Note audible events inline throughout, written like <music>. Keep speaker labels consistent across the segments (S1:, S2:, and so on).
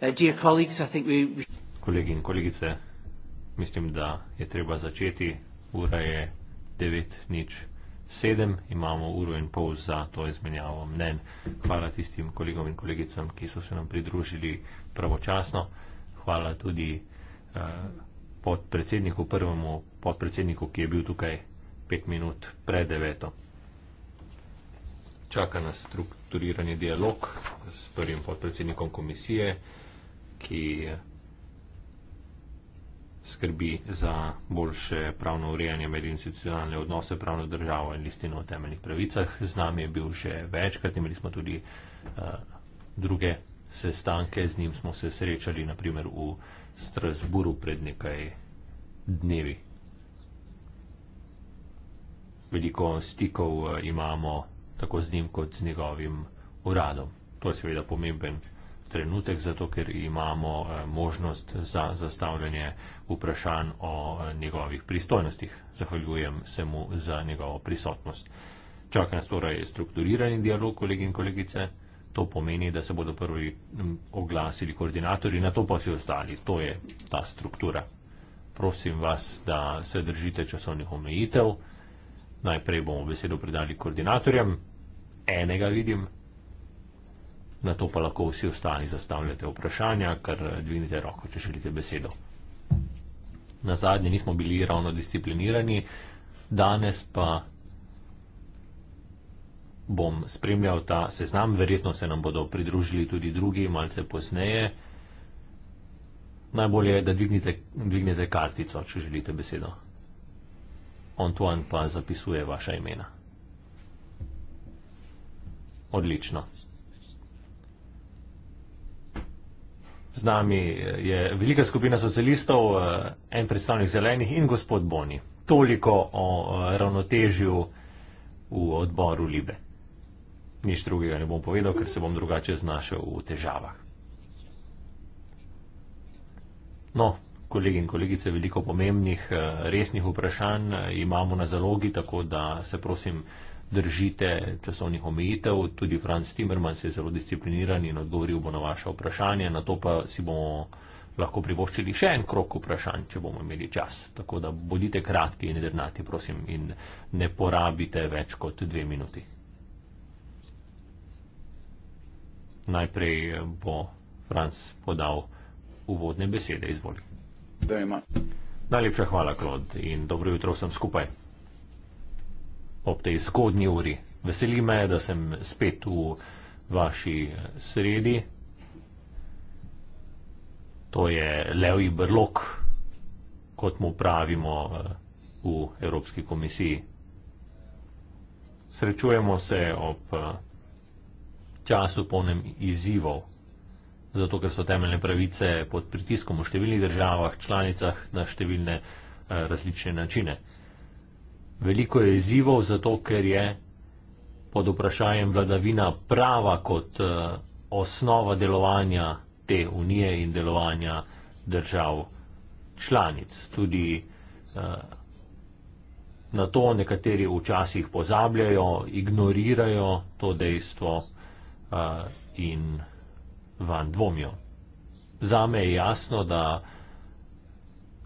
S1: Uh, Kolegi in kolegice, mislim, da je treba začeti. Ura je 9.07, imamo uro in pol za to izmenjavo mnen. Hvala tistim kolegom in kolegicam, ki so se nam pridružili pravočasno. Hvala tudi eh, podpredsedniku, prvemu podpredsedniku, ki je bil tukaj pet minut pred deveto. Čaka nas strukturirani dialog s prvim podpredsednikom komisije ki skrbi za boljše pravno urejanje med institucionalne odnose, pravno državo in listino o temeljnih pravicah. Z nami je bil že večkrat, imeli smo tudi uh, druge sestanke, z njim smo se srečali naprimer v Strasburu pred nekaj dnevi. Veliko stikov eh, imamo tako z njim kot z njegovim uradom. To je seveda pomemben trenutek, zato ker imamo eh, možnost za zastavljanje vprašanj o eh, njegovih pristojnostih. Zahvaljujem se mu za njegovo prisotnost. Čaka nas torej strukturirani dialog, kolegi in kolegice. To pomeni, da se bodo prvi oglasili koordinatorji, na to pa si ostali. To je ta struktura. Prosim vas, da se držite časovnih omejitev. Najprej bomo besedo predali koordinatorjem. Enega vidim na to pa lahko vsi ostali zastavljate vprašanja, kar eh, dvignite roko, če želite besedo. Na zadnje nismo bili ravno disciplinirani, danes pa bom spremljal ta seznam, verjetno se nam bodo pridružili tudi drugi, malce pozneje. Najbolje je, da dvignete, dvignete kartico, če želite besedo. Antoine pa zapisuje vaša imena. Odlično. Z nami eh, je velika skupina socialistov, eh, en predstavnik zelenih in gospod Boni. Toliko o eh, ravnotežju v odboru Libe. Nič drugega ne bom povedal, ker se bom drugače znašel v težavah. No, kolegi in kolegice, veliko pomembnih, resnih vprašanj imamo na zalogi, tako da se prosim držite časovnih omejitev. Tudi Franz Timmermans je zelo discipliniran in odgovoril bo na vaše vprašanje. Na to pa si bomo lahko privoščili še en krok vprašanj, če bomo imeli čas. Tako da bodite kratki in drnati, prosim, in ne porabite več kot dve minuti. Najprej bo Franz podal uvodne besede. Izvoli. Najlepša hvala, Klod, in dobro jutro vsem skupaj ob tej zgodnji uri. Veseli me, da sem spet v vaši sredi. To je levi brlok, kot mu pravimo eh, v Evropski komisiji. Srečujemo se ob eh, času polnem izzivov, zato ker so temeljne pravice pod pritiskom v številnih državah, članicah na številne eh, različne načine veliko je izzivov, zato ker je pod vprašanjem vladavina prava kot eh, osnova delovanja te unije in delovanja držav članic. Tudi eh, na to nekateri včasih pozabljajo, ignorirajo to dejstvo eh, in van dvomijo. Zame je jasno, da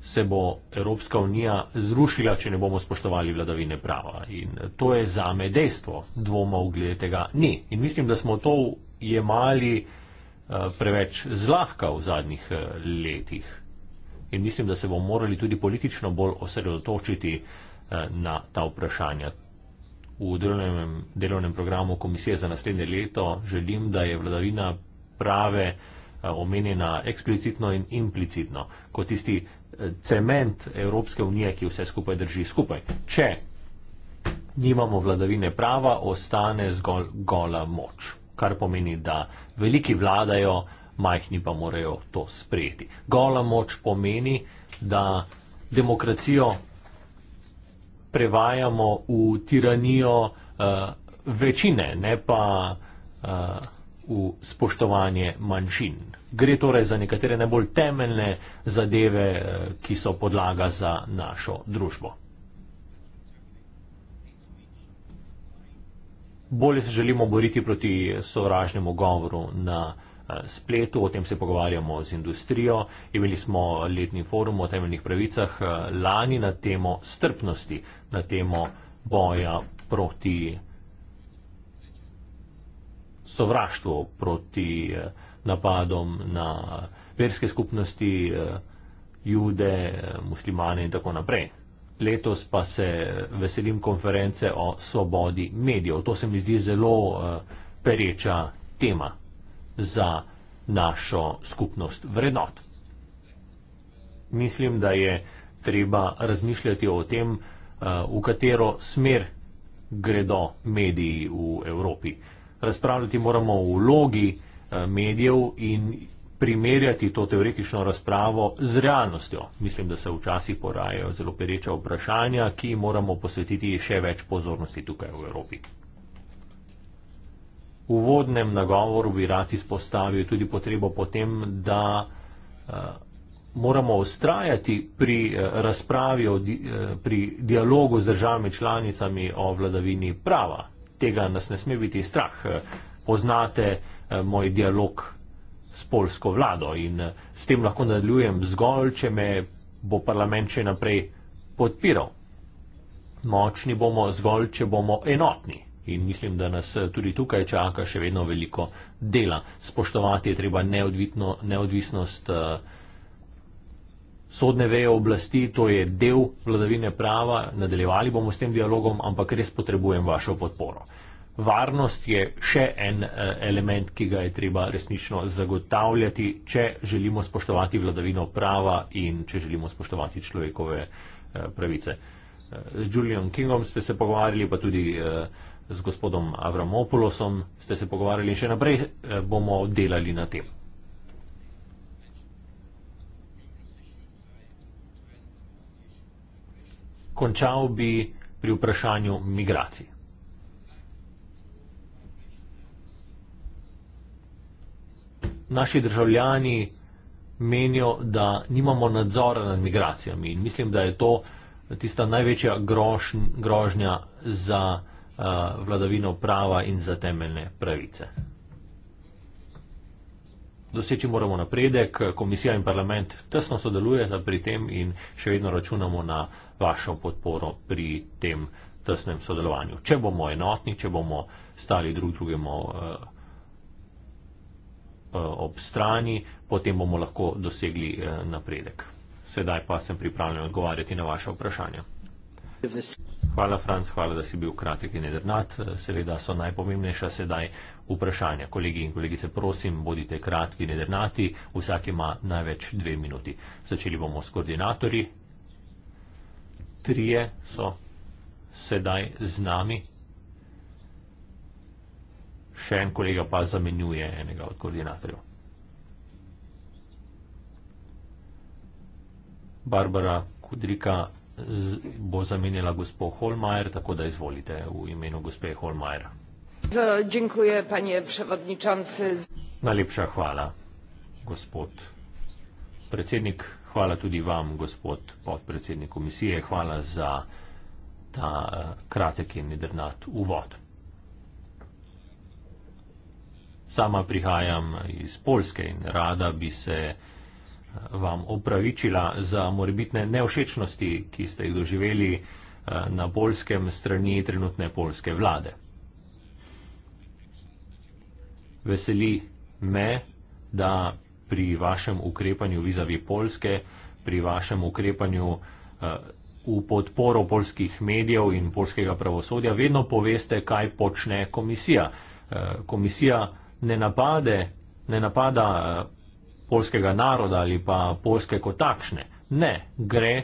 S1: se bo Evropska unija zrušila, če ne bomo spoštovali vladavine prava. In to je za me dejstvo, dvomov glede tega ni. In mislim, da smo to jemali eh, preveč zlahka v zadnjih eh, letih. In mislim, da se bomo morali tudi politično bolj osredotočiti eh, na ta vprašanja. V delovnem, delovnem programu komisije za naslednje leto želim, da je vladavina prave omenjena eksplicitno in implicitno kot tisti cement Evropske unije, ki vse skupaj drži skupaj. Če nimamo vladavine prava, ostane zgolj gola moč, kar pomeni, da veliki vladajo, majhni pa morajo to sprejeti. Gola moč pomeni, da demokracijo prevajamo v tiranijo uh, večine, ne pa. Uh, v spoštovanje manjšin. Gre torej za nekatere najbolj temeljne zadeve, eh, ki so podlaga za našo družbo. Bolje se želimo boriti proti sovražnemu govoru na eh, spletu, o tem se pogovarjamo z industrijo. Imeli smo letni forum o temeljnih pravicah eh, lani na temo strpnosti, na temo boja proti sovraštvo proti eh, napadom na verske skupnosti, eh, jude, eh, muslimane in tako naprej. Letos pa se veselim konference o svobodi medijev. To se mi zdi zelo pereča tema za našo skupnost vrednot. Mislim, da je treba razmišljati o tem, v katero smer gredo mediji v Evropi razpravljati moramo o vlogi eh, medijev in primerjati to teoretično razpravo z realnostjo. Mislim, da se včasih porajajo zelo pereča vprašanja, ki moramo posvetiti še več pozornosti tukaj v Evropi. V uvodnem nagovoru bi rad izpostavil tudi potrebo potem, da eh, moramo ustrajati pri eh, razpravi, pri dialogu z državami članicami o vladavini prava tega nas ne sme biti strah. Eh, poznate eh, moj dialog s polsko vlado in eh, s tem lahko nadaljujem zgolj, če me bo parlament še naprej podpiral. Močni bomo zgolj, če bomo enotni. In mislim, da nas tudi tukaj čaka še vedno veliko dela. Spoštovati je treba neodvisnost. Uh, sodne veje oblasti, to je del vladavine prava, nadaljevali bomo s tem dialogom, ampak res potrebujem vašo podporo. Varnost je še en eh, element, ki ga je treba resnično zagotavljati, če želimo spoštovati vladavino prava in če želimo spoštovati človekove eh, pravice. Eh, z Julianom Kingom ste se pogovarjali, pa tudi z gospodom Avramopulosom ste se pogovarjali in še naprej bomo delali na tem. končal bi pri vprašanju migracij. Naši državljani menijo, da nimamo nadzora nad migracijami in mislim, da je to tista največja grošn, grožnja za uh, vladavino prava in za temeljne pravice. Doseči moramo napredek, komisija in parlament tesno sodelujeta pri tem in še vedno računamo na uh, vašo podporo pri tem tesnem sodelovanju. Če bomo enotni, če bomo stali drug drugemu eh, eh, ob strani, potem bomo lahko dosegli eh, napredek. Sedaj pa sem pripravljen odgovarjati na vaše vprašanje. Hvala, Franc, hvala, da si bil kratek in jedrnat. Seveda so najpomembnejša sedaj vprašanja. Kolegi in kolegice, prosim, bodite kratki in jedrnati. Vsak ima največ dve minuti. Začeli bomo s koordinatorji trije so sedaj z nami. Še en kolega pa zamenjuje enega od koordinatorjev. Barbara Kudrika bo zamenjala gospod Holmajer, tako da izvolite v imenu gospe Holmajer.
S2: Dziękuję, panie przewodniczący.
S1: Najlepsza chwała, gospod predsjednik Hvala tudi vam, gospod podpredsednik komisije. Hvala za ta eh, kratek in nedrnat uvod. Sama prihajam iz Polske in rada bi se eh, vam opravičila za morebitne neošečnosti, ki ste jih doživeli eh, na polskem strani trenutne polske vlade. Veseli me, da pri vašem ukrepanju vizavi Polske, pri vašem ukrepanju eh, v podporo polskih medijev in polskega pravosodja, vedno poveste, kaj počne komisija. Eh, komisija ne, napade, ne napada eh, polskega naroda ali pa polske kot takšne. Ne, gre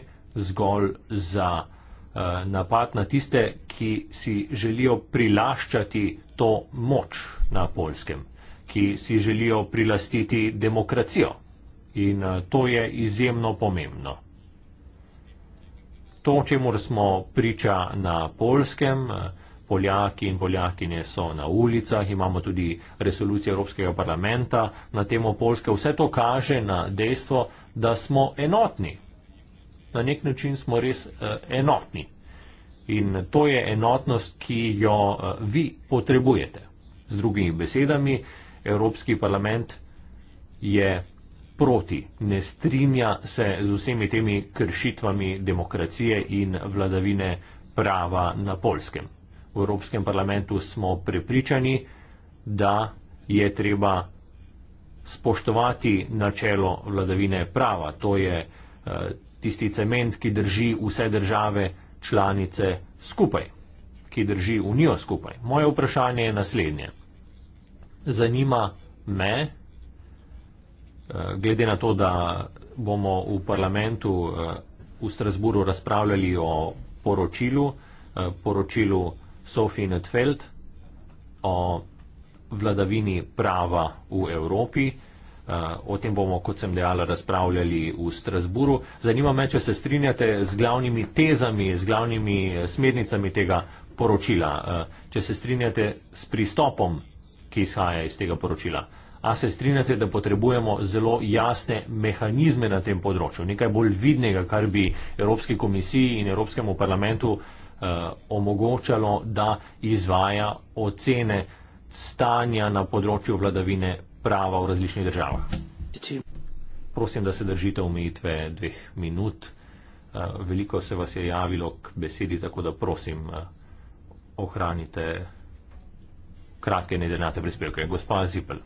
S1: zgolj za napad na tiste, ki si želijo prilaščati to moč na polskem ki si želijo prilastiti demokracijo. In eh, to je izjemno pomembno. To, čemu smo priča na polskem, eh, Poljaki in Poljakinje so na ulicah, imamo tudi resolucije Evropskega parlamenta na temo Polske, vse to kaže na dejstvo, da smo enotni. Na nek način smo res eh, enotni. In to je enotnost, ki jo vi potrebujete. Z drugimi besedami, Evropski parlament je proti, ne strinja se z vsemi temi kršitvami demokracije in vladavine prava na polskem. V Evropskem parlamentu smo prepričani, da je treba spoštovati načelo vladavine prava. To je eh, tisti cement, ki drži vse države članice skupaj, ki drži Unijo skupaj. Moje vprašanje je naslednje zanima me, eh, glede na to, da bomo v parlamentu eh, v Strasburu razpravljali o poročilu, eh, poročilu Sofie Netfeld o vladavini prava v Evropi. O tem bomo, kot sem dejala, razpravljali v Strasburu. Zanima me, če se strinjate z glavnimi tezami, z glavnimi smernicami tega poročila, če se strinjate s pristopom ki izhaja iz tega poročila. A se strinjate, da potrebujemo zelo jasne mehanizme na tem področju, nekaj bolj vidnega, kar bi Evropski komisiji in Evropskemu parlamentu eh, omogočalo, da izvaja ocene stanja na področju vladavine prava v različnih državah? Prosim, da se držite omejitve dveh minut. Eh, veliko se vas je javilo k besedi, tako da prosim, eh, ohranite kratke nedenate prispevke. Gospa Zipel.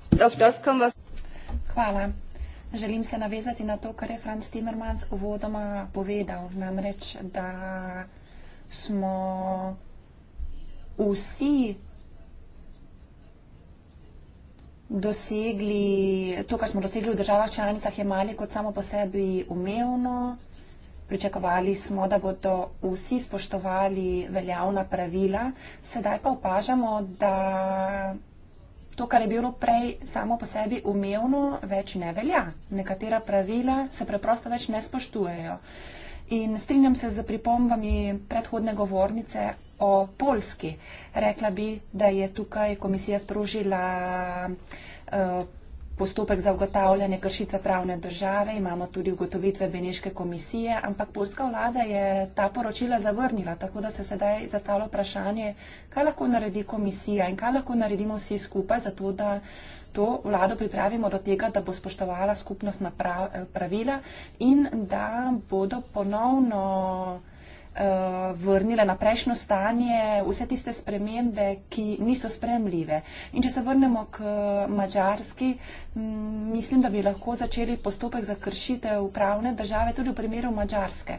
S3: Hvala. Želim se navezati na to, kar je Franz Timmermans uvodoma povedal. Namreč, da smo vsi dosegli, to, kar smo dosegli v državah članicah, je malo kot samo po sebi umevno. Pričakovali smo, da bodo vsi spoštovali veljavna pravila, sedaj pa opažamo, da to, kar je bilo prej samo po sebi umevno, več ne velja. Nekatera pravila se preprosto več ne spoštujejo. In strinjam se z pripombami predhodne govornice o Polski. Rekla bi, da je tukaj komisija sprožila. Uh, postopek za ugotavljanje kršitve pravne države, imamo tudi ugotovitve Beneške komisije, ampak polska vlada je ta poročila zavrnila, tako da se sedaj zastavlja vprašanje, kaj lahko naredi komisija in kaj lahko naredimo vsi skupaj, zato da to vlado pripravimo do tega, da bo spoštovala skupnostna pravila in da bodo ponovno Eh, vrnile na prejšnjo stanje, vse tiste spremembe, ki niso spremljive. In če se vrnemo k Mačarski, mislim, da bi lahko začeli postopek za kršitev pravne države tudi v primeru Mačarske.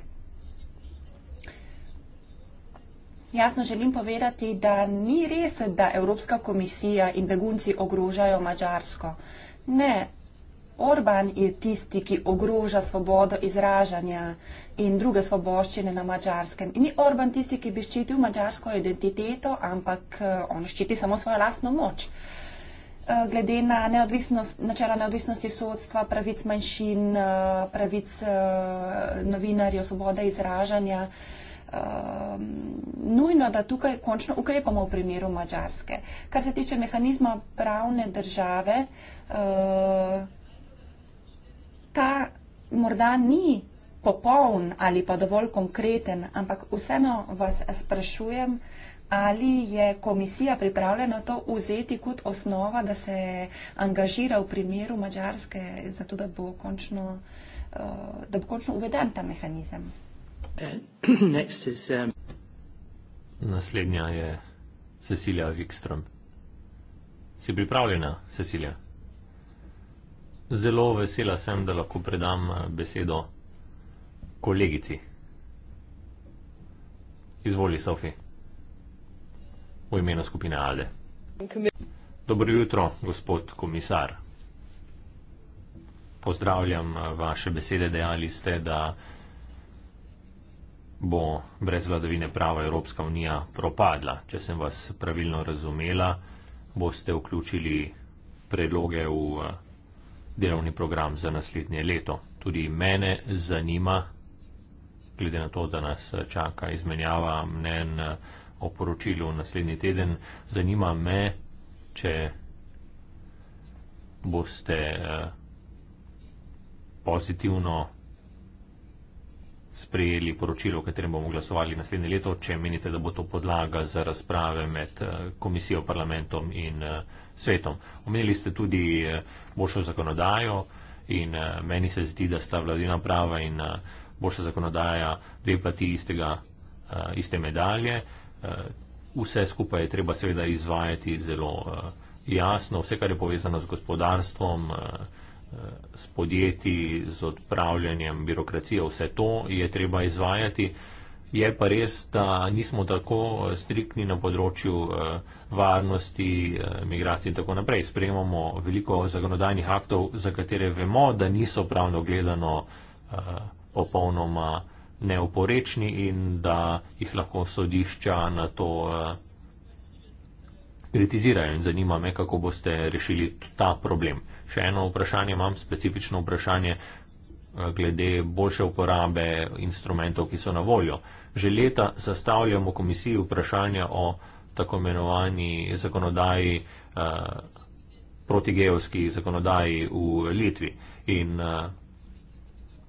S3: Jasno želim povedati, da ni res, da Evropska komisija in begunci ogrožajo Mačarsko. Ne, Orban je tisti, ki ogroža svobodo izražanja in druge svoboščine na mačarskem. In ni Orban tisti, ki bi ščitil mačarsko identiteto, ampak eh, on ščiti samo svojo lastno moč. Eh, glede na neodvisnost, načela neodvisnosti sodstva, pravic manjšin, eh, pravic novinarjev, svobode izražanja, nujno, da tukaj končno ukrepamo v primeru Mačarske. Kar se tiče mehanizma pravne države, ta morda ni popoln ali pa dovolj konkreten, ampak vseeno vas sprašujem, ali je komisija pripravljena to vzeti kot osnova, da se angažira v primeru Mačarske, zato da bo končno, eh, da bo končno uveden ta mehanizem.
S1: <coughs> Um, Naslednja je Cecilija Wikström. Si pripravljena, Cecilija? zelo vesela sem, da lahko predam eh, besedo kolegici. Izvoli, Sofi, v imenu skupine Alde. Dobro jutro, gospod komisar. Pozdravljam eh, vaše besede, dejali ste, da bo brez vladavine prava Evropska unija propadla. Če sem vas pravilno razumela, boste vključili predloge v eh, delovni program za naslednje leto. Tudi mene zanima, glede na to, da nas čaka izmenjava mnen o poročilu naslednji teden, zanima me, če boste eh, pozitivno sprejeli poročilo, o katerem bomo glasovali naslednje leto, če menite, da bo to podlaga za razprave med eh, komisijo, parlamentom in eh, svetom. Omenili ste tudi eh, boljšo zakonodajo in meni se zdi, da sta vladina prava in boljša zakonodaja dve plati istega, iste medalje. Vse skupaj je treba seveda izvajati zelo jasno, vse, kar je povezano z gospodarstvom, Eh, s podjetji, z odpravljanjem birokracije, vse to je treba izvajati. Je pa res, da nismo tako strikni na področju eh, varnosti, eh, migracij in tako naprej. Sprejemamo veliko zakonodajnih aktov, za katere vemo, da niso pravno gledano popolnoma neoporečni in da jih lahko sodišča na to kritizirajo. In zanima me, kako boste rešili ta problem še eno vprašanje, imam specifično vprašanje eh, glede boljše uporabe instrumentov, ki so na voljo. Že leta zastavljamo komisiji vprašanja o tako imenovani zakonodaji, eh, protigejovski zakonodaji v Litvi. In eh,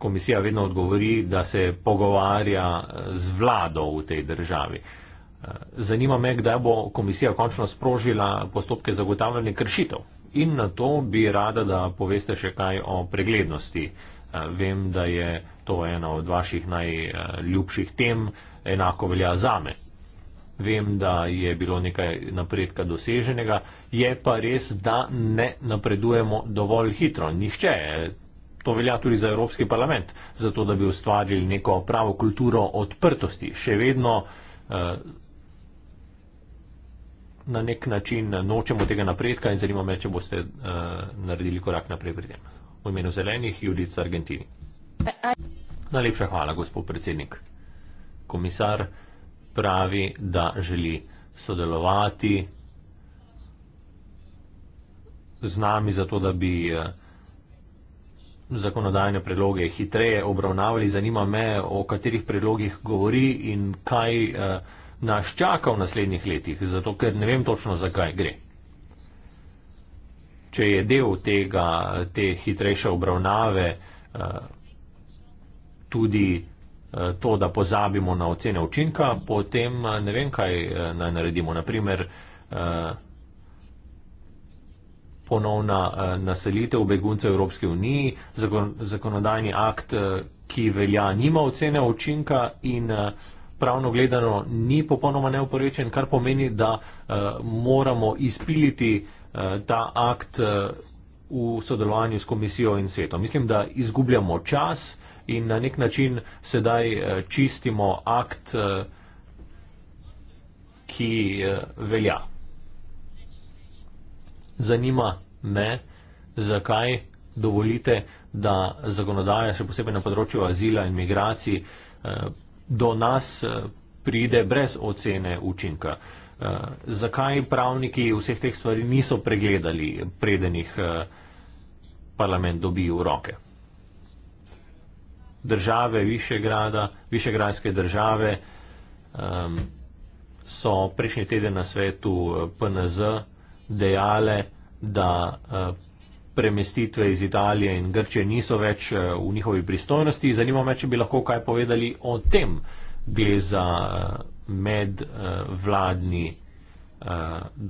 S1: komisija vedno odgovori, da se pogovarja eh, z vlado v tej državi. Eh, zanima me, kdaj bo komisija končno sprožila postopke zagotavljanja kršitev in na to bi rada, da poveste še kaj o preglednosti. Eh, vem, da je to ena od vaših najljubših tem, enako velja za me. Vem, da je bilo nekaj napredka doseženega, je pa res, da ne napredujemo dovolj hitro. Nihče. To velja tudi za Evropski parlament, zato da bi ustvarili neko pravo kulturo odprtosti. Še vedno eh, na nek način nočemo tega napredka in zanima me, če boste uh, naredili korak naprej pri tem. V imenu zelenih, Judica Argentini. Najlepša hvala, gospod predsednik. Komisar pravi, da želi sodelovati z nami zato, da bi eh, zakonodajne predloge hitreje obravnavali. Zanima me, o katerih predlogih govori in kaj. Uh, nas čaka v naslednjih letih, zato ker ne vem točno, zakaj gre. Če je del tega, te hitrejše obravnave eh, tudi eh, to, da pozabimo na ocene učinka, potem eh, ne vem, kaj naj naredimo. Naprimer, ponovna naselitev beguncev Evropske unije, zakonodajni akt, ki velja, nima ocene učinka in pravno gledano ni popolnoma neoporečen, kar pomeni, da eh, moramo izpiliti eh, ta akt eh, v sodelovanju s komisijo in svetom. Mislim, da izgubljamo čas in na nek način sedaj čistimo akt, ki velja. Zanima me, zakaj dovolite, da zakonodaja, še posebej na področju azila in migracij, do nas eh, pride brez ocene učinka. Eh, zakaj pravniki vseh teh stvari niso pregledali, preden jih eh, parlament dobi v roke? Države Višegrada, Višegradske države um, so prejšnji teden na svetu PNZ dejale, da uh, premestitve iz Italije in Grčije niso več eh, v njihovi pristojnosti. Zanima me, če bi lahko kaj povedali o tem, gre za eh, medvladni eh,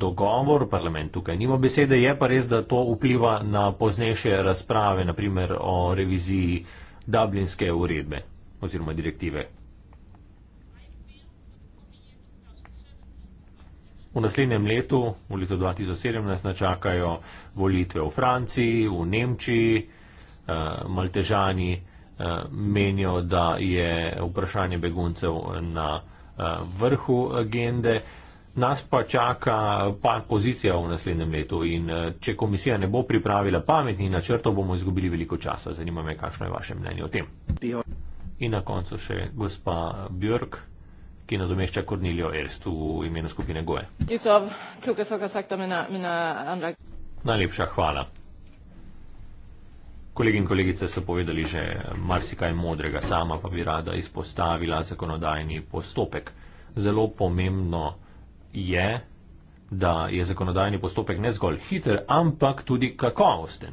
S1: dogovor, parlament tukaj nima besede, je pa res, da to vpliva na poznejše razprave, naprimer o reviziji Dublinske uredbe oziroma direktive. V naslednjem letu, v letu 2017, nas čakajo volitve v Franciji, v Nemčiji. Eh, Maltežani eh, menijo, da je vprašanje beguncev na eh, vrhu agende. Nas pa čaka pa pozicija v naslednjem letu in če komisija ne bo pripravila pametnih načrtov, bomo izgubili veliko časa. Zanima me, kakšno je vaše mnenje o tem. In na koncu še gospa Björk ki nadomešča Kornilijo Erst v imenu skupine Goje. Najlepša hvala. Kolegi in kolegice so povedali že marsikaj modrega, sama pa bi rada izpostavila zakonodajni postopek. Zelo pomembno je, da je zakonodajni postopek ne zgolj hiter, ampak tudi kakovosten.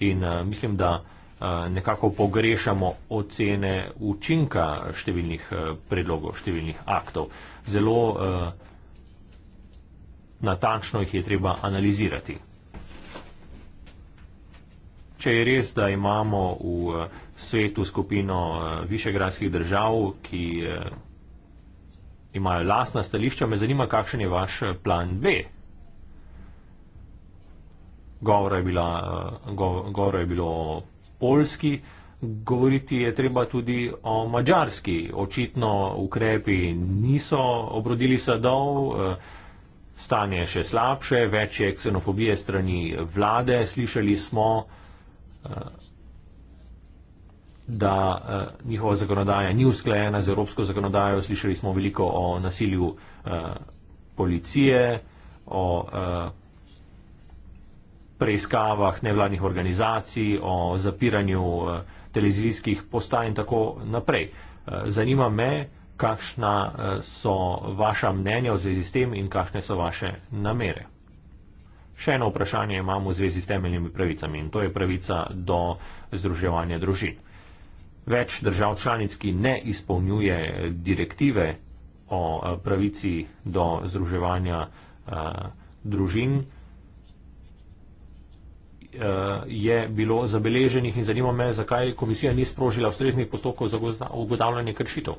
S1: In uh, mislim, da uh, Eh, nekako pogrešamo ocene učinka številnih eh, predlogov, številnih aktov. Zelo eh, natančno jih je treba analizirati. Če je res, da imamo v svetu skupino višegradskih držav, ki imajo lasna stališča, me zanima, kakšen je vaš plan B. Govora je, bila, go, govora je bilo o polski, govoriti je treba tudi o mađarski. Očitno ukrepi niso obrodili sadov, eh, stanje je še slabše, več je ksenofobije strani vlade. Slišali smo, eh, da eh, njihova zakonodaja ni usklajena z evropsko zakonodajo, slišali smo veliko o nasilju policije, o preiskavah nevladnih organizacij, o zapiranju eh, televizijskih postaj in tako naprej. Eh, zanima me, kakšna eh, so vaša mnenja v zvezi s tem in kakšne so vaše namere. Še eno vprašanje imamo v zvezi s temeljnimi pravicami in to je pravica do združevanja družin. Več držav članic, ki ne izpolnjuje direktive o pravici do združevanja družin, Eh, je bilo zabeleženih in zanima me, zakaj komisija ni sprožila ustreznih postopkov za ugotavljanje kršitev.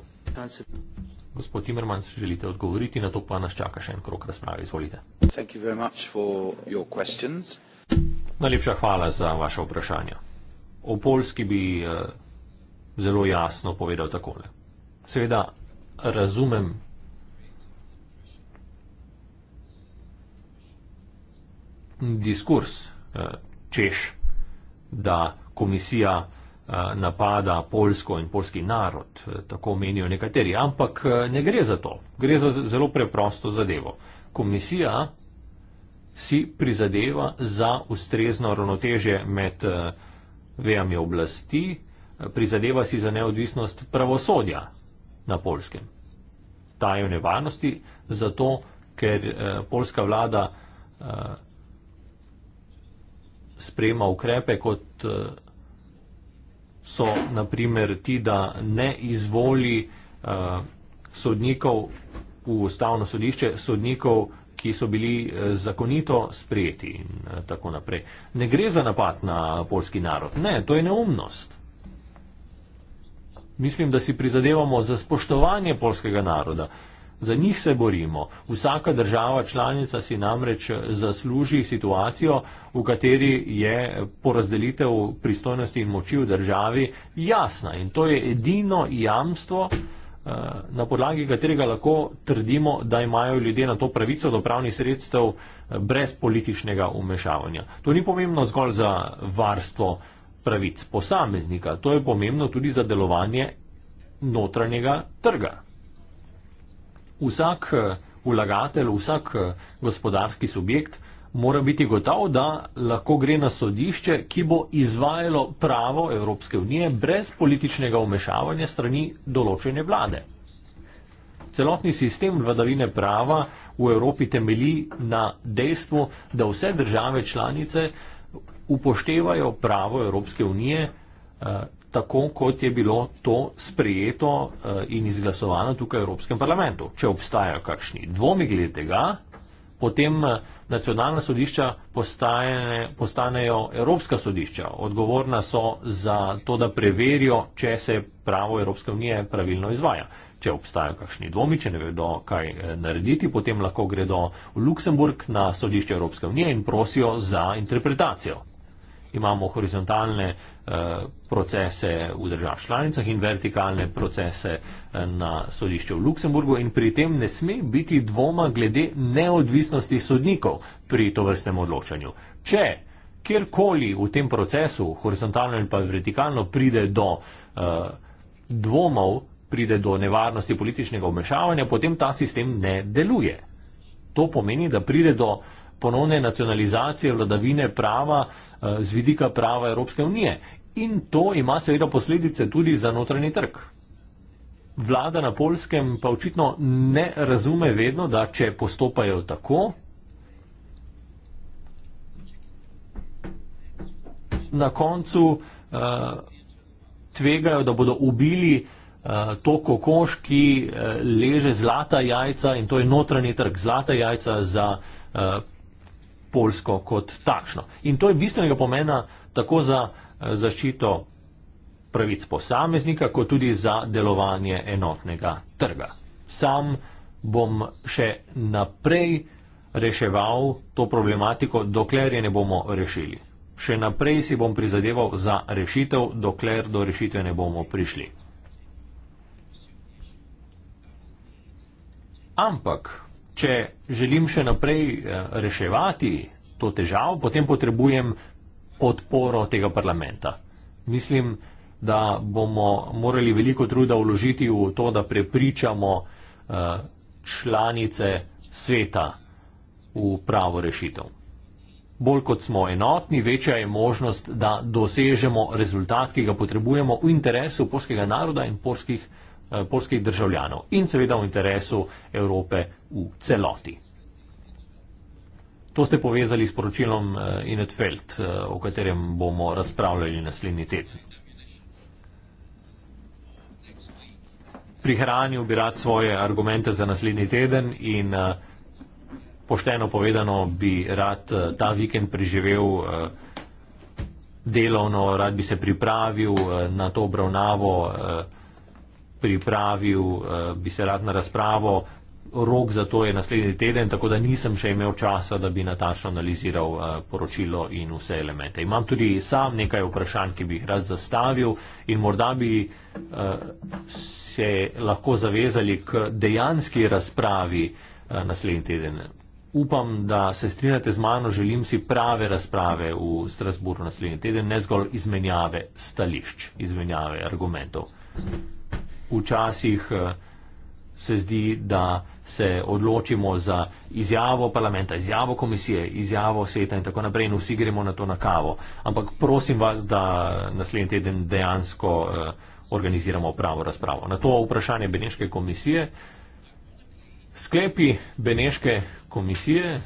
S1: Gospod Timerman, želite odgovoriti, na to pa nas čaka še en krok razprave. Izvolite. Najlepša hvala za vaše vprašanje. O Polski bi eh, zelo jasno povedal takole. Seveda razumem. Diskurs, eh, češ, da komisija eh, napada Polsko in polski narod, eh, tako menijo nekateri. Ampak eh, ne gre za to, gre za zelo preprosto zadevo. Komisija si prizadeva za ustrezno ravnoteže med vejami oblasti, prizadeva si za neodvisnost pravosodja na polskem. Ta je v nevarnosti, zato ker polska vlada sprejema ukrepe, kot eh, so naprimer ti, da ne izvoli eh, sodnikov v ustavno sodišče, sodnikov, ki so bili eh, zakonito sprejeti in tako naprej. Ne gre za napad na polski narod. Ne, to je neumnost. Mislim, da si prizadevamo za spoštovanje polskega naroda. Za njih se borimo. Vsaka država članica si namreč zasluži situacijo, v kateri je porazdelitev pristojnosti in moči v državi jasna. In to je edino jamstvo, eh, na podlagi katerega lahko trdimo, da imajo ljudje na to pravico do pravnih sredstev eh, brez političnega umešavanja. To ni pomembno zgolj za varstvo pravic posameznika, to je pomembno tudi za delovanje notranjega trga vsak eh, vlagatelj, vsak eh, gospodarski subjekt mora biti gotov, da lahko gre na sodišče, ki bo izvajalo pravo Evropske unije brez političnega umešavanja strani določene vlade. Celotni sistem vladavine prava v Evropi temeli na dejstvu, da vse države članice upoštevajo pravo Evropske unije, eh, tako, kot je bilo to sprejeto eh, in izglasovano tukaj v Evropskem parlamentu. Če obstajajo kakšni dvomi glede tega, potem eh, nacionalna sodišča postane, postanejo Evropska sodišča. Odgovorna so za to, da preverijo, če se pravo Evropske unije pravilno izvaja. Če obstajajo kakšni dvomi, če ne vedo, kaj eh, narediti, potem lahko gredo v Luksemburg na sodišče Evropske unije in prosijo za interpretacijo imamo horizontalne eh, procese v državah članicah in vertikalne procese eh, na sodišču v Luksemburgu in pri tem ne sme biti dvoma glede neodvisnosti sodnikov pri tovrstnem odločanju. Če kjerkoli v tem procesu, horizontalno in pa vertikalno, pride do eh, dvomov, pride do nevarnosti političnega vmešavanja, potem ta sistem ne deluje. To pomeni, da pride do ponovne nacionalizacije vladavine prava eh, z vidika prava Evropske unije. In to ima seveda posledice tudi za notranji trg. Vlada na polskem pa očitno ne razume vedno, da če postopajo tako, na koncu uh, tvegajo, da bodo ubili uh, to kokoš, ki uh, leže zlata jajca in to je notranji trg, zlata jajca za uh, Polsko kot takšno. In to je bistvenega pomena tako za eh, zaščito pravic posameznika, kot tudi za delovanje enotnega trga. Sam bom še naprej reševal to problematiko, dokler je ne bomo rešili. Še naprej si bom prizadeval za rešitev, dokler do rešitve ne bomo prišli. Ampak če želim še naprej eh, reševati to težavo, potem potrebujem podporo tega parlamenta. Mislim, da bomo morali veliko truda vložiti v to, da prepričamo eh, članice sveta v pravo rešitev. Bolj kot smo enotni, večja je možnost, da dosežemo rezultat, ki ga potrebujemo v interesu polskega naroda in polskih. Eh, polskih državljanov in seveda v interesu Evrope v celoti. To ste povezali s poročilom eh, Inetfeld, eh, o katerem bomo razpravljali naslednji teden. Prihranil bi rad svoje argumente za naslednji teden in pošteno povedano bi rad ta vikend preživel delovno, rad bi se pripravil na to obravnavo pripravil, eh, bi se rad na razpravo. Rok za to je naslednji teden, tako da nisem še imel časa, da bi natančno analiziral eh, poročilo in vse elemente. Imam tudi sam nekaj vprašanj, ki bi jih rad zastavil in morda bi eh, se lahko zavezali k dejanski razpravi naslednji teden. Upam, da se strinjate z mano, želim si prave razprave v Strasburu naslednji teden, ne zgolj izmenjave stališč, izmenjave argumentov včasih eh, se zdi, da se odločimo za izjavo parlamenta, izjavo komisije, izjavo sveta in tako naprej in vsi gremo na to na kavo. Ampak prosim vas, da naslednji teden dejansko eh, organiziramo pravo razpravo. Na to vprašanje Beneške komisije. Sklepi Beneške komisije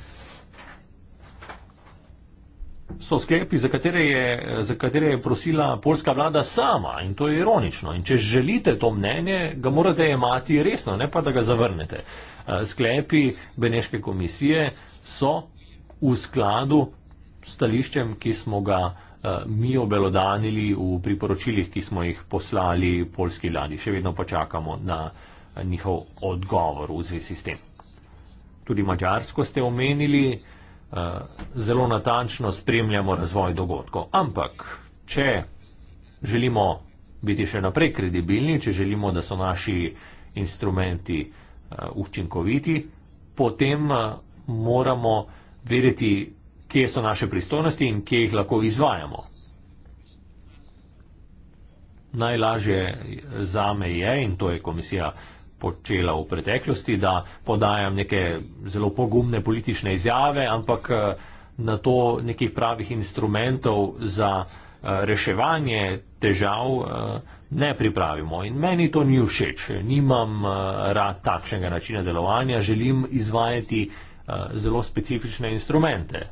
S1: so sklepi, za katere, je, za katere je prosila polska vlada sama in to je ironično. In če želite to mnenje, ga morate imati resno, ne pa da ga zavrnete. Eh, sklepi Beneške komisije so v skladu s stališčem, ki smo ga eh, mi obelodanili v priporočilih, ki smo jih poslali polski vladi. Še vedno počakamo na eh, njihov odgovor v zvezi s tem. Tudi Mačarsko ste omenili. Eh, zelo natančno spremljamo razvoj dogodkov. Ampak, če želimo biti še naprej kredibilni, če želimo, da so naši instrumenti uh, učinkoviti, potem uh, moramo vedeti, kje so naše pristojnosti in kje jih lahko izvajamo. Najlažje zame je, in to je komisija uh, počela v preteklosti, da podajam neke zelo pogumne politične izjave, ampak eh, na to nekih pravih instrumentov za eh, reševanje težav eh, ne pripravimo. In meni to ni všeč. Nimam rad takšnega načina delovanja, želim izvajati zelo specifične instrumente,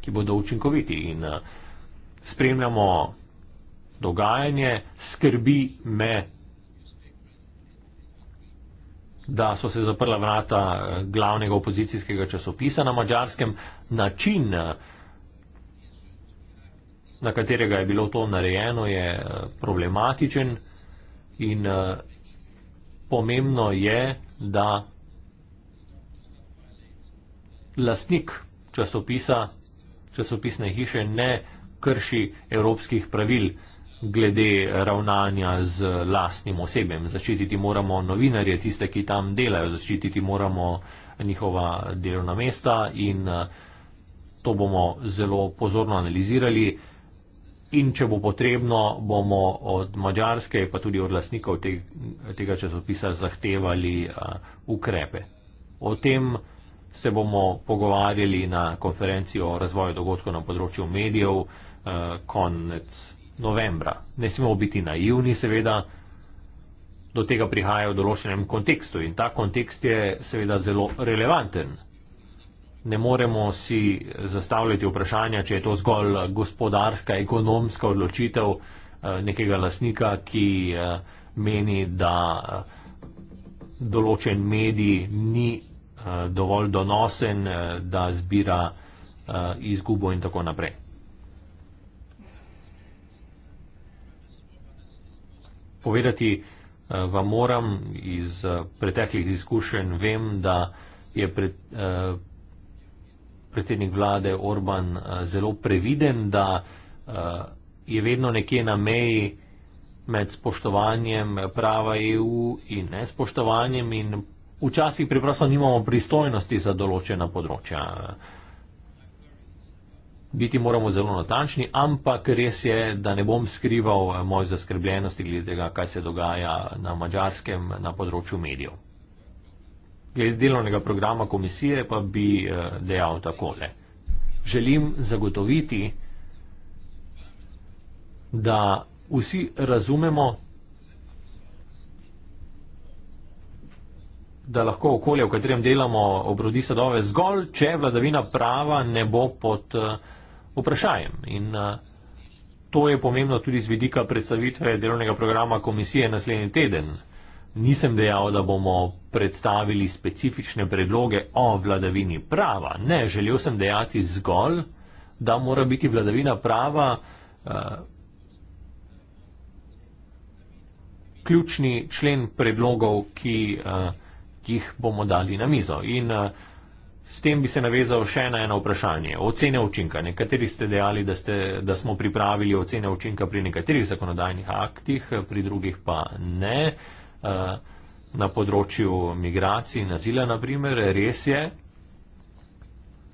S1: ki bodo učinkoviti. In spremljamo dogajanje, skrbi me da so se zaprla vrata glavnega opozicijskega časopisa na mačarskem. Način, na katerega je bilo to narejeno, je eh, problematičen in eh, pomembno je, da lastnik časopisa, časopisne hiše ne krši evropskih pravil glede ravnanja z lastnim osebjem. Zaščititi moramo novinarje, tiste, ki tam delajo, zaščititi moramo njihova delovna mesta in eh, to bomo zelo pozorno analizirali. In če bo potrebno, bomo od Mačarske, pa tudi od lasnikov te, tega časopisa zahtevali uh, ukrepe. O tem se bomo pogovarjali na konferenci o razvoju dogodkov na področju medijev uh, konec novembra. Ne smemo biti naivni, seveda, do tega prihaja v določenem kontekstu in ta kontekst je seveda zelo relevanten. Ne moremo si zastavljati vprašanja, če je to zgolj gospodarska, ekonomska odločitev eh, nekega lasnika, ki eh, meni, da eh, določen medij ni dovolj donosen, da zbira izgubo in tako naprej. povedati eh, vam moram iz eh, preteklih izkušenj. Vem, da je pred, eh, predsednik vlade Orban zelo previden, da je vedno nekje na meji med spoštovanjem prava EU in nespoštovanjem in včasih preprosto nimamo pristojnosti za določena področja biti moramo zelo natančni, ampak res je, da ne bom skrival eh, moje zaskrbljenosti glede tega, kaj se dogaja na mačarskem na področju medijev. Glede delovnega programa komisije pa bi eh, dejal takole. Želim zagotoviti, da vsi razumemo, da lahko okolje, v katerem delamo, obrodi sadove zgolj, če vladavina prava ne bo pod uh, vprašanjem. In to je pomembno tudi z vidika predstavitve delovnega programa komisije naslednji teden. Nisem dejal, da bomo predstavili specifične predloge o vladavini prava. Ne, želel sem dejati zgolj, da mora biti vladavina prava uh, ključni člen predlogov, ki, uh, ki jih bomo dali na mizo. In uh, S tem bi se navezal še na eno vprašanje. Ocene učinka. Nekateri ste dejali, da, ste, da smo pripravili ocene učinka pri nekaterih zakonodajnih aktih, pri drugih pa ne. Eh, na področju migracij in azila, naprimer, res je,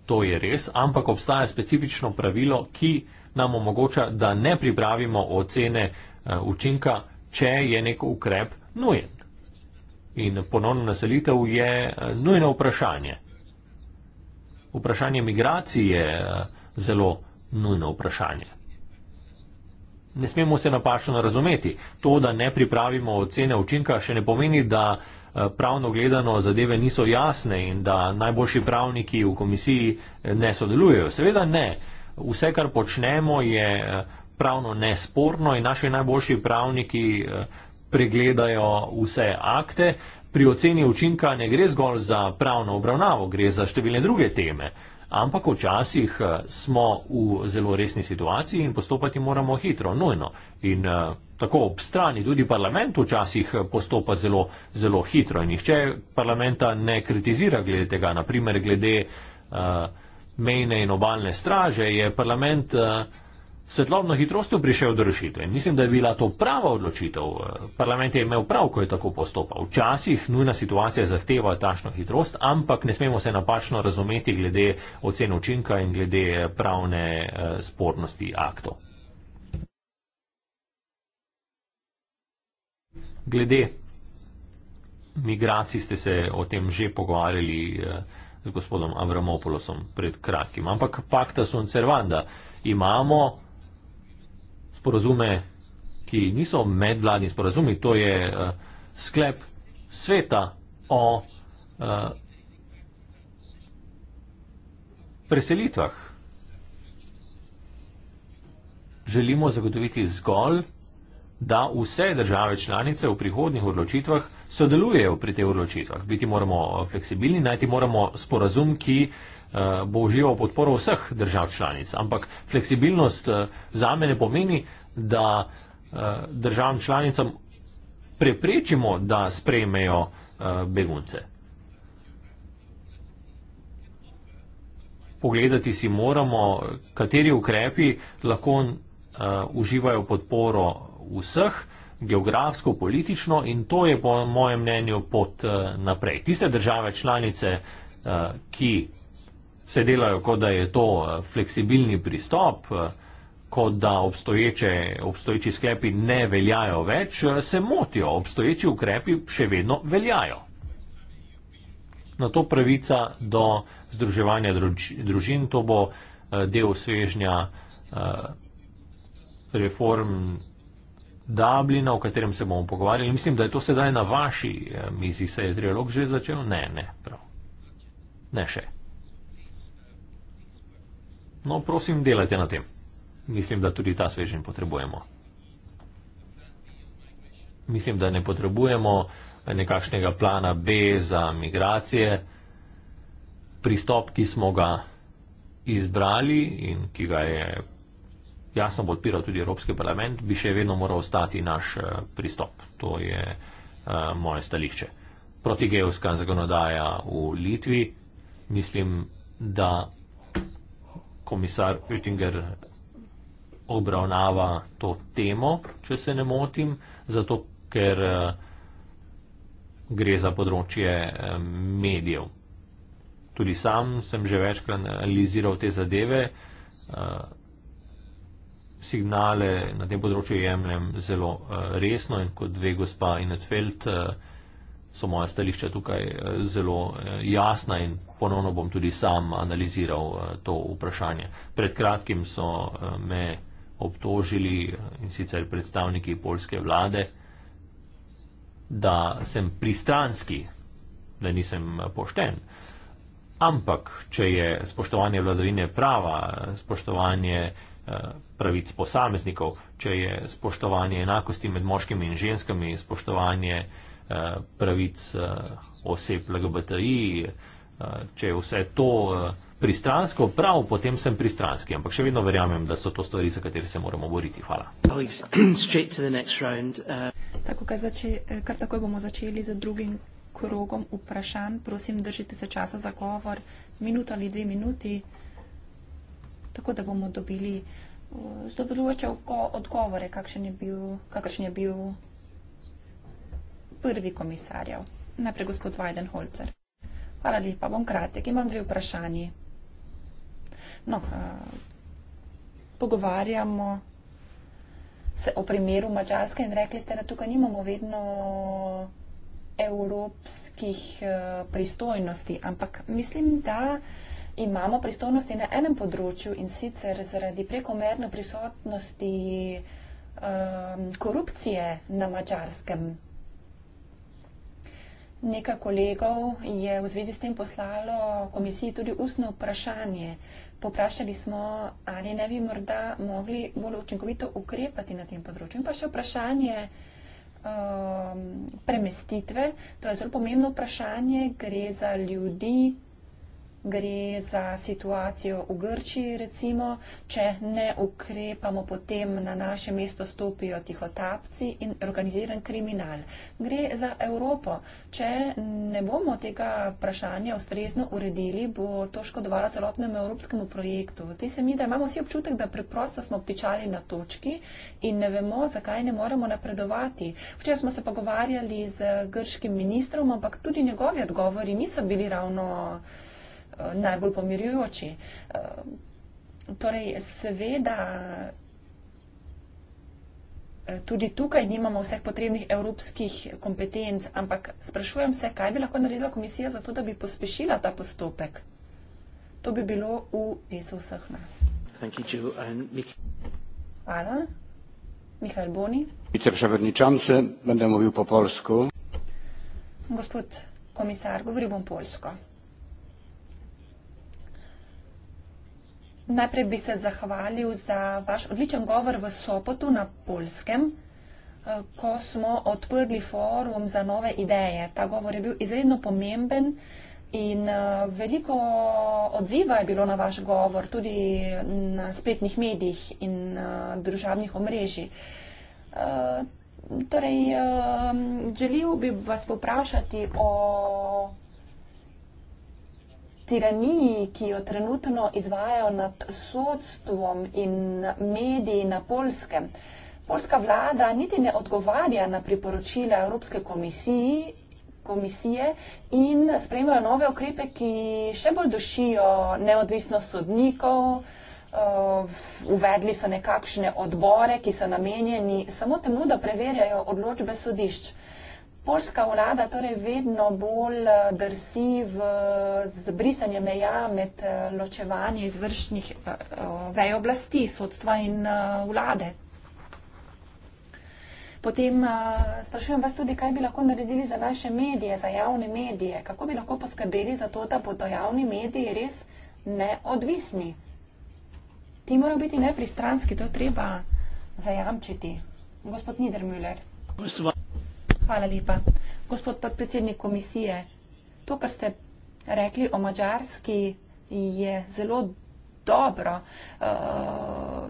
S1: to je res, ampak obstaja specifično pravilo, ki nam omogoča, da ne pripravimo ocene eh, učinka, če je nek ukrep nujen. In ponovno naselitev je eh, nujno vprašanje vprašanje migracije je eh, zelo nujno vprašanje. Ne smemo se napačno razumeti. To, da ne pripravimo ocene učinka, še ne pomeni, da eh, pravno gledano zadeve niso jasne in da najboljši pravniki v komisiji eh, ne sodelujejo. Seveda ne. Vse, kar počnemo, je pravno nesporno in naši najboljši pravniki pregledajo vse akte, Pri oceni učinka ne gre zgolj za pravno obravnavo, gre za številne druge teme, ampak včasih eh, smo v zelo resni situaciji in postopati moramo hitro, nujno. In eh, tako ob strani tudi parlament včasih eh, postopa zelo, zelo hitro in nihče parlamenta ne kritizira glede tega. Naprimer, glede uh, mejne in obalne straže je parlament. Uh, svetlobno hitrostjo prišel do rešitve. Mislim, da je bila to prava odločitev. Eh, parlament je imel prav, ko je tako postopal. Včasih nujna situacija zahteva tašno hitrost, ampak ne smemo se napačno razumeti glede ocen učinka in glede eh, pravne eh, spornosti aktov. Glede migracij ste se o tem že pogovarjali z gospodom Avramopolosom pred kratkim. Ampak pakta sunt servanda imamo sporozume, ki niso medvladni sporozumi, to je uh, sklep sveta o uh, preselitvah. Želimo zagotoviti zgolj, da vse države članice v prihodnih odločitvah sodelujejo pri teh odločitvah. Biti moramo eh, fleksibilni, najti moramo sporazum, ki uh, uh, bo užival podporo vseh držav članic. Ampak fleksibilnost uh, eh, za mene pomeni, da uh, državam članicam preprečimo, da sprejmejo uh, begunce. Pogledati si moramo, kateri ukrepi lahko uh, uživajo podporo vseh, geografsko, politično in to je po mojem mnenju pot uh, naprej. Tiste države članice, uh, ki se delajo, kot da je to eh, fleksibilni pristop, eh, kot da obstoječe, obstoječi sklepi ne veljajo več, eh, se motijo, obstoječi ukrepi še vedno veljajo. Na to pravica do združevanja družin, to bo del svežnja reform Dublina, o katerem se bomo pogovarjali. Mislim, da je to sedaj na vaši mizi, se je trialog že začel? Ne, ne, prav. Ne še. No, prosim, delajte na tem. Mislim, da tudi ta svežen potrebujemo. Mislim, da ne potrebujemo nekakšnega plana B za migracije. Pristop, ki smo ga izbrali in ki ga je jasno podpiral tudi Evropski parlament, bi še vedno moral ostati naš eh, pristop. To je uh, moje stališče. Protigejovska zakonodaja v Litvi, mislim, da komisar Oettinger obravnava to temo, če se ne motim, zato ker eh, gre za področje eh, medijev. Tudi sam sem že večkrat analiziral te zadeve. Eh, signale na tem področju jemljem zelo resno in kot ve gospa Inetfeld, so moja stališča tukaj zelo jasna in ponovno bom tudi sam analiziral eh, to vprašanje. Pred kratkim so eh, me obtožili eh, in sicer predstavniki polske vlade, da sem pristranski, da nisem pošten. Ampak, če je spoštovanje vladavine prava, spoštovanje pravic posameznikov, če je spoštovanje enakosti med moškimi in ženskami, spoštovanje pravic oseb LGBTI, Eh, če je vse to eh, pristransko, prav potem sem pristranski, ampak še vedno verjamem, da so to stvari, za katere se moramo boriti. Hvala. <clears throat>
S3: Uh, tako, eh, kar takoj bomo začeli z drugim krogom vprašanj. Prosim, držite se časa za govor, minuto ali dve minuti, tako da bomo dobili zadovoljujoče odgovore, kakšen je bil, kakšen je bil prvi komisarjev. Najprej gospod Weidenholzer. Hvala lepa. Bom kratek. Imam dve vprašanji. No, eh, pogovarjamo se o primeru Mačarske in rekli ste, da tukaj nimamo vedno evropskih eh, pristojnosti, ampak mislim, da imamo pristojnosti na enem področju in sicer zaradi prekomerne prisotnosti eh, korupcije na Mačarskem. Nekaj kolegov je v zvezi s tem poslalo komisiji tudi ustno vprašanje. Poprašali smo, ali ne bi morda mogli bolj učinkovito ukrepati na tem področju. In pa še vprašanje um, premestitve. To je zelo pomembno vprašanje. Gre za ljudi, gre za situacijo v Grčiji, recimo, če ne ukrepamo, potem na naše mesto stopijo tihotapci in organiziran kriminal. Gre za Evropo. Če ne bomo tega vprašanja ustrezno uredili, bo to škodovalo celotnemu evropskemu projektu. Zdi se mi, da imamo vsi občutek, da preprosto smo obtičali na točki in ne vemo, zakaj ne moremo napredovati. Včeraj smo se pogovarjali z grškim ministrom, ampak tudi njegovi odgovori niso bili ravno najbolj pomirjujoči. Eh, torej, seveda, eh, tudi tukaj nimamo vseh potrebnih evropskih kompetenc, ampak sprašujem se, kaj bi lahko naredila komisija za to, da bi pospešila ta postopek. To bi bilo v resu vseh nas. Hvala. Mihajl Boni. Gospod komisar, govorim v Polsko. Najprej bi se zahvalil za vaš odličen govor v Sopotu na Polskem, eh, ko smo odprli forum za nove ideje. Ta govor je bil izredno pomemben in eh, veliko odziva je bilo na vaš govor, tudi na spletnih medijih in eh, družabnih omrežij. Torej, želil bi vas poprašati o tiraniji, ki jo trenutno izvajajo nad sodstvom in mediji na polskem. Polska vlada niti ne odgovarja na priporočila Evropske komisiji, komisije in sprejmejo nove ukrepe, ki še bolj dušijo neodvisnost sodnikov. Eh, uvedli so nekakšne odbore, ki so namenjeni samo temu, da preverjajo odločbe sodišča. Poljska vlada torej vedno bolj eh, drsi v zbrisanje meja med eh, ločevanje izvršnih eh, vej oblasti, sodstva in vlade. Potem sprašujem vas tudi, kaj bi lahko naredili za naše medije, za javne medije. Kako bi lahko poskrbeli za to, da bodo javni mediji res neodvisni? Ti morajo biti nepristranski, to treba zajamčiti. Gospod Niedermüller. Gospod. Hvala lepa. Gospod podpredsednik komisije, to, kar ste rekli o Mačarski, je zelo dobro. Uh,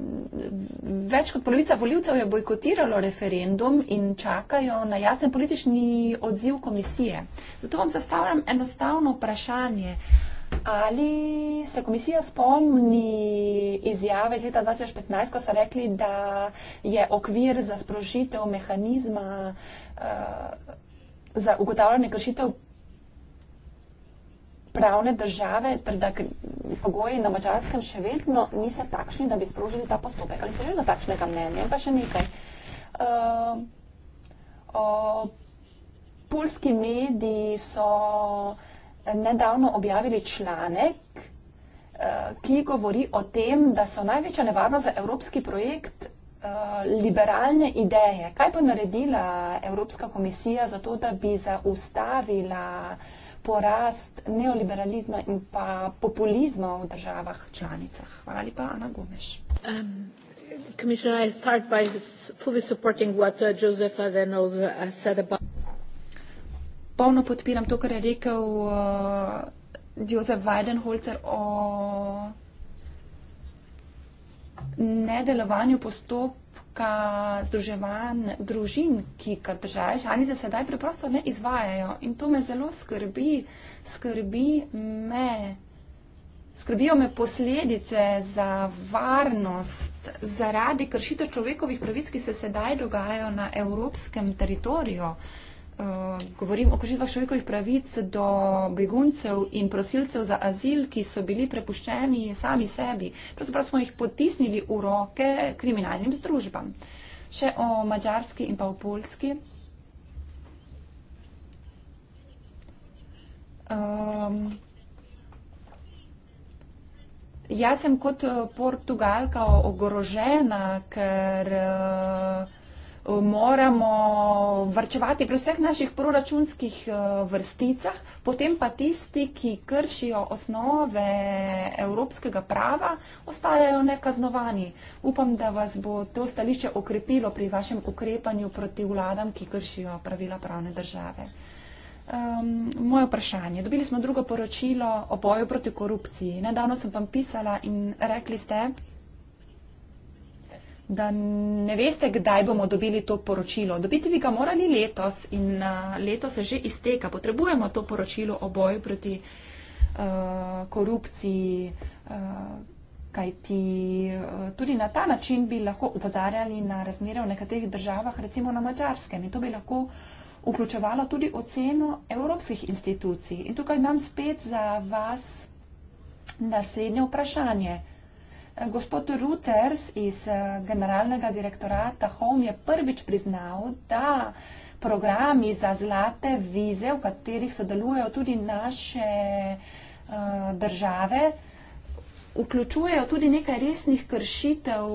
S3: več kot polovica voljivcev je bojkotiralo referendum in čakajo na jasen politični odziv komisije. Zato vam zastavljam enostavno vprašanje. Uh, Ali se komisija spomni izjave iz leta 2015, ko so rekli, da je okvir za sprožitev mehanizma uh, za ugotavljanje kršitev pravne države, ter da pogoji na mačarskem še vedno niso takšni, da bi sprožili ta postopek? Ali ste že na takšnega mnenja? In pa še nekaj. Uh, o, pulski mediji so nedavno objavili članek, eh, ki govori o tem, da so največja nevarnost za evropski projekt eh, liberalne ideje. Kaj pa naredila Evropska komisija za to, da bi zaustavila porast neoliberalizma in pa populizma v državah članicah? Hvala lepa, Ana Gomeš. Um. Commissioner,
S2: I start by fully supporting what uh, Josefa then also uh, said about
S3: polno podpiram to, kar je rekel uh, Jozef Weidenholzer o nedelovanju postopka združevanj družin, ki ga države članice za sedaj preprosto ne izvajajo. In to me zelo skrbi. Skrbi me. Skrbijo me posledice za varnost zaradi kršitev človekovih pravic, ki se sedaj dogajajo na evropskem teritoriju. Uh, Eh, govorim o kršitvah človekovih pravic do beguncev in prosilcev za azil, ki so bili prepuščeni sami sebi. Pravzaprav smo jih potisnili v roke kriminalnim združbam. Še o mađarski in pa o polski. Um, ehm, jaz sem kot eh, Portugalka ogrožena, ker uh, moramo vrčevati pri vseh naših proračunskih eh, vrsticah, potem pa tisti, ki kršijo osnove evropskega prava, ostajajo nekaznovani. Upam, da vas bo to stališče okrepilo pri vašem ukrepanju proti vladam, ki kršijo pravila pravne države. Um, moje vprašanje. Dobili smo drugo poročilo o boju proti korupciji. Nedavno sem vam pisala in rekli ste, da ne veste, kdaj bomo dobili to poročilo. Dobiti bi ga morali letos in uh, letos se že izteka. Potrebujemo to poročilo o boju proti uh, korupciji, uh, kajti uh, tudi na ta način bi lahko upozarjali na razmere v nekaterih državah, recimo na mačarskem. In to bi lahko vključevalo tudi oceno evropskih institucij. In tukaj imam spet za vas naslednje vprašanje. Gospod Reuters iz eh, generalnega direktorata Home je prvič priznal, da programi za zlate vize, v katerih sodelujejo tudi naše eh, države, vključujejo tudi nekaj resnih kršitev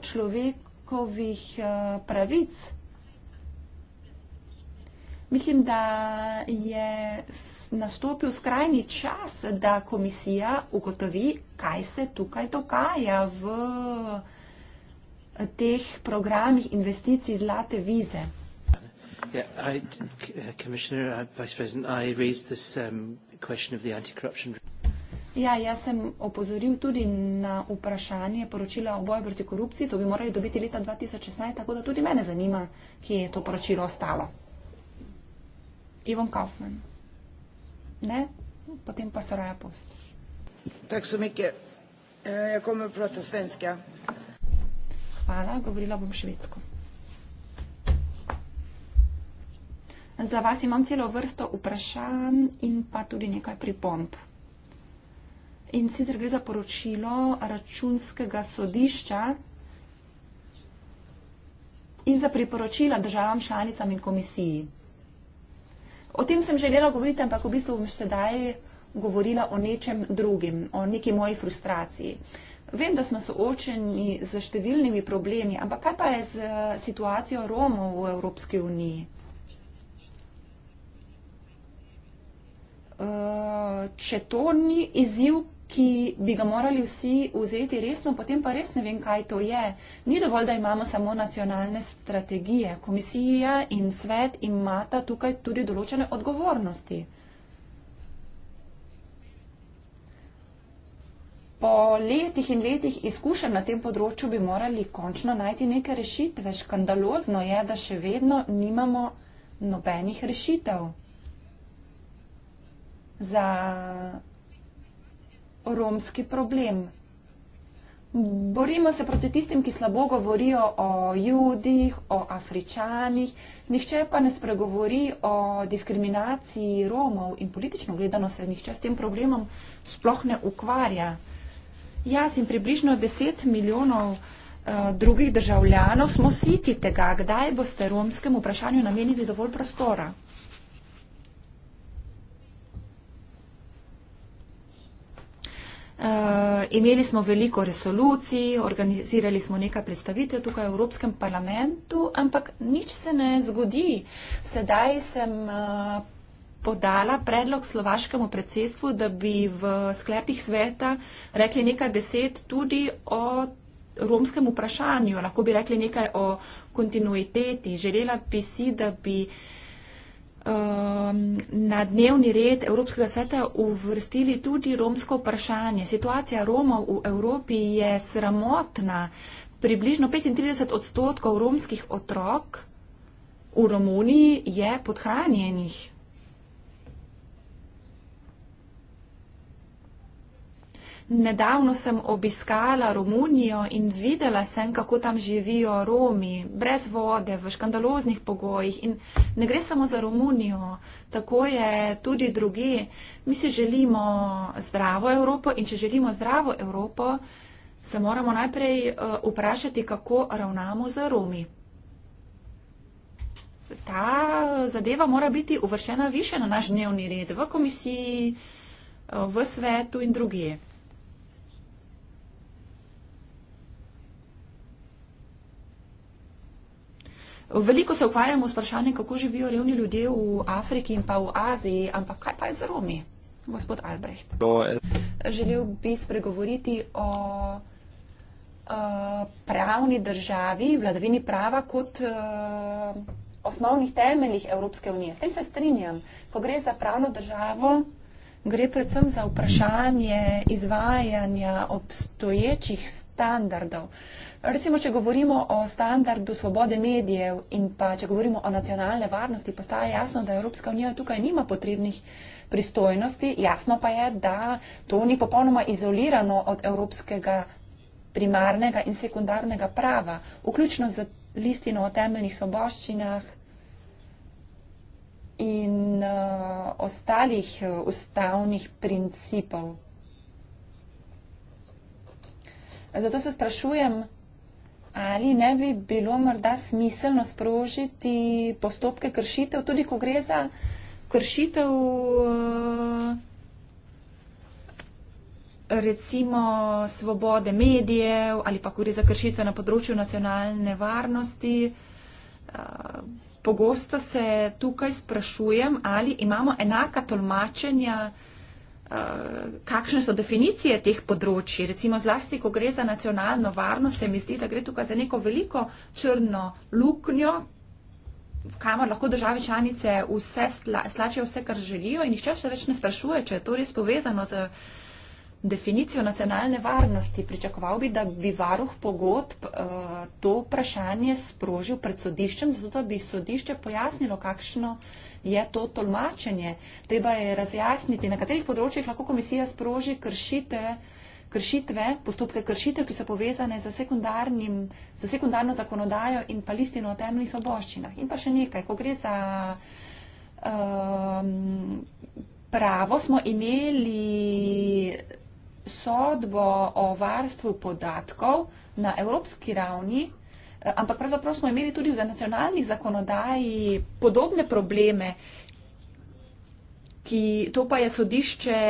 S3: človekovih eh, pravic. Mislim, da je s nastopil skrajni čas, da komisija ugotovi, kaj se tukaj dogaja v teh programih investicij zlate vize.
S2: Uh, um,
S3: ja, jaz sem opozoril tudi na vprašanje poročila o boju proti korupciji. To bi morali dobiti leta 2016, tako da tudi mene zanima, kje je to poročilo ostalo. Ivan Kaufmann ne, potem pa Soraja Post.
S2: Tak so Miki, eh, jako me proti svenske.
S3: Hvala, govorila bom švedsko. Za vas imam celo vrsto vprašanj in pa tudi nekaj pripomb. In sicer gre za poročilo računskega sodišča in za priporočila državam članicam in komisiji. O tem sem želela govoriti, ampak v bistvu bom sedaj govorila o nečem drugim, o neki moji frustraciji. Vem, da smo soočeni z številnimi problemi, ampak kaj pa je z eh, situacijo Romov v Evropski uniji? Eh, če to ni izjiv, ki bi ga morali vsi vzeti resno, potem pa res ne vem, kaj to je. Ni dovolj, da imamo samo nacionalne strategije. Komisija in svet imata tukaj tudi določene odgovornosti. Po letih in letih izkušenj na tem področju bi morali končno najti neke rešitve. Škandalozno je, da še vedno nimamo nobenih rešitev. Za romski problem. Borimo se proti tistim, ki slabo govorijo o judih, o afričanih, nihče pa ne spregovori o diskriminaciji Romov in politično gledano se nihče s tem problemom sploh ne ukvarja. Jaz in približno 10 milijonov uh, drugih državljanov smo siti tega, kdaj boste romskemu vprašanju namenili dovolj prostora. Eh, imeli smo veliko resolucij, organizirali smo nekaj predstavitev tukaj v Evropskem parlamentu, ampak nič se ne zgodi. Sedaj sem eh, podala predlog slovaškemu predsedstvu, da bi v sklepih sveta rekli nekaj besed tudi o romskem vprašanju. Lahko bi rekli nekaj o kontinuiteti. Želela bi si, da bi uh, Um, na dnevni red Evropskega sveta uvrstili tudi romsko vprašanje. Situacija Romov v Evropi je sramotna. Približno 35 odstotkov romskih otrok v Romuniji je podhranjenih. Nedavno sem obiskala Romunijo in videla sem, kako tam živijo Romi, brez vode, v škandaloznih pogojih. In ne gre samo za Romunijo, tako je tudi drugi. Mi si želimo zdravo Evropo in če želimo zdravo Evropo, se moramo najprej eh, vprašati, kako ravnamo za Romi. Ta zadeva mora biti uvršena više na naš dnevni red, v komisiji, eh, v svetu in drugije. Veliko se ukvarjamo s vprašanjem, kako živijo revni ljudje v Afriki in pa v Aziji, ampak kaj pa je z Romi, gospod Albrecht? No, Želel bi spregovoriti o uh, pravni državi, vladavini prava kot uh, osnovnih temeljih Evropske unije. S tem se strinjam. Ko gre za pravno državo, gre predvsem za vprašanje izvajanja obstoječih standardov. Uh, Recimo, če govorimo o standardu svobode medijev in pa če govorimo o nacionalne varnosti, postaje jasno, da Evropska unija tukaj nima potrebnih pristojnosti. Jasno pa je, da to ni popolnoma izolirano od evropskega primarnega in sekundarnega prava, vključno z listino o temeljnih svoboščinah in uh, ostalih uh, ustavnih principov. Zato se sprašujem, ali ne bi bilo morda smiselno sprožiti postopke kršitev, tudi ko gre za kršitev eh, recimo svobode medijev ali pa gre za kršitve na področju nacionalne varnosti. Eh, pogosto se tukaj sprašujem, ali imamo enaka tolmačenja Eh, kakšne so definicije teh področji, recimo zlasti, ko gre za nacionalno varnost, se mi zdi, da gre tukaj za neko veliko črno luknjo, kamor lahko države članice vse sla, slačejo vse, kar želijo in nihče se več ne sprašuje, če je to res povezano z definicijo nacionalne varnosti. Pričakoval bi, da bi varuh pogodb eh, to vprašanje sprožil pred sodiščem, zato da bi sodišče pojasnilo, kakšno je to tolmačenje. Treba je razjasniti, na katerih področjih lahko komisija sproži kršite, kršitve, postopke kršitev, ki so povezane z za sekundarno zakonodajo in pa listino o temeljnih svoboščinah. In pa še nekaj, ko gre za. Um, Pravo smo imeli sodbo o varstvu podatkov na evropski ravni, eh, ampak pravzaprav smo imeli tudi v nacionalni zakonodaji podobne probleme, ki to pa je sodišče,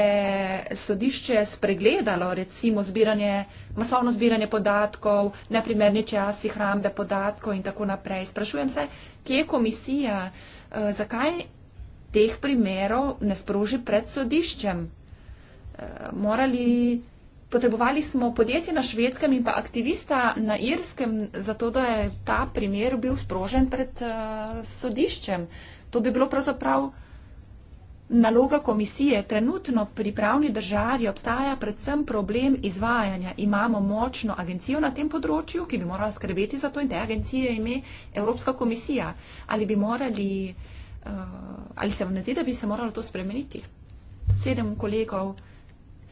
S3: sodišče spregledalo, recimo zbiranje, masovno zbiranje podatkov, neprimerni časi hrambe podatkov in tako naprej. Sprašujem se, kje je komisija, eh, zakaj teh primerov ne sproži pred sodiščem? morali, potrebovali smo podjetje na švedskem in pa aktivista na irskem, zato da je ta primer bil sprožen pred eh, sodiščem. To bi bilo pravzaprav naloga komisije. Trenutno pri pravni državi obstaja predvsem problem izvajanja. Imamo močno agencijo na tem področju, ki bi morala skrbeti za to in te agencije ime Evropska komisija. Ali bi morali, eh, ali se vam ne zdi, da bi se moralo to spremeniti? Sedem kolegov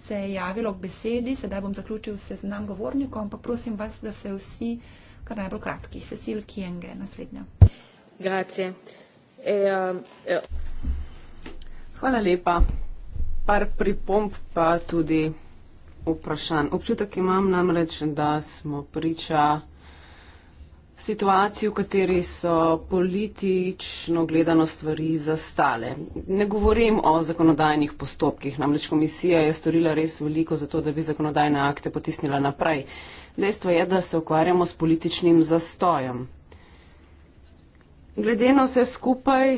S3: se je javilo k besedi, sedaj bom zaključil se z nam govornikom, ampak prosim vas, da se vsi kar najbolj kratki. Cecil Kienge, naslednja.
S4: Grazie. E, uh, e. Hvala lepa. Par pripomb pa tudi vprašanj. Občutek imam namreč, da smo priča situaciji, v kateri so politično gledano stvari zastale. Ne govorim o zakonodajnih postopkih, namreč komisija je storila res veliko za to, da bi zakonodajne akte potisnila naprej. Dejstvo je, da se ukvarjamo s političnim zastojem. Glede na vse skupaj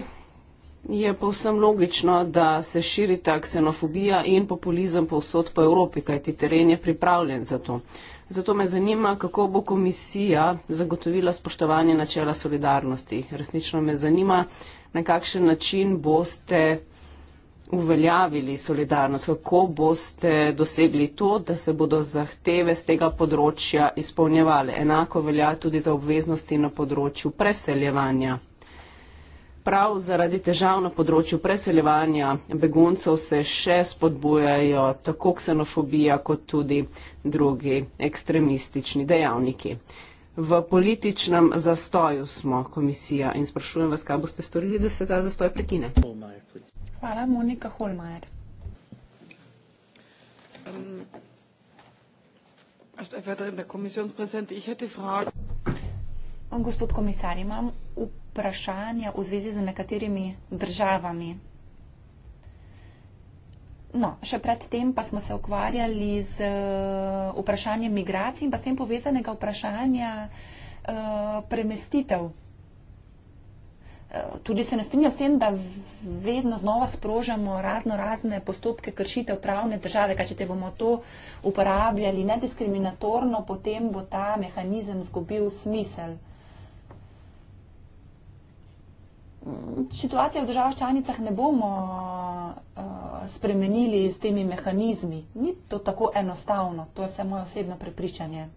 S4: je povsem logično, da se širi ta ksenofobija in populizem povsod po Evropi, kajti teren je pripravljen za to. Zato me zanima, kako bo komisija zagotovila spoštovanje načela solidarnosti. Resnično me zanima, na kakšen način boste uveljavili solidarnost, kako boste dosegli to, da se bodo zahteve z tega področja izpolnjevale. Enako velja tudi za obveznosti na področju preseljevanja. Prav zaradi težav na področju preseljevanja beguncev se še spodbujajo tako ksenofobija kot tudi drugi ekstremistični dejavniki. V političnem zastoju smo, komisija, in sprašujem vas, kaj boste storili, da se ta zastoj prekine.
S3: Hvala, Monika Holmajer. Ähm, Gospod komisar, imam vprašanja v zvezi z nekaterimi državami, No, še predtem pa smo se ukvarjali z eh, vprašanjem migracij in pa s tem povezanega vprašanja uh, premestitev. Eh, tudi se ne strinjam s tem, da vedno znova sprožamo razno razne postopke kršitev pravne države, kaj če te bomo to uporabljali nediskriminatorno, potem bo ta mehanizem zgubil smisel. situacije v državah članicah ne bomo uh, spremenili s temi mehanizmi. Ni to tako enostavno, to je vse moje osebno prepričanje.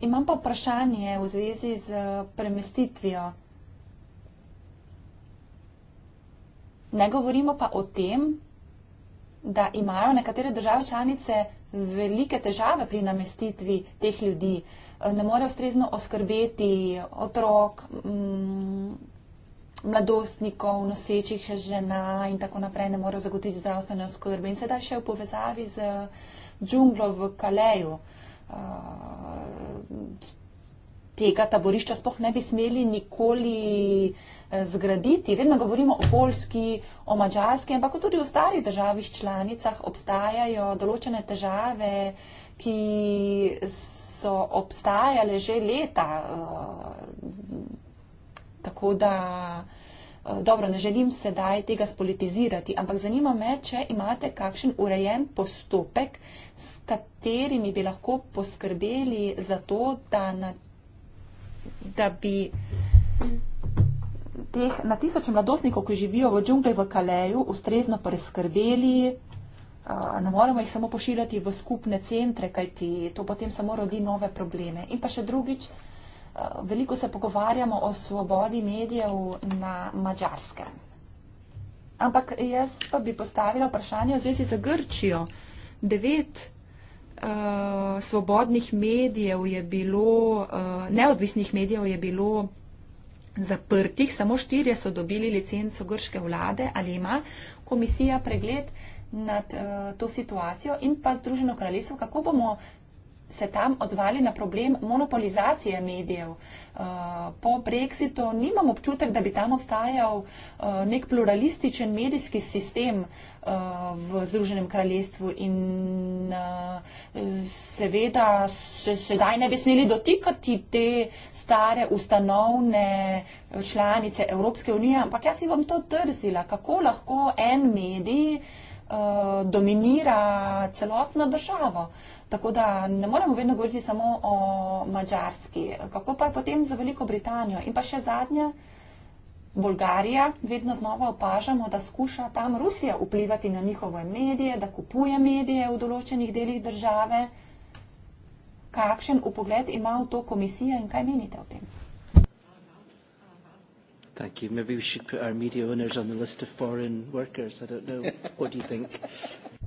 S3: Imam pa vprašanje v zvezi z eh, premestitvijo. Ne govorimo pa o tem, da imajo nekatere države članice velike težave pri namestitvi teh ljudi. Uh, ne more ustrezno oskrbeti otrok, mm, mladostnikov, nosečih žena in tako naprej, ne more zagotoviti zdravstvene oskrbe. In sedaj še v povezavi z džunglo v Kaleju. Eh, tega taborišča sploh ne bi smeli nikoli eh, zgraditi. Vedno govorimo o Polski, o Mačarski, ampak tudi v ostalih državih članicah obstajajo določene težave, ki so obstajale že leta. Eh, tako da, eh, dobro, ne želim sedaj tega spolitizirati, ampak zanima me, če imate kakšen urejen postopek, s katerimi bi lahko poskrbeli za to, da, na, da bi. Teh, na tisoče mladostnikov, ki živijo v džungli v Kaleju, ustrezno preskrbeli, ne moramo jih samo pošiljati v skupne centre, kajti to potem samo rodi nove probleme. In pa še drugič, veliko se pogovarjamo o svobodi medijev na mačarskem. Ampak jaz pa bi postavila vprašanje v zvezi z Grčijo. Devet uh, svobodnih medijev je bilo, uh, neodvisnih medijev je bilo zaprtih, samo štirje so dobili licenco grške vlade ali ima komisija pregled nad eh, to situacijo in pa Združeno kraljestvo, kako bomo se tam odzvali na problem monopolizacije medijev. Eh, po Brexitu nimam občutek, da bi tam obstajal eh, nek pluralističen medijski sistem v Združenem kraljestvu in seveda se sedaj ne bi smeli dotikati te stare ustanovne članice Evropske unije, ampak jaz si bom to trzila, kako lahko en medij Eh, dominira celotno državo. Tako da ne moremo vedno govoriti samo o Mačarski. Kako pa je potem za Veliko Britanijo? In pa še zadnja, Bolgarija, vedno znova opažamo, da skuša tam Rusija vplivati na njihove medije, da kupuje medije v določenih delih države. Kakšen upogled ima v to komisija in kaj menite o tem?
S2: Thank you. Maybe we should put our media owners on the list of foreign workers. I don't know. What do you think? <laughs>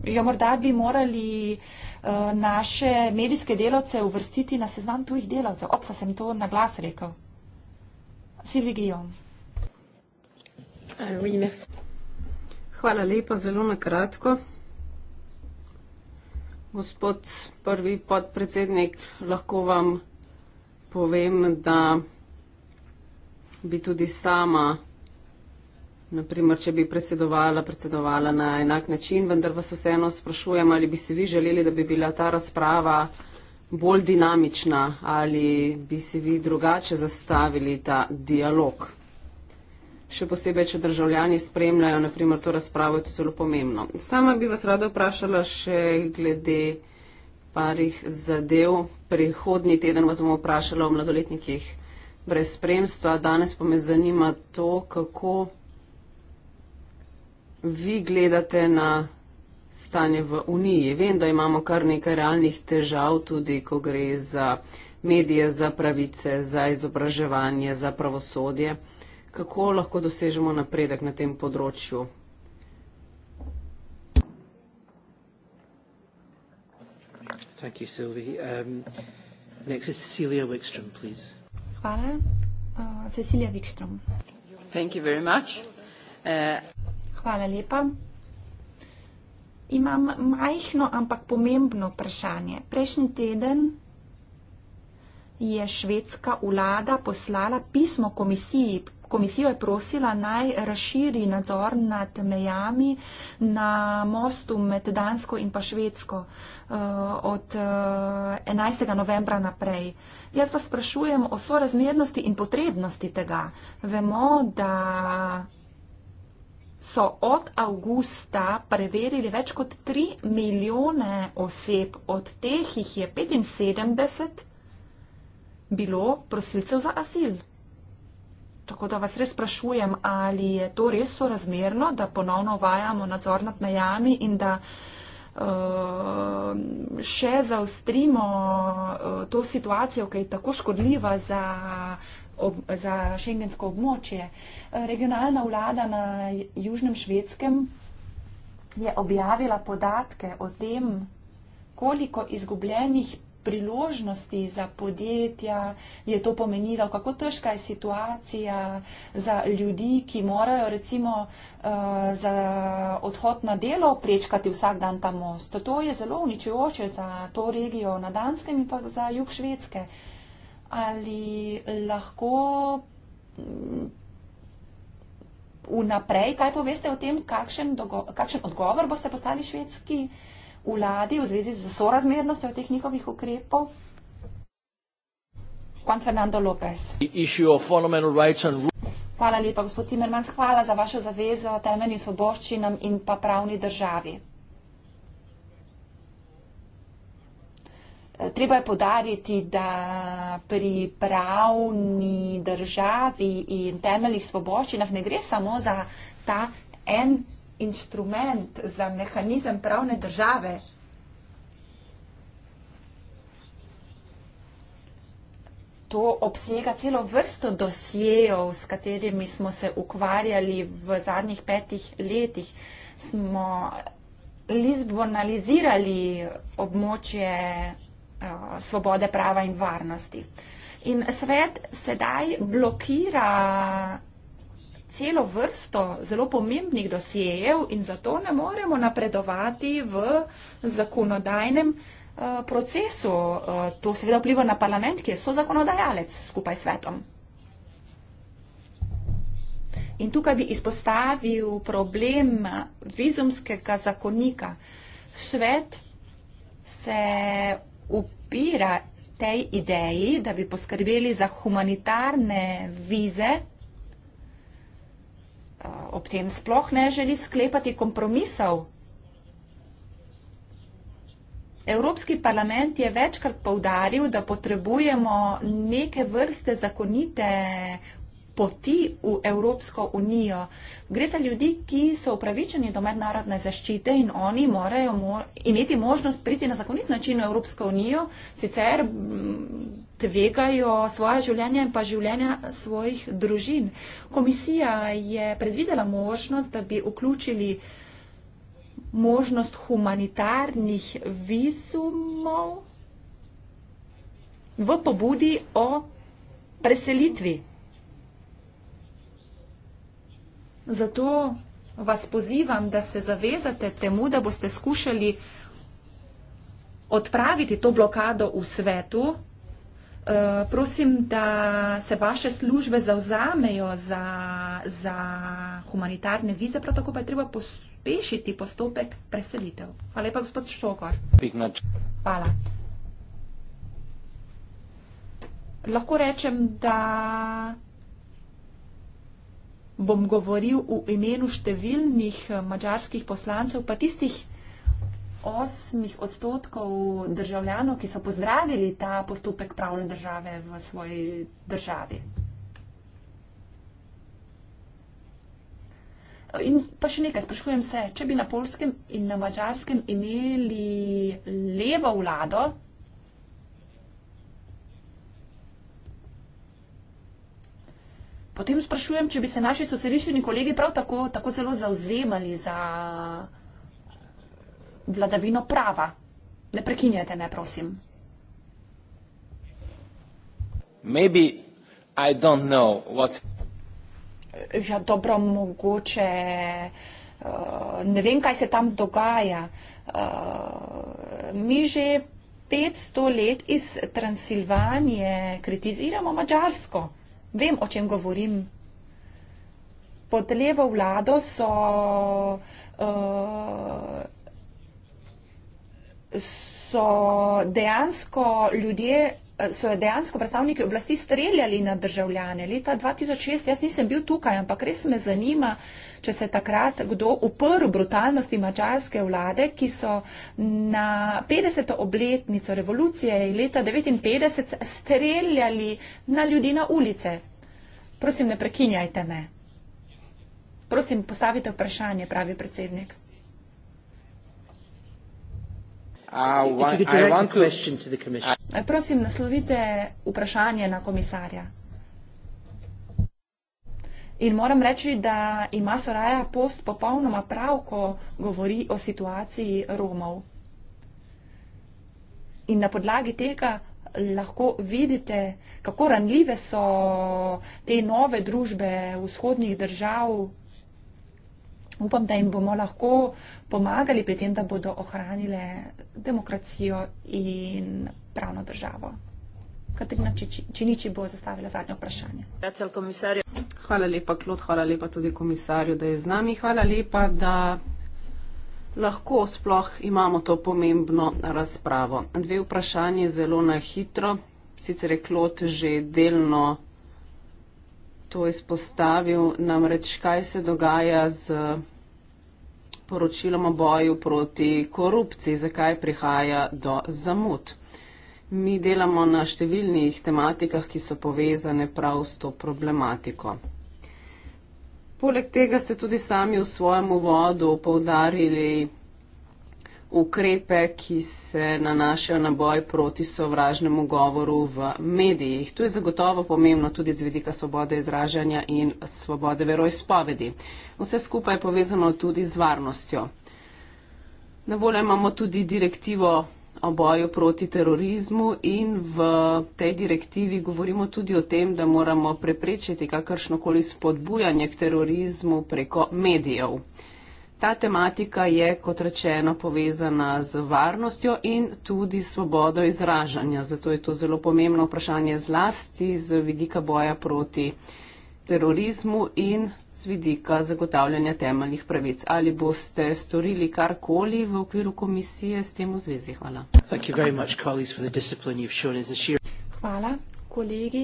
S3: Ja, morda bi morali uh, naše medijske delavce uvrstiti na seznam tujih delavcev. Opsa sem to na glas rekel. Silvi Gijom. Ah, Hvala lepa, zelo na kratko.
S4: Gospod prvi podpredsednik, lahko vam povem, da bi tudi sama, naprimer, če bi predsedovala, predsedovala na enak način, vendar vas vseeno sprašujem, ali bi si vi želeli, da bi bila ta razprava bolj dinamična ali bi si vi drugače zastavili ta dialog. Še posebej, če državljani spremljajo, naprimer, to razpravo, je to zelo pomembno. Sama bi vas rada vprašala še glede parih zadev. Prihodnji teden vas bomo vprašala o mladoletnikih brez spremstva. Danes pa me zanima to, kako vi gledate na stanje v Uniji. Vem, da imamo kar nekaj realnih težav, tudi ko gre za medije, za pravice, za izobraževanje, za pravosodje. Kako lahko dosežemo napredek na tem področju?
S2: Thank you, Sylvie. Um, next is Cecilia Wickstrom, please.
S3: Hvala. Uh, Cecilija Wikström. Thank you very much. Uh, Hvala lepa. Imam majhno, ampak pomembno vprašanje. Prejšnji teden je švedska vlada poslala pismo komisiji Komisijo je prosila naj razširi nadzor nad mejami na mostu med Dansko in pa Švedsko eh, od 11. Eh, novembra naprej. Jaz pa sprašujem o sorazmernosti in potrebnosti tega. Vemo, da so od avgusta preverili več kot 3 milijone oseb, od teh jih je 75 bilo prosilcev za azil. Tako da vas res sprašujem, ali je to res sorazmerno, da ponovno uvajamo nadzor nad mejami in da eh, še zaustrimo eh, to situacijo, ki je tako škodljiva za, ob, za šengensko območje. Eh, regionalna vlada na Južnem Švedskem je objavila podatke o tem, koliko izgubljenih priložnosti za podjetja, je to pomenilo, kako težka je situacija za ljudi, ki morajo recimo uh, za odhod na delo prečkati vsak dan ta most. To je zelo uničujoče za to regijo na Danskem in pa za jug Švedske. Ali lahko mm, vnaprej kaj poveste o tem, kakšen, kakšen odgovor boste poslali švedski? Uh, vladi v zvezi z sorazmernostjo teh njihovih ukrepov? Juan Fernando Lopez. Hvala lepa, gospod Cimerman. Hvala za vašo zavezo temeljnim svoboščinam in pa pravni državi. Eh, treba je podariti, da pri pravni državi in temeljnih svoboščinah ne gre samo za ta en inštrument za mehanizem pravne države. To obsega celo vrsto dosjejev, s katerimi smo se ukvarjali v zadnjih petih letih. Smo lizbonalizirali območje eh, svobode prava in varnosti. In svet sedaj blokira celo vrsto zelo pomembnih dosijejev in zato ne moremo napredovati v zakonodajnem eh, procesu. Eh, to seveda vpliva na parlament, ki je so zakonodajalec skupaj s svetom. In tukaj bi izpostavil problem vizumskega zakonika. Svet se upira tej ideji, da bi poskrbeli za humanitarne vize Eh, ob tem sploh ne želi sklepati kompromisov. Evropski parlament je večkrat povdaril, da potrebujemo neke vrste zakonite poti v Evropsko unijo. Gre za ljudi, ki so upravičeni do mednarodne zaščite in oni morajo mo imeti možnost priti na zakonit način v Evropsko unijo, sicer tvegajo svoje življenje in pa življenja svojih družin. Komisija je predvidela možnost, da bi vključili možnost humanitarnih vizumov v pobudi o preselitvi. Zato vas pozivam, da se zavezate temu, da boste skušali odpraviti to blokado v svetu. Eh, prosim, da se vaše službe zauzamejo za, za humanitarne vize, prav tako pa je treba pospešiti postopek preselitev. Hvala lepa, gospod Štokor. Hvala. Lahko rečem, da bom govoril v imenu številnih eh, mačarskih poslancev, pa tistih osmih odstotkov državljanov, ki so pozdravili ta postopek pravne države v svoji državi. In pa še nekaj, sprašujem se, če bi na polskem in na mačarskem imeli levo vlado, potem sprašujem, če bi se naši socialistični kolegi prav tako, tako zelo zauzemali za vladavino prava. Ne prekinjajte me, prosim.
S2: Maybe I don't know what...
S3: Ja, dobro, mogoče. Uh, ne vem, kaj se tam dogaja. Uh, mi že 500 let iz Transilvanije kritiziramo Mačarsko. Uh, vem, o čem govorim. Pod levo vlado so, uh, so dejansko ljudje so dejansko predstavniki oblasti streljali na državljane. Leta 2006, jaz nisem bil tukaj, ampak res me zanima, če se je takrat kdo uprl brutalnosti mačarske vlade, ki so na 50. obletnico revolucije leta 59 streljali na ljudi na ulice. Prosim, ne prekinjajte me. Prosim, postavite vprašanje, pravi predsednik.
S2: Eh,
S3: prosim, naslovite vprašanje na komisarja. In moram reči, da ima Soraya post popolnoma prav, ko govori o situaciji Romov. In na podlagi tega lahko vidite, kako ranljive so te nove družbe vzhodnih držav upam, da jim bomo lahko pomagali pri tem, da bodo ohranile demokracijo in pravno državo. Katrina Činiči bo zastavila zadnje vprašanje.
S4: Hvala lepa, Klod, hvala lepa tudi komisarju, da je z nami. Hvala lepa, da lahko sploh imamo to pomembno razpravo. Dve vprašanje zelo na hitro. Sicer je Klod že delno to izpostavil, namreč kaj se dogaja z poročilom o boju proti korupciji, zakaj prihaja do zamud. Mi delamo na številnih tematikah, ki so povezane prav s to problematiko. Poleg tega ste tudi sami v svojem uvodu poudarili ukrepe, ki se nanašajo na boj proti sovražnemu govoru v medijih. To je zagotovo pomembno tudi z vedika svobode izražanja in svobode veroizpovedi. Vse skupaj je povezano tudi z varnostjo. Na voljo imamo tudi direktivo o boju proti terorizmu in v tej direktivi govorimo tudi o tem, da moramo preprečiti kakršnokoli spodbujanje k terorizmu preko medijev. Ta tematika je, kot rečeno, povezana z varnostjo in tudi svobodo izražanja. Zato je to zelo pomembno vprašanje zlasti z vidika boja proti terorizmu terorizmu in z vidika zagotavljanja temeljnih pravic. Ali boste storili karkoli v
S3: okviru komisije s tem v zvezi? Hvala. Hvala, kolegi,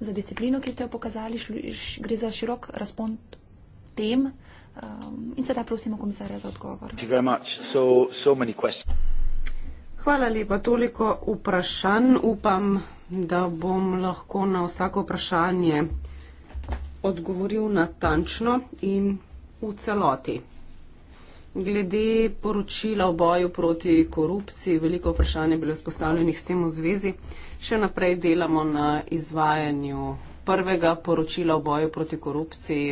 S3: za disciplino, ki ste jo pokazali. Gre za širok razpon tem. Um, in sedaj prosimo komisarja za odgovor. So, so Hvala lepa. Toliko vprašanj. Upam,
S4: da bom lahko na vsako vprašanje odgovoril natančno in v celoti. Glede poročila o boju proti korupciji, veliko vprašanj je bilo izpostavljenih s tem v zvezi. Še naprej delamo na izvajanju prvega poročila o boju proti korupciji.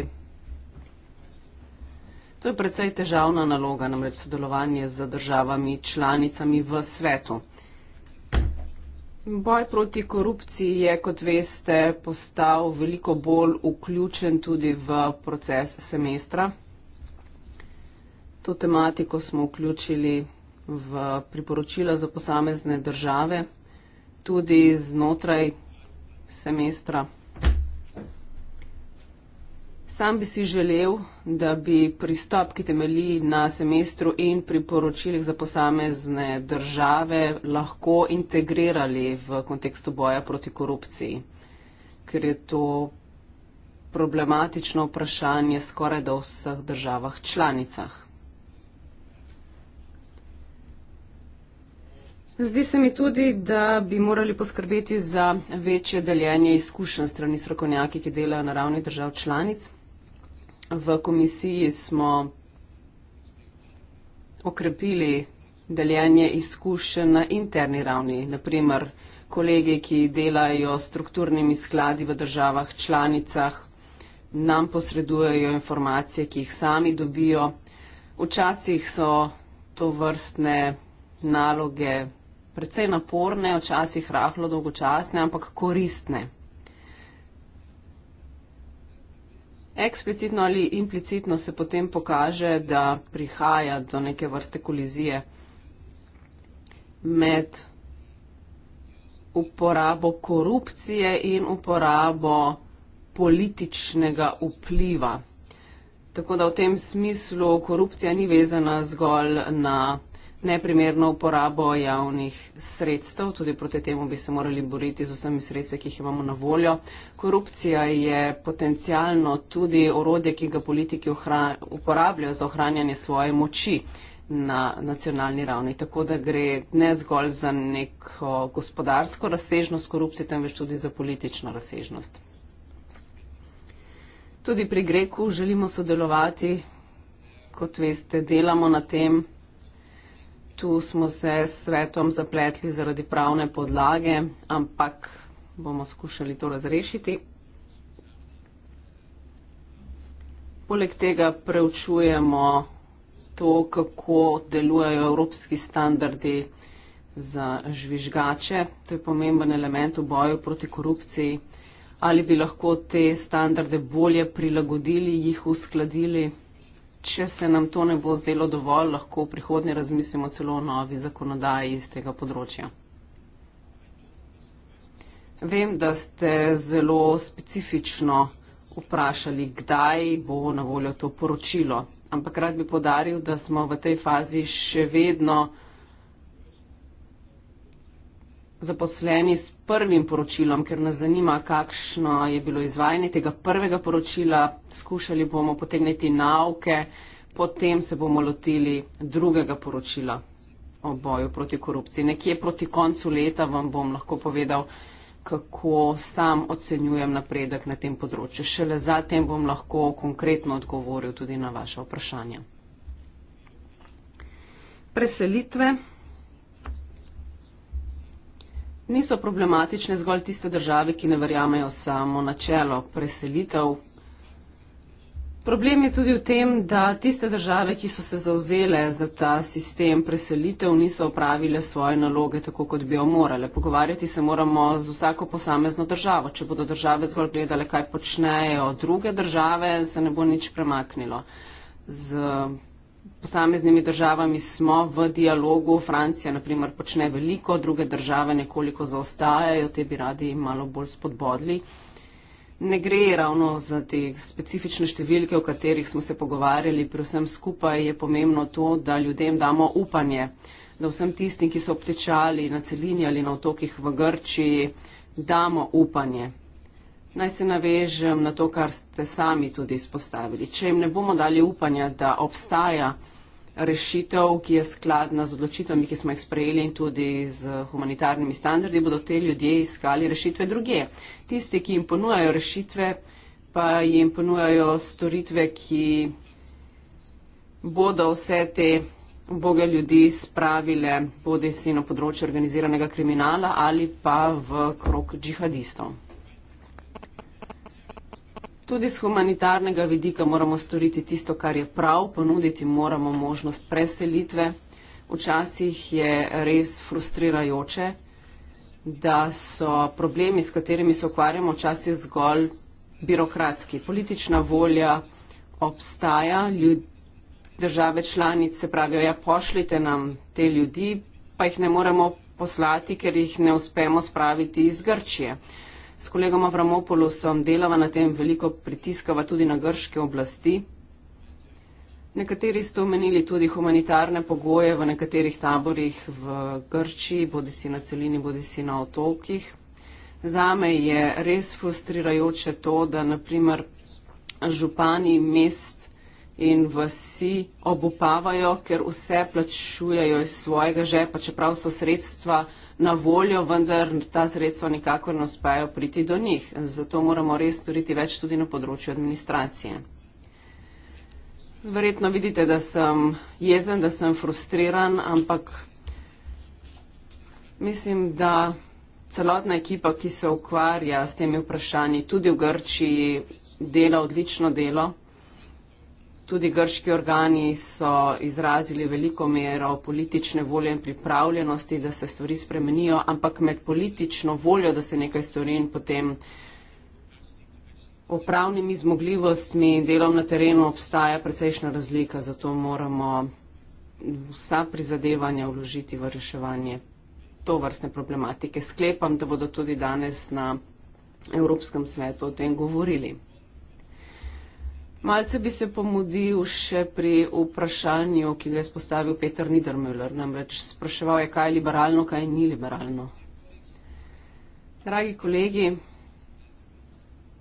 S4: To je precej težavna naloga, namreč sodelovanje z državami članicami v svetu. Boj proti korupciji je, kot veste, postal veliko bolj vključen tudi v proces semestra. To tematiko smo vključili v priporočila za posamezne države, tudi znotraj semestra. Sam bi si želel, da bi pristop, ki temelji na semestru in priporočilih za posamezne države, lahko integrirali v kontekstu boja proti korupciji, ker je to problematično vprašanje skoraj da v vseh državah članicah. Zdi se mi tudi, da bi morali poskrbeti za večje deljenje izkušenj strani strokovnjaki, ki delajo na ravni držav članic. V komisiji smo okrepili deljenje izkušenj na interni ravni. Naprimer, kolegi, ki delajo strukturnimi skladi v državah članicah, nam posredujejo informacije, ki jih sami dobijo. Včasih so to vrstne naloge precej naporne, včasih rahlo dolgočasne, ampak koristne. eksplicitno ali implicitno se potem pokaže, da prihaja do neke vrste kolizije med uporabo korupcije in uporabo političnega vpliva. Tako da v tem smislu korupcija ni vezana zgolj na neprimerno uporabo javnih sredstev, tudi proti temu bi se morali boriti z vsemi sredstvi, ki jih imamo na voljo. Korupcija je potencialno tudi orodje, ki ga politiki uporabljajo za ohranjanje svoje moči na nacionalni ravni. Tako da gre ne zgolj za neko gospodarsko razsežnost korupcije, temveč tudi za politično razsežnost. Tudi pri Greku želimo sodelovati, kot veste, delamo na tem, Tu smo se s svetom zapletli zaradi pravne podlage, ampak bomo skušali to razrešiti. Poleg tega preučujemo to, kako delujejo evropski standardi za žvižgače. To je pomemben element v boju proti korupciji. Ali bi lahko te standarde bolje prilagodili, jih uskladili? če se nam to ne bo zdelo dovolj, lahko v prihodnje razmislimo celo o novi zakonodaji iz tega področja. Vem, da ste zelo specifično vprašali, kdaj bo na voljo to poročilo, ampak rad bi podaril, da smo v tej fazi še vedno zaposleni s prvim poročilom, ker nas zanima, kakšno je bilo izvajanje tega prvega poročila. Skušali bomo potegniti nauke, potem se bomo lotili drugega poročila o boju proti korupciji. Nekje proti koncu leta vam bom lahko povedal, kako sam ocenjujem napredek na tem področju. Šele zatem bom lahko konkretno odgovoril tudi na vaše vprašanje. Preselitve. Niso problematične zgolj tiste države, ki ne verjamejo samo načelo preselitev. Problem je tudi v tem, da tiste države, ki so se zauzele za ta sistem preselitev, niso opravile svoje naloge tako, kot bi jo morale. Pogovarjati se moramo z vsako posamezno državo. Če bodo države zgolj gledale, kaj počnejo druge države, se ne bo nič premaknilo. Z posameznimi državami smo v dialogu. Francija, naprimer, počne veliko, druge države nekoliko zaostajajo, te bi radi malo bolj spodbodli. Ne gre ravno za te specifične številke, o katerih smo se pogovarjali, pri vsem skupaj je pomembno to, da ljudem damo upanje, da vsem tistim, ki so obtečali na celini ali na otokih v Grčiji, damo upanje. Naj se navežem na to, kar ste sami tudi izpostavili. Če jim ne bomo dali upanja, da obstaja rešitev, ki je skladna z odločitvami, ki smo jih sprejeli in tudi z humanitarnimi standardi, bodo te ljudje iskali rešitve druge. Tisti, ki jim ponujajo rešitve, pa jim ponujajo storitve, ki bodo vse te boge ljudi spravile bodi si na področju organiziranega kriminala ali pa v krok džihadistov. Tudi z humanitarnega vidika moramo storiti tisto, kar je prav, ponuditi moramo možnost preselitve. Včasih je res frustrirajoče, da so problemi, s katerimi se ukvarjamo, včasih zgolj birokratski. Politična volja obstaja, ljud, države članice pravijo, ja, pošljite nam te ljudi, pa jih ne moremo poslati, ker jih ne uspemo spraviti iz Grčije. Uh, S kolegom Avramopolosom delava na tem, veliko pritiskava tudi na grške oblasti. Nekateri ste omenili tudi humanitarne pogoje v nekaterih taborih v Grči, bodi si na celini, bodi si na otokih. Zame je res frustrirajoče to, da naprimer župani mest in vsi obupavajo, ker vse plačujejo iz svojega žepa, čeprav so sredstva na voljo, vendar ta sredstva nikako ne uspejo priti do njih. Zato moramo res storiti več tudi na področju administracije. Verjetno vidite, da sem jezen, da sem frustriran, ampak mislim, da celotna ekipa, ki se ukvarja s temi vprašanji, tudi v Grčiji, dela odlično delo. Tudi grški organi so izrazili veliko mero politične volje in pripravljenosti, da se stvari spremenijo, ampak med politično voljo, da se nekaj stori in potem upravnimi zmogljivostmi in delom na terenu obstaja precejšna razlika, zato moramo vsa prizadevanja vložiti v reševanje to vrstne problematike. Sklepam, da bodo tudi danes na Evropskem svetu o tem govorili. Malce bi se pomudil še pri vprašanju, ki ga je spostavil Peter Niedermüller, namreč spraševal je, kaj je liberalno, kaj ni liberalno. Dragi kolegi,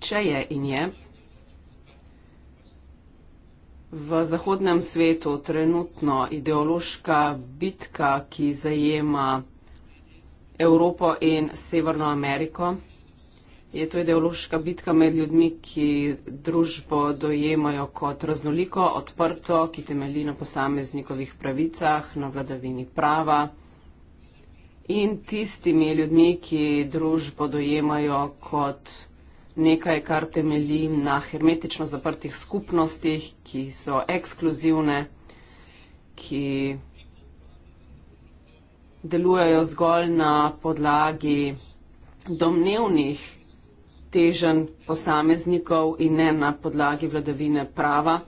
S4: če je in je, v zahodnem svetu trenutno ideološka bitka, ki zajema Evropo in Severno Ameriko, je to ideološka bitka med ljudmi, ki družbo dojemajo kot raznoliko, odprto, ki temelji na posameznikovih pravicah, na vladavini prava. In tistimi ljudmi, ki družbo dojemajo kot nekaj, kar temelji na hermetično zaprtih skupnostih, ki so ekskluzivne, ki delujejo zgolj na podlagi domnevnih teženj posameznikov in ne na podlagi vladavine prava.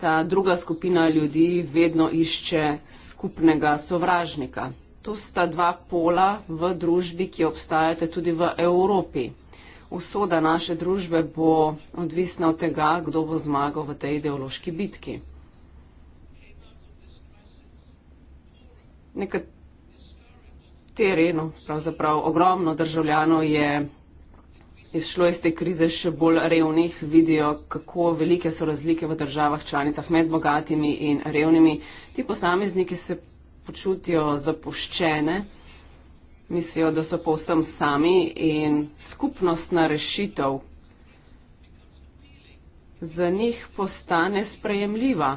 S4: Ta druga skupina ljudi vedno išče skupnega sovražnika. To sta dva pola v družbi, ki obstajate tudi v Evropi. Usoda naše družbe bo odvisna od tega, kdo bo zmagal v tej ideološki bitki. Nekateri, no, pravzaprav ogromno državljanov je izšlo iz te krize še bolj revnih, vidijo, kako velike so razlike v državah članicah med bogatimi in revnimi. Ti posamezniki se počutijo zapuščene, mislijo, da so povsem sami in skupnostna rešitev za njih postane sprejemljiva,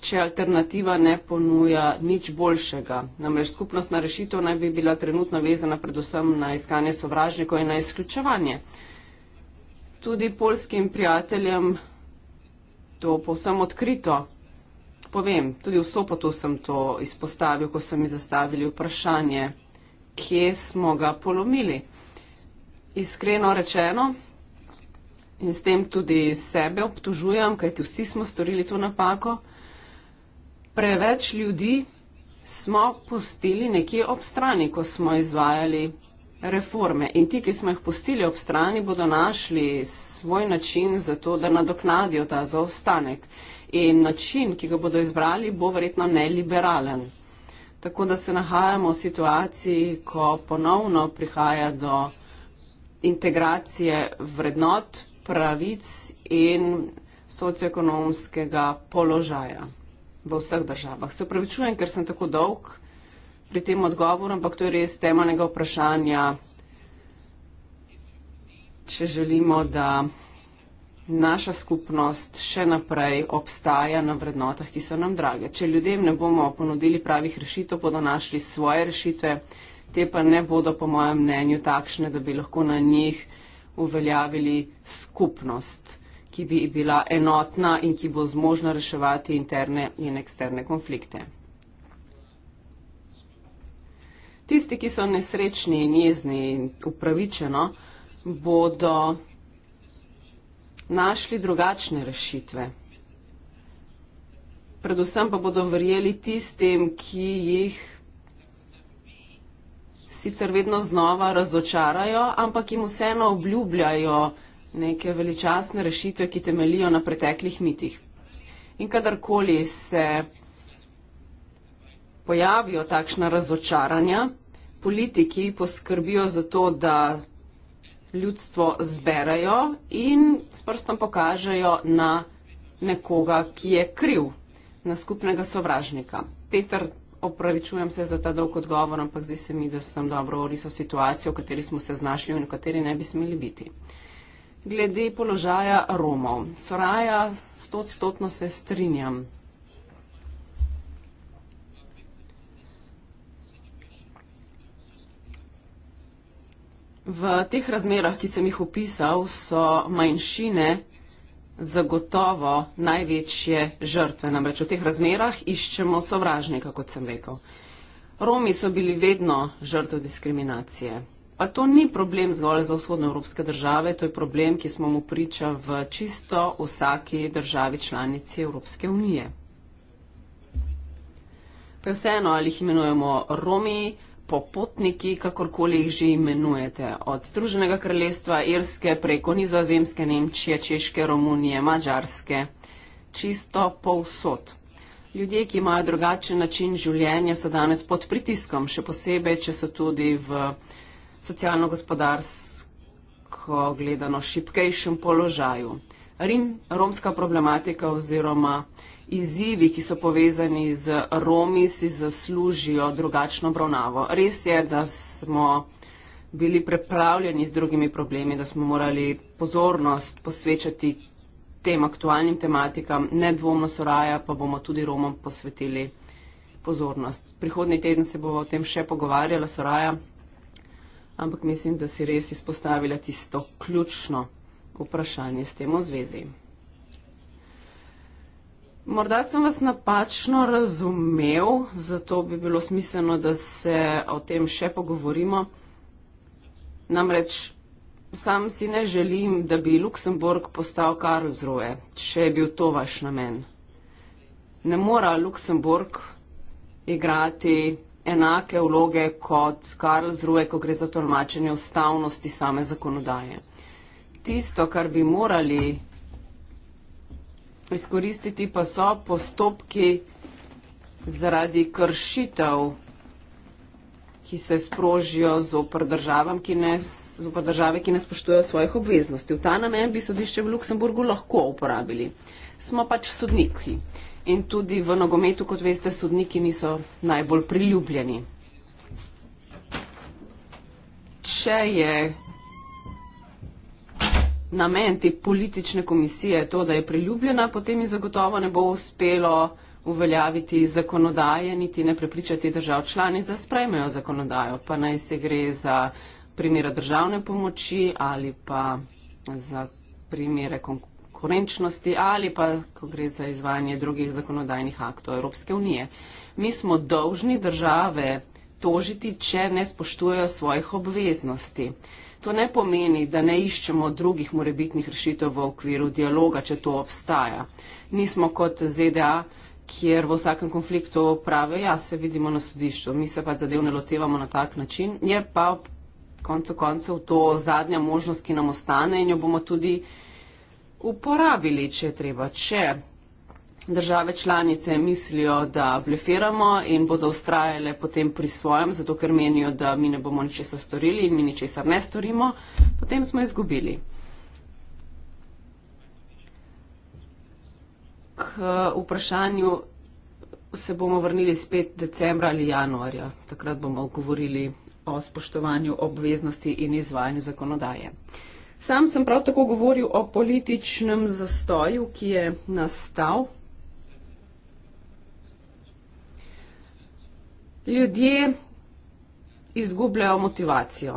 S4: če alternativa ne ponuja nič boljšega. Namreč skupnostna rešitev naj bi bila trenutno vezana predvsem na iskanje sovražnikov in na izključevanje tudi polskim prijateljem to povsem odkrito povem. Tudi v Sopotu sem to izpostavil, ko so mi zastavili vprašanje, kje smo ga polomili. Iskreno rečeno, in s tem tudi sebe obtužujem, kajti vsi smo storili to napako, preveč ljudi smo pustili nekje ob strani, ko smo izvajali reforme. In ti, ki smo jih pustili ob strani, bodo našli svoj način za to, da nadoknadijo ta zaostanek. In način, ki ga bodo izbrali, bo verjetno neliberalen. Tako da se nahajamo v situaciji, ko ponovno prihaja do integracije vrednot, pravic in socioekonomskega položaja v vseh državah. Se upravičujem, ker sem tako dolg pri tem odgovoru, ampak to je res temeljnega vprašanja, če želimo, da naša skupnost še naprej obstaja na vrednotah, ki so nam drage. Če ljudem ne bomo ponudili pravih rešitev, bodo našli svoje rešitve, te pa ne bodo, po mojem mnenju, takšne, da bi lahko na njih uveljavili skupnost, ki bi bila enotna in ki bo zmožna reševati interne in eksterne konflikte. Tisti, ki so nesrečni in jezni in upravičeno, bodo našli drugačne rešitve. Predvsem pa bodo verjeli tistim, ki jih sicer vedno znova razočarajo, ampak jim vseeno obljubljajo neke veličastne rešitve, ki temelijo na preteklih mitih. In kadarkoli se pojavijo takšna razočaranja, politiki poskrbijo za to, da ljudstvo zberajo in s prstom pokažejo na nekoga, ki je kriv, na skupnega sovražnika. Petr, opravičujem se za ta dolg odgovor, ampak zdi se mi, da sem dobro orisal situacijo, v kateri smo se znašli in v kateri ne bi smeli biti. Glede položaja Romov. Soraja, stotstotno se strinjam. V teh razmerah, ki sem jih opisal, so manjšine zagotovo največje žrtve. Namreč v teh razmerah iščemo sovražnika, kot sem rekel. Romi so bili vedno žrtve diskriminacije. Pa to ni problem zgolj za vzhodnoevropske države, to je problem, ki smo mu priča v čisto vsaki državi članici Evropske unije. Pa vseeno, ali jih imenujemo Romi, popotniki, kakorkoli jih že imenujete, od Združenega kraljestva, Irske, preko Nizozemske, Nemčije, Češke, Romunije, Mačarske, čisto povsod. Ljudje, ki imajo drugačen način življenja, so danes pod pritiskom, še posebej, če so tudi v socialno-gospodarsko gledano šipkejšem položaju. Rim, romska problematika oziroma izzivi, ki so povezani z Romi, si zaslužijo drugačno obravnavo. Res je, da smo bili prepravljeni z drugimi problemi, da smo morali pozornost posvečati tem aktualnim tematikam, ne dvomno soraja, pa bomo tudi Romom posvetili pozornost. Prihodni teden se bomo o tem še pogovarjala soraja, ampak mislim, da si res izpostavila tisto ključno vprašanje s tem v zvezi. Morda sem vas napačno razumel, zato bi bilo smiselno, da se o tem še pogovorimo. Namreč sam si ne želim, da bi Luksemburg postal Karlsruhe, če je bil to vaš namen. Ne mora Luksemburg igrati enake vloge kot Karlsruhe, ko gre za tolmačenje ustavnosti same zakonodaje. Tisto, kar bi morali izkoristiti pa so postopki zaradi kršitev, ki se sprožijo zopr, državam, ki ne, zopr države, ki ne spoštujejo svojih obveznosti. V ta namen bi sodišče v Luksemburgu lahko uporabili. Smo pač sodniki in tudi v nogometu, kot veste, sodniki niso najbolj priljubljeni. Če je namen te politične komisije je to, da je priljubljena, potem ji zagotovo ne bo uspelo uveljaviti zakonodaje, niti ne prepričati držav članic, da sprejmejo zakonodajo, pa naj se gre za primere državne pomoči ali pa za primere konkurenčnosti ali pa, ko gre za izvajanje drugih zakonodajnih aktov Evropske unije. Mi smo dolžni države tožiti, če ne spoštujejo svojih obveznosti. To ne pomeni, da ne iščemo drugih morebitnih rešitev v okviru dialoga, če to obstaja. Nismo kot ZDA, kjer v vsakem konfliktu prave, ja, se vidimo na sodišču, mi se pa zadev ne lotevamo na tak način. Je pa koncu koncev to zadnja možnost, ki nam ostane in jo bomo tudi uporabili, če treba. Če države članice mislijo, da blefiramo in bodo ustrajale potem pri svojem, zato ker menijo, da mi ne bomo ničesar storili in mi ničesar ne storimo, potem smo izgubili. K vprašanju se bomo vrnili spet decembra ali januarja. Takrat bomo govorili o spoštovanju obveznosti in izvajanju zakonodaje. Sam sem prav tako govoril o političnem zastoju, ki je nastal ljudje izgubljajo motivacijo.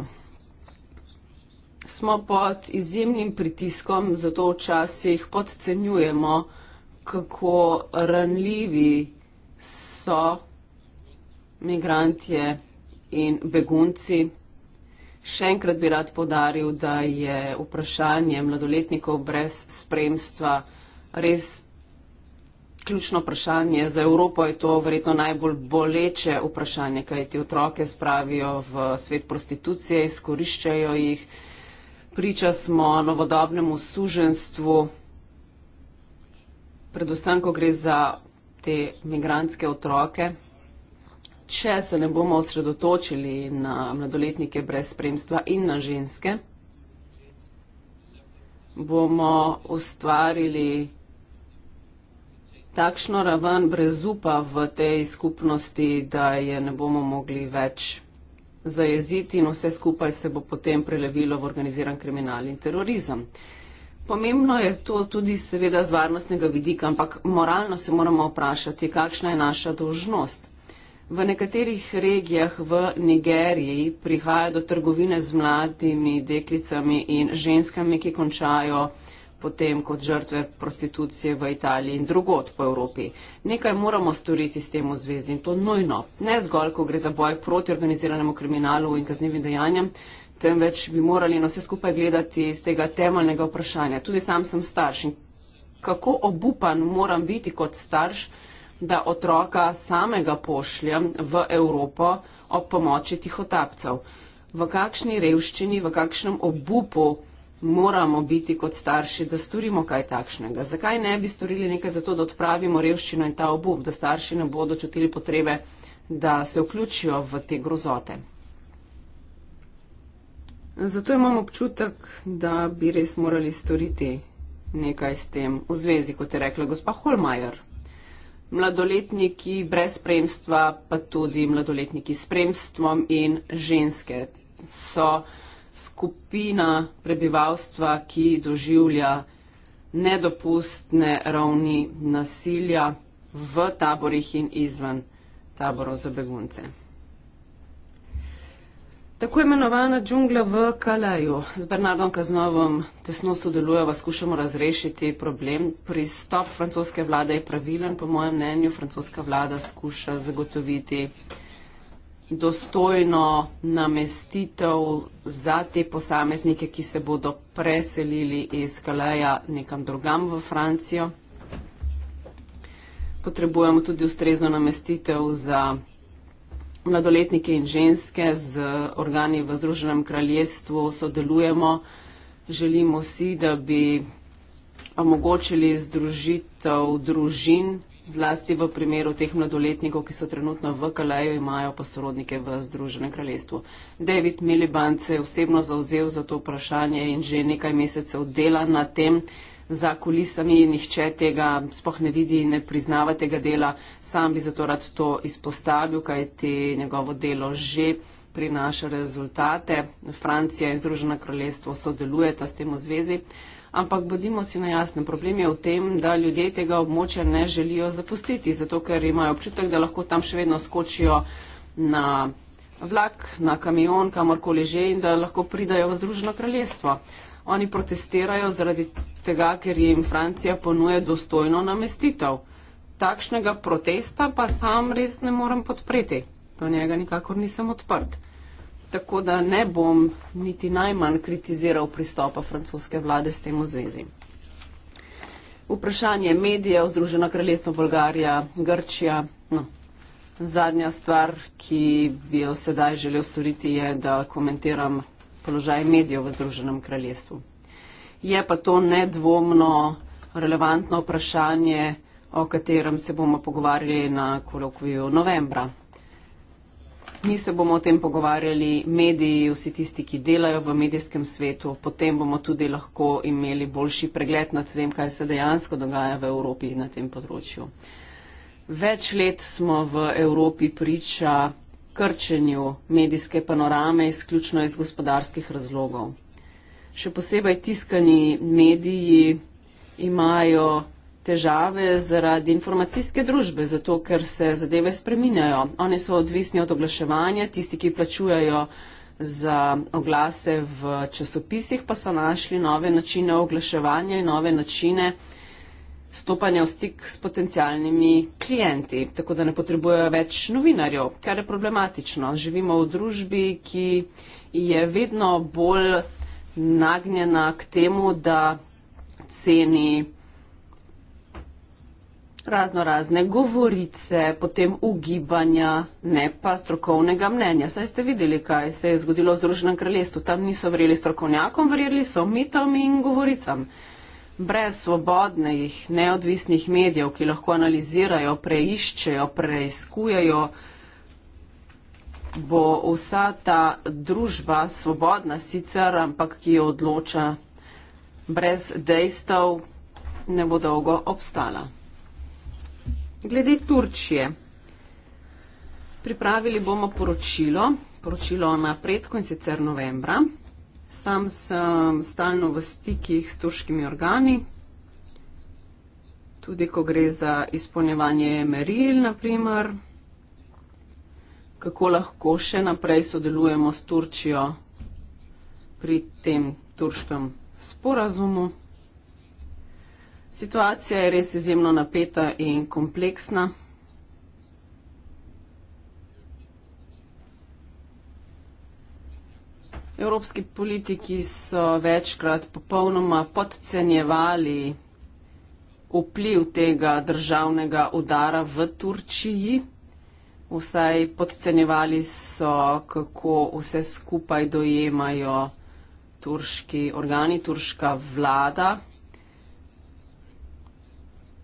S4: Smo pod izjemnim pritiskom, zato včasih podcenjujemo, kako ranljivi so migrantje in begunci. Še enkrat bi rad podaril, da je vprašanje mladoletnikov brez spremstva res ključno vprašanje. Za Evropo je to verjetno najbolj boleče vprašanje, kaj ti otroke spravijo v svet prostitucije, izkoriščajo jih. Priča smo novodobnemu suženstvu, predvsem, ko gre za te migranske otroke. Če se ne bomo osredotočili na mladoletnike brez spremstva in na ženske, bomo ustvarili takšno raven brezupa v tej skupnosti, da je ne bomo mogli več zajeziti in vse skupaj se bo potem prelevilo v organiziran kriminal in terorizem. Pomembno je to tudi seveda z varnostnega vidika, ampak moralno se moramo vprašati, kakšna je naša dolžnost. V nekaterih regijah v Nigeriji prihaja do trgovine z mladimi deklicami in ženskami, ki končajo potem kot žrtve prostitucije v Italiji in drugot po Evropi. Nekaj moramo storiti s tem v zvezi in to nujno. Ne zgolj, ko gre za boj proti organiziranemu kriminalu in kaznjivim dejanjem, temveč bi morali na vse skupaj gledati z tega temeljnega vprašanja. Tudi sam sem starš in kako obupan moram biti kot starš, da otroka samega pošljem v Evropo ob pomoči tihotapcev. V kakšni revščini, v kakšnem obupu moramo biti kot starši, da storimo kaj takšnega. Zakaj ne bi storili nekaj za to, da odpravimo revščino in ta obup, da starši ne bodo čutili potrebe, da se vključijo v te grozote? Zato imam občutek, da bi res morali storiti nekaj s tem v zvezi, kot je rekla gospa Holmajer. Mladoletniki brez spremstva, pa tudi mladoletniki s spremstvom in ženske so skupina prebivalstva, ki doživlja nedopustne ravni nasilja v taborih in izven taborov za begunce. Tako imenovana džungla v Kalaju. Z Bernardom Kaznovom tesno sodelujemo, skušamo razrešiti problem. Pristop francoske vlade je pravilen, po mojem mnenju. Francoska vlada skuša zagotoviti dostojno namestitev za te posameznike, ki se bodo preselili iz Kaleja nekam drugam v Francijo. Potrebujemo tudi ustrezno namestitev za mladoletnike in ženske z organi v Združenem kraljestvu. Sodelujemo, želimo si, da bi omogočili združitev družin zlasti v primeru teh mladoletnikov, ki so trenutno v Kaleju, imajo pa sorodnike v Združenem kraljestvu. David Miliband se je osebno zauzel za to vprašanje in že nekaj mesecev dela na tem. Za kulisami nihče tega spoh ne vidi in ne priznava tega dela. Sam bi zato rad to izpostavil, kaj ti njegovo delo že prinaša rezultate. Francija in Združena kraljestvo sodelujeta s tem v zvezi. Ampak bodimo si na jasnem, problem je v tem, da ljudje tega območja ne želijo zapustiti, zato ker imajo občutek, da lahko tam še vedno skočijo na vlak, na kamion, kamorkoli že in da lahko pridajo v Združeno kraljestvo. Oni protestirajo zaradi tega, ker jim Francija ponuje dostojno namestitev. Takšnega protesta pa sam res ne morem podpreti. Do njega nikakor nisem odprt tako da ne bom niti najmanj kritiziral pristopa francoske vlade s tem v zvezi. Vprašanje medijev, Združeno kraljestvo Bolgarija, Grčija. No. Zadnja stvar, ki bi jo sedaj želel storiti, je, da komentiram položaj medijev v Združenem kraljestvu. Je pa to nedvomno relevantno vprašanje, o katerem se bomo pogovarjali na kolokviju novembra Mi se bomo o tem pogovarjali, mediji, vsi tisti, ki delajo v medijskem svetu, potem bomo tudi lahko imeli boljši pregled nad tem, kaj se dejansko dogaja v Evropi na tem področju. Več let smo v Evropi priča krčenju medijske panorame izključno iz gospodarskih razlogov. Še posebej tiskani mediji imajo težave zaradi informacijske družbe, zato ker se zadeve spreminjajo. One so odvisni od oglaševanja, tisti, ki plačujajo za oglase v časopisih, pa so našli nove načine oglaševanja in nove načine stopanja v stik s potencialnimi klienti, tako da ne potrebujejo več novinarjev, kar je problematično. Živimo v družbi, ki je vedno bolj nagnjena k temu, da ceni razno razne govorice, potem ugibanja, ne pa strokovnega mnenja. Saj ste videli, kaj se je zgodilo v Združenem kraljestvu. Tam niso verjeli strokovnjakom, verjeli so mitom in govoricam. Brez svobodnih, neodvisnih medijev, ki lahko analizirajo, preiščejo, preizkujejo, bo vsa ta družba svobodna sicer, ampak ki jo odloča, brez dejstev ne bo dolgo obstala. Glede Turčije. Pripravili bomo poročilo, poročilo o napredku in sicer novembra. Sam sem stalno v stikih s turškimi organi, tudi ko gre za izpolnjevanje meril, naprimer, kako lahko še naprej sodelujemo s Turčijo pri tem turškem sporazumu. Situacija je res izjemno napeta in kompleksna. Evropski politiki so večkrat popolnoma podcenjevali vpliv tega državnega udara v Turčiji. Vsaj podcenjevali so, kako vse skupaj dojemajo turški organi, turška vlada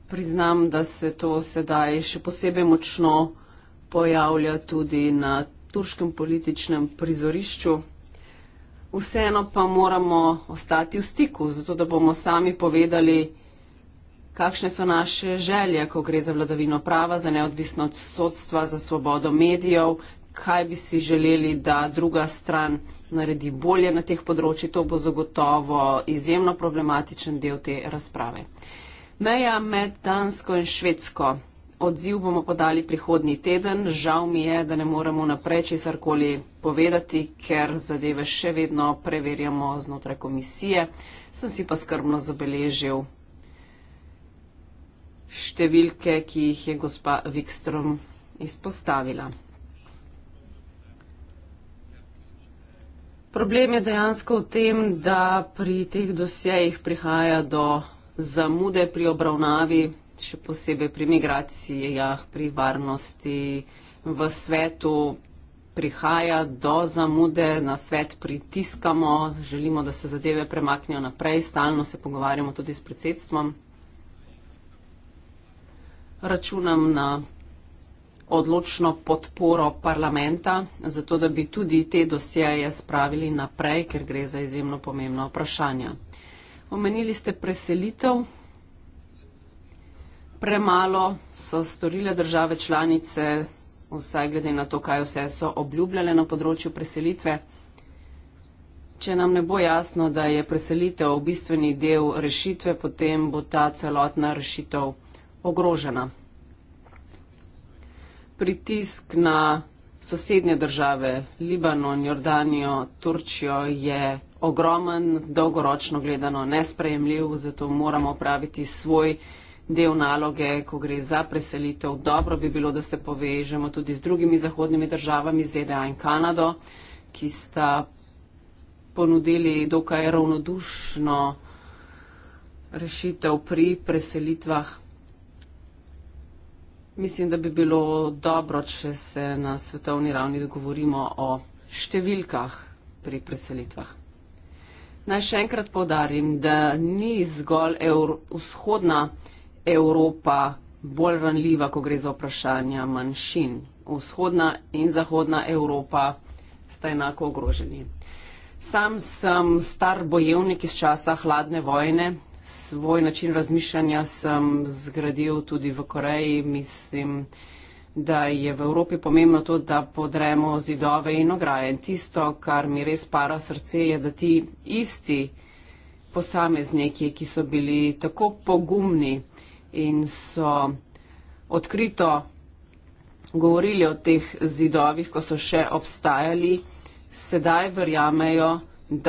S4: priznam, da se to sedaj še posebej močno pojavlja tudi na turškem političnem prizorišču. Vseeno pa moramo ostati v stiku, zato da bomo sami povedali, kakšne so naše želje, ko gre za vladavino prava, za neodvisnost sodstva, za svobodo medijev, kaj bi si želeli, da druga stran naredi bolje na teh področjih. To bo zagotovo izjemno problematičen del te razprave. Meja med Dansko in Švedsko. Odziv bomo podali prihodnji teden. Žal mi je, da ne moremo naprej česar koli povedati, ker zadeve še vedno preverjamo znotraj komisije. Sem si pa skrbno zabeležil številke, ki jih je gospa Wikström izpostavila. Problem je dejansko v tem, da pri teh dosjejih prihaja do zamude pri obravnavi, še posebej pri migracijah, pri varnosti v svetu, prihaja do zamude, na svet pritiskamo, želimo, da se zadeve premaknijo naprej, stalno se pogovarjamo tudi s predsedstvom. Računam na odločno podporo parlamenta, zato da bi tudi te dosjeje spravili naprej, ker gre za izjemno pomembno vprašanje. Omenili ste preselitev. Premalo so storile države članice, vsaj glede na to, kaj vse so obljubljale na področju preselitve. Če nam ne bo jasno, da je preselitev bistveni del rešitve, potem bo ta celotna rešitev ogrožena. Pritisk na sosednje države, Libanon, Jordanijo, Turčijo je ogromen, dolgoročno gledano nesprejemljiv, zato moramo praviti svoj del naloge, ko gre za preselitev. Dobro bi bilo, da se povežemo tudi z drugimi zahodnimi državami, ZDA in Kanado, ki sta ponudili dokaj ravnodušno rešitev pri preselitvah. Mislim, da bi bilo dobro, če se na svetovni ravni dogovorimo o številkah pri preselitvah. Naj še enkrat podarim, da ni zgolj Evro vzhodna Evropa bolj ranljiva, ko gre za vprašanja manjšin. Vzhodna in zahodna Evropa sta enako ogroženi. Sam sem star bojevnik iz časa hladne vojne, svoj način razmišljanja sem zgradil tudi v Koreji, mislim, da da je v Evropi pomembno to, da podremo zidove in ograje. In tisto, kar mi res para srce, je, da ti isti posamezniki, ki so bili tako pogumni in so odkrito govorili o teh zidovih, ko so še obstajali, sedaj verjamejo,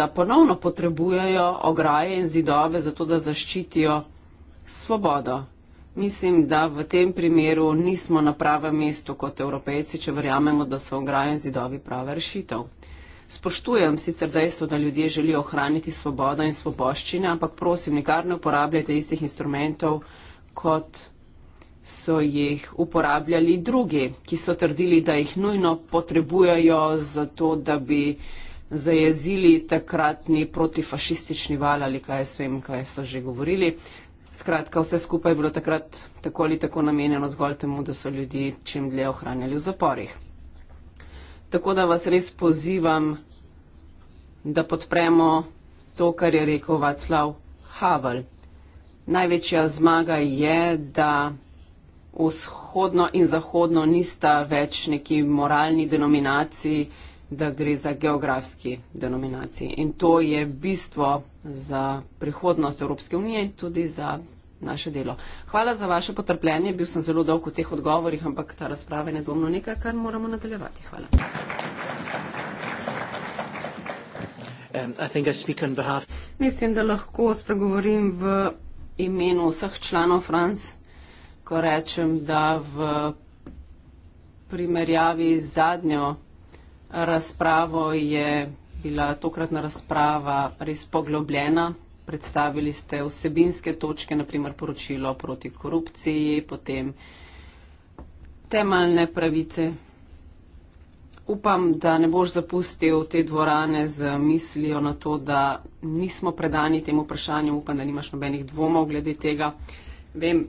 S4: da ponovno potrebujejo ograje in zidove zato, da zaščitijo svobodo Mislim, da v tem primeru nismo na pravem mestu kot evropejci, če verjamemo, da so ograje in zidovi prava rešitev. Spoštujem sicer dejstvo, da ljudje želijo ohraniti svobodo in svoboščine, ampak prosim, nikar ne uporabljajte istih instrumentov, kot so jih uporabljali drugi, ki so trdili, da jih nujno potrebujejo za to, da bi zajezili takratni protifašistični val ali kaj svem, kaj so že govorili. Skratka, vse skupaj je bilo takrat tako ali tako namenjeno zgolj temu, da so ljudi čim dlje ohranjali v zaporih. Tako da vas res pozivam, da podpremo to, kar je rekel Vaclav Havel. Največja zmaga je, da vzhodno in zahodno nista več neki moralni denominaciji, da gre za geografski denominaciji. In to je bistvo za prihodnost Evropske unije in tudi za naše delo. Hvala za vaše potrpljenje. Bil sem zelo dolg v teh odgovorih, ampak ta razprava je nedvomno nekaj, kar moramo nadaljevati. Hvala. Um, Mislim, da lahko spregovorim v imenu vseh članov Franc, ko rečem, da v primerjavi z zadnjo razpravo je bila tokratna razprava res poglobljena. Predstavili ste vsebinske točke, naprimer poročilo proti korupciji, potem temeljne pravice. Upam, da ne boš zapustil te dvorane z mislijo na to, da nismo predani temu vprašanju. Upam, da nimaš nobenih dvomov glede tega. Vem,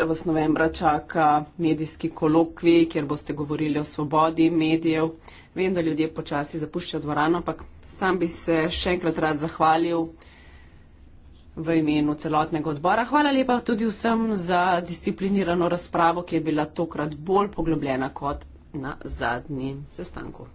S4: vas novembra čaka medijski kolokvi, kjer boste govorili o svobodi medijev. Vem, da ljudje počasi zapuščajo dvorano, ampak sam bi se še enkrat rad zahvalil v imenu celotnega odbora. Hvala lepa tudi vsem za disciplinirano razpravo, ki je bila tokrat bolj poglobljena kot na zadnjem sestanku.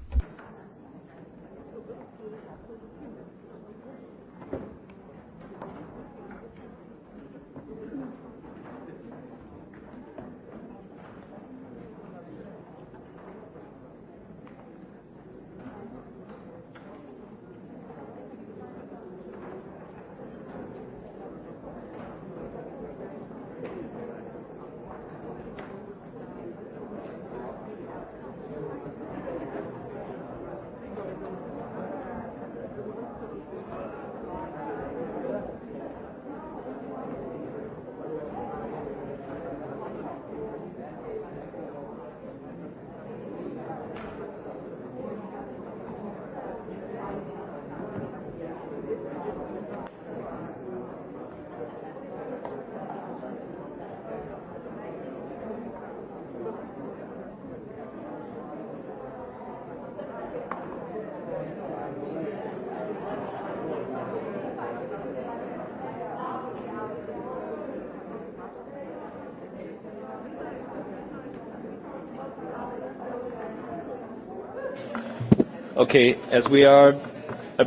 S5: Okay,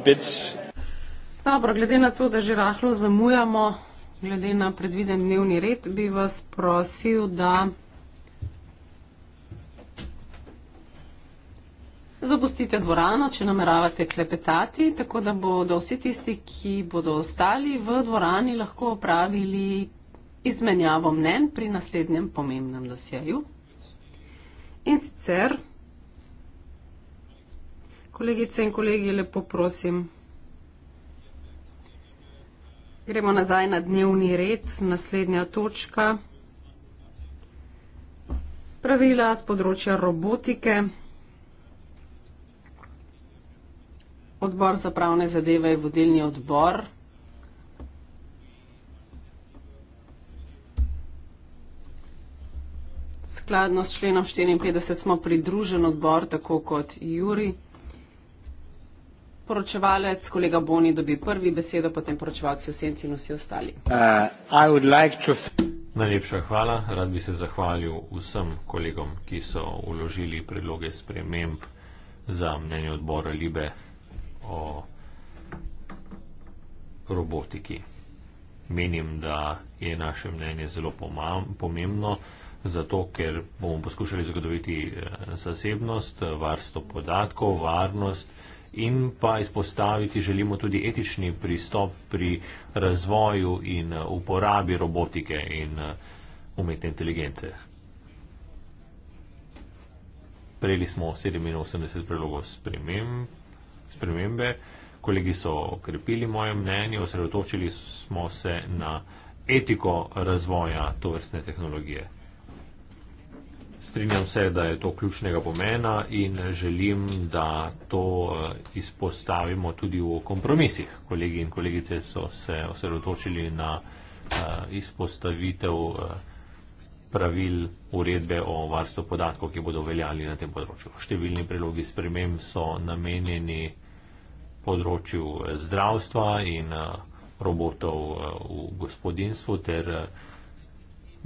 S5: bit...
S4: Dobro, glede na to, da že rahlo zamujamo, glede na predviden dnevni red, bi vas prosil, da zapustite dvorano, če nameravate klepetati, tako da bodo vsi tisti, ki bodo ostali v dvorani, lahko opravili izmenjavo mnen pri naslednjem pomembnem dosjeju. In sicer Kolegice in kolegi, lepo prosim. Gremo nazaj na dnevni red, naslednja točka. Pravila z področja robotike. Odbor za pravne zadeve je vodilni odbor. Skladno s členom 54 smo pridružen odbor, tako kot Juri poročevalec, kolega Boni dobi prvi besedo, potem poročevalci v senci in vsi ostali.
S1: Uh, like Najlepša hvala. Rad bi se zahvalil vsem kolegom, ki so uložili predloge sprememb za mnenje odbora Libe o robotiki. Menim, da je naše mnenje zelo pomembno, zato ker bomo poskušali zagotoviti eh, zasebnost, varstvo podatkov, varnost in pa izpostaviti želimo tudi etični pristop pri razvoju in uh, uporabi robotike in uh, umetne inteligence. Prejeli smo 87 predlogov sprememb, spremembe, kolegi so okrepili moje mnenje, osredotočili smo se na etiko razvoja tovrstne tehnologije strinjam se, da je to ključnega pomena in želim, da to eh, izpostavimo tudi v kompromisih. Kolegi in kolegice so se osredotočili na eh, izpostavitev eh, pravil uredbe o varstvu podatkov, ki bodo veljali na tem področju. Številni prilogi sprememb so namenjeni področju zdravstva in robotov v gospodinstvu ter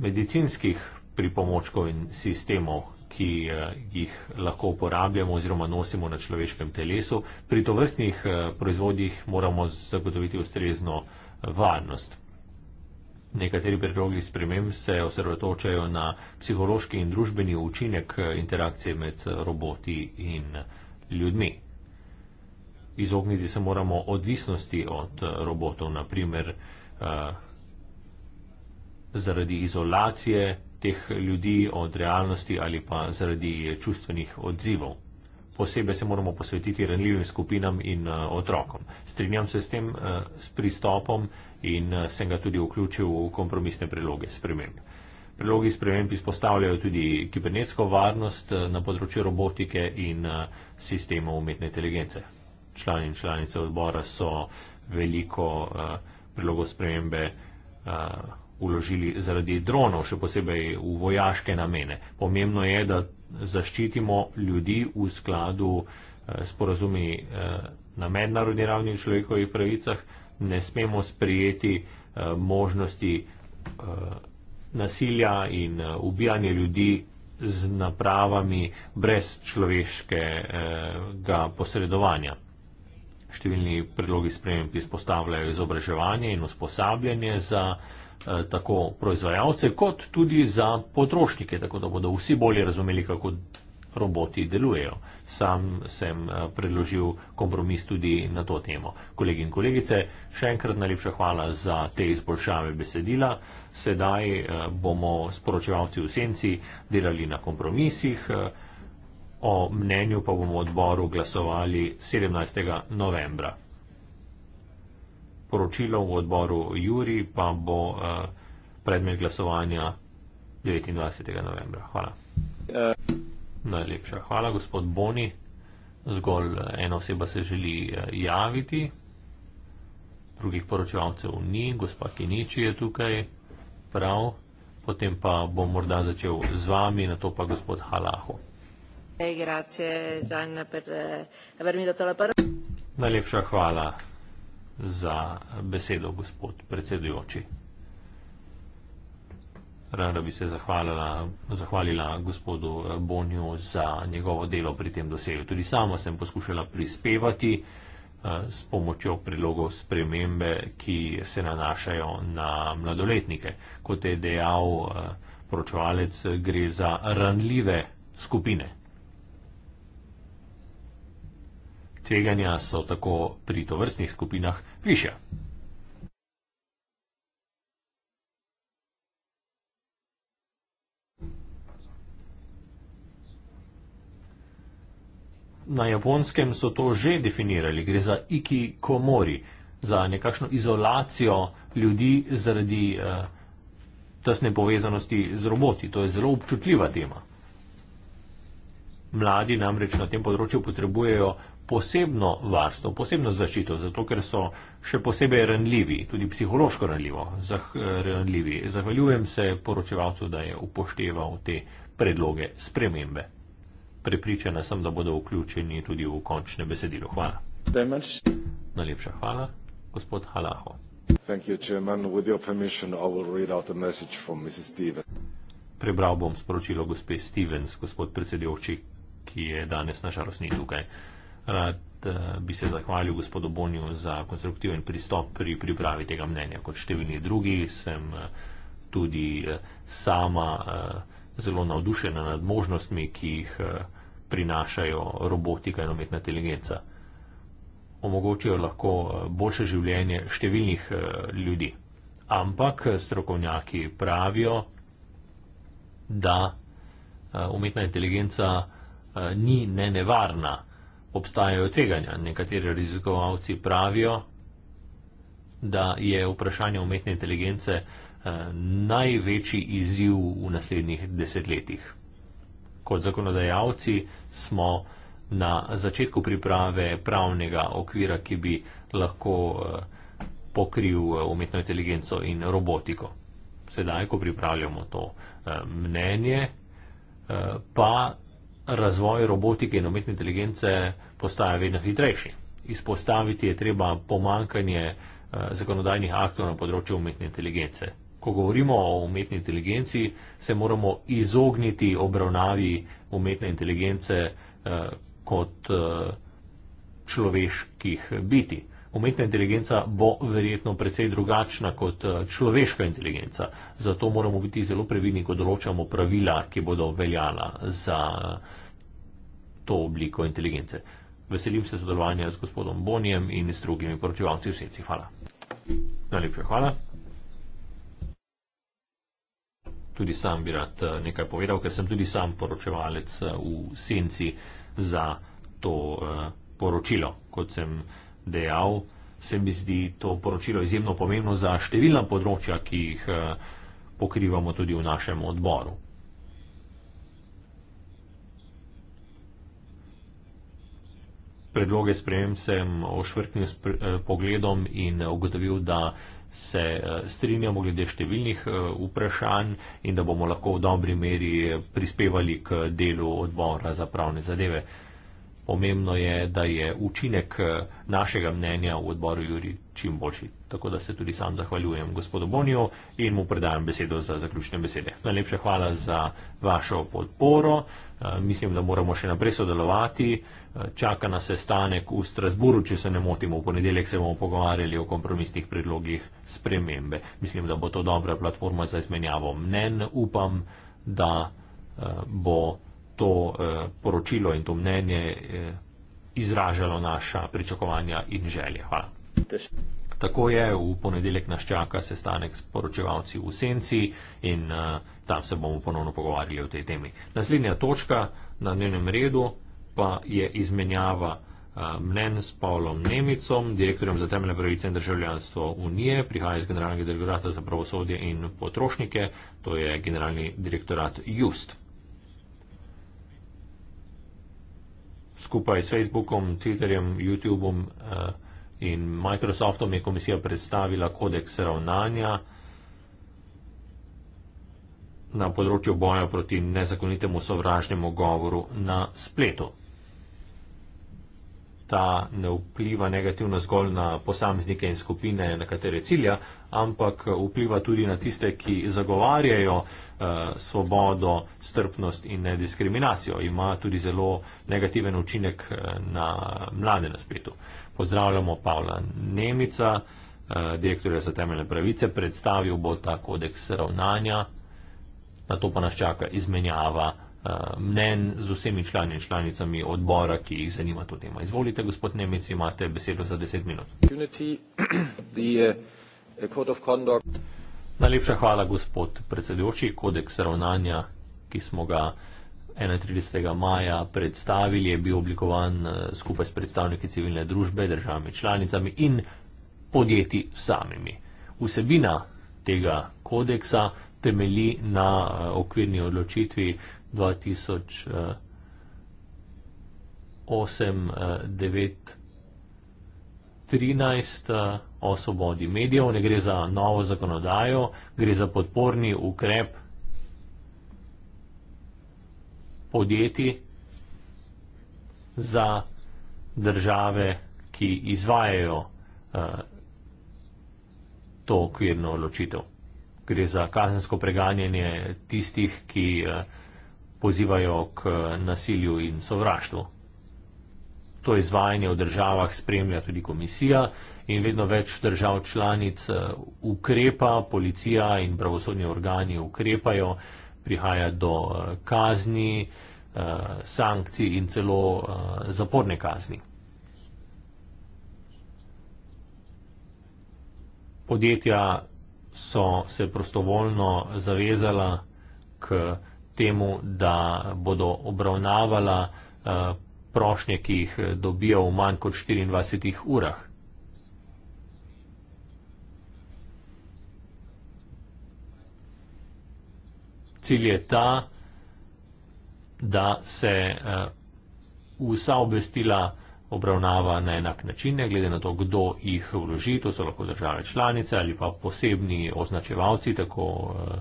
S1: medicinskih pripomočkov in sistemov, ki eh, jih lahko uporabljamo oziroma nosimo na človeškem telesu. Pri tovrstnih eh, proizvodih moramo zagotoviti ustrezno eh, varnost. Nekateri predlogi sprememb se osredotočajo na psihološki in družbeni učinek interakcije med roboti in ljudmi. Izogniti se moramo odvisnosti od robotov, naprimer zaradi izolacije teh ljudi od realnosti ali pa zaradi čustvenih odzivov. Posebej se moramo posvetiti ranljivim skupinam in eh, otrokom. Strinjam se s tem, eh, s pristopom in eh, sem ga tudi vključil v kompromisne priloge sprememb. Prilogi sprememb izpostavljajo tudi kibernetsko varnost na področju robotike in sistema umetne inteligence. Člani in članice odbora so veliko prilogov spremembe vložili zaradi dronov, še posebej v vojaške namene. Pomembno je, da zaščitimo ljudi v skladu eh, s porazumi eh, na mednarodni ravni v človekovih pravicah. Ne smemo sprijeti eh, možnosti nasilja in ubijanje ljudi z napravami brez človeškega posredovanja. Številni predlogi sprememb izpostavljajo izobraževanje in usposabljanje za uh, Eh, tako proizvajalce, kot tudi za potrošnike, tako da bodo vsi bolje razumeli, kako roboti delujejo. Sam sem eh, predložil kompromis tudi na to temo. Kolegi in kolegice, še enkrat najlepša hvala za te izboljšave besedila. Sedaj eh, bomo sporočevalci v senci delali na kompromisih, o mnenju pa bomo odboru glasovali 17. novembra poročilo v odboru Juri pa bo eh, predmet glasovanja 29. novembra. Hvala. Eh. Najlepša hvala, gospod Boni. Zgolj eh, ena oseba se želi javiti, drugih poročevalcev ni, gospa Kiniči je tukaj, prav, potem pa bom morda začel z vami, na to pa gospod Halaho. Najlepša hvala za besedo, gospod predsedujoči. Rada bi se zahvalila, zahvalila gospodu Bonju za njegovo delo pri tem dosegu. Tudi sama sem poskušala prispevati eh, s pomočjo predlogov spremembe, ki se nanašajo na mladoletnike. Kot je dejal eh, poročevalec, gre za ranljive skupine. tveganja so tako pri tovrstnih skupinah višja. Na japonskem so to že definirali, gre za iki komori, za nekakšno izolacijo ljudi zaradi eh, tesne povezanosti z roboti. To je zelo občutljiva tema. Mladi namreč na tem področju potrebujejo posebno varstvo, posebno zaščito, zato ker so še posebej ranljivi, tudi psihološko ranljivo, zah, ranljivi. Zahvaljujem se poročevalcu, da je upošteval te predloge spremembe. Prepričana sem, da bodo vključeni tudi v končne besedilo. Hvala. Demač. Najlepša hvala, gospod Halaho.
S2: You,
S1: Prebral bom sporočilo gospe Stevens, gospod predsedujoči, ki je danes na žalost ni tukaj rad eh, bi se zahvalil gospodu Bonju za konstruktiven pristop pri pripravi tega mnenja. Kot številni drugi sem eh, tudi eh, sama zelo navdušena nad možnostmi, ki jih prinašajo robotika in umetna inteligenca. Omogočajo lahko boljše življenje številnih ljudi. Ampak strokovnjaki pravijo, da umetna inteligenca ni nenevarna obstajajo tveganja. Nekateri raziskovalci pravijo, da je vprašanje umetne inteligence eh, največji izziv v naslednjih desetletjih. Kot zakonodajalci smo na začetku priprave pravnega okvira, ki bi lahko eh, pokril eh, umetno inteligenco in robotiko. Sedaj, ko pripravljamo to mnenje, pa razvoj robotike in umetne inteligence postaja vedno hitrejši. Izpostaviti je treba pomankanje eh, zakonodajnih aktov na področju umetne inteligence. Ko govorimo o umetni inteligenci, se moramo izogniti obravnavi umetne inteligence eh, kot eh, človeških biti umetna inteligenca bo verjetno precej drugačna kot eh, človeška inteligenca. Zato moramo biti zelo previdni, ko določamo pravila, ki bodo veljala za to obliko inteligence. Veselim se sodelovanja z gospodom Bonjem in s drugimi poročevalci v senci. Hvala. Najlepša hvala. Tudi sam bi rad eh, nekaj povedal, ker sem tudi sam poročevalec eh, v senci za to poročilo, kot sem dejal, se mi zdi to poročilo izjemno pomembno za številna področja, ki jih eh, pokrivamo tudi v našem odboru. Predloge sprejem sem ošvrknil s eh, pogledom in eh, ugotovil, da se strinjamo glede številnih vprašanj in da bomo lahko v dobri meri prispevali k delu odbora za pravne zadeve. Pomembno je, da je učinek eh, našega mnenja v odboru Juri čim boljši. Tako da se tudi sam zahvaljujem gospodu Bonijo in mu predajam besedo za zaključne besede. Najlepša hvala za vašo podporo. Eh, mislim, da moramo še naprej sodelovati. Eh, čaka na sestanek v Strasburu, če se ne motimo. V ponedeljek se bomo pogovarjali o kompromisnih predlogih spremembe. Mislim, da bo to dobra platforma za izmenjavo mnen. Upam, da bo to eh, poročilo in to mnenje eh, izražalo naša pričakovanja in želje. Hvala. Tako je, v ponedeljek nas čaka sestanek s poročevalci v Senci in uh, tam se bomo ponovno pogovarjali o tej temi. Naslednja točka na dnevnem redu pa je izmenjava uh, mnen s Pavlom Nemicom, direktorjem za temeljne pravice in državljanstvo Unije, prihaja iz Generalnega direktorata za pravosodje in potrošnike, to je generalni direktorat Just. skupaj s Facebookom, Twitterjem, YouTubeom eh, in Microsoftom je komisija predstavila kodeks ravnanja na področju boja proti nezakonitemu sovražnemu govoru na spletu. Ta ne vpliva negativno zgolj na posameznike in skupine, na katere cilja, ampak vpliva tudi na tiste, ki zagovarjajo uh, Eh, svobodo, strpnost in nediskriminacijo. Ima tudi zelo negativen učinek eh, na mlade na spletu. Pozdravljamo Pavla Nemica, eh, direktorja za temeljne pravice, predstavil bo ta kodeks ravnanja, na to pa nas čaka izmenjava mnen z vsemi člani in članicami odbora, ki jih zanima to tema. Izvolite, gospod Nemec, imate besedo za deset minut. <clears throat> Najlepša hvala, gospod predsedujoči. Kodeks ravnanja, ki smo ga 31. maja predstavili, je bil oblikovan eh, skupaj s predstavniki civilne družbe, državami članicami in podjetji samimi. Vsebina tega kodeksa temeli na eh, okvirni odločitvi 2008-2013 o svobodi medijev, ne gre za novo zakonodajo, gre za podporni ukrep podjetij za države, ki izvajajo eh, to okvirno ločitev. Gre za kazensko preganjanje tistih, ki eh, pozivajo k eh, nasilju in sovraštvu to izvajanje v državah spremlja tudi komisija in vedno več držav članic eh, ukrepa, policija in pravosodni organi ukrepajo, prihaja do eh, kazni, eh, sankcij in celo zaporne kazni. Podjetja so se prostovoljno zavezala k temu, da bodo obravnavala prošnje, ki jih eh, dobijo v manj kot 24 urah. Cilj je ta, da se eh, vsa obvestila obravnava na enak način, ne glede na to, kdo jih vloži, to so lahko države članice ali pa posebni označevalci, tako eh,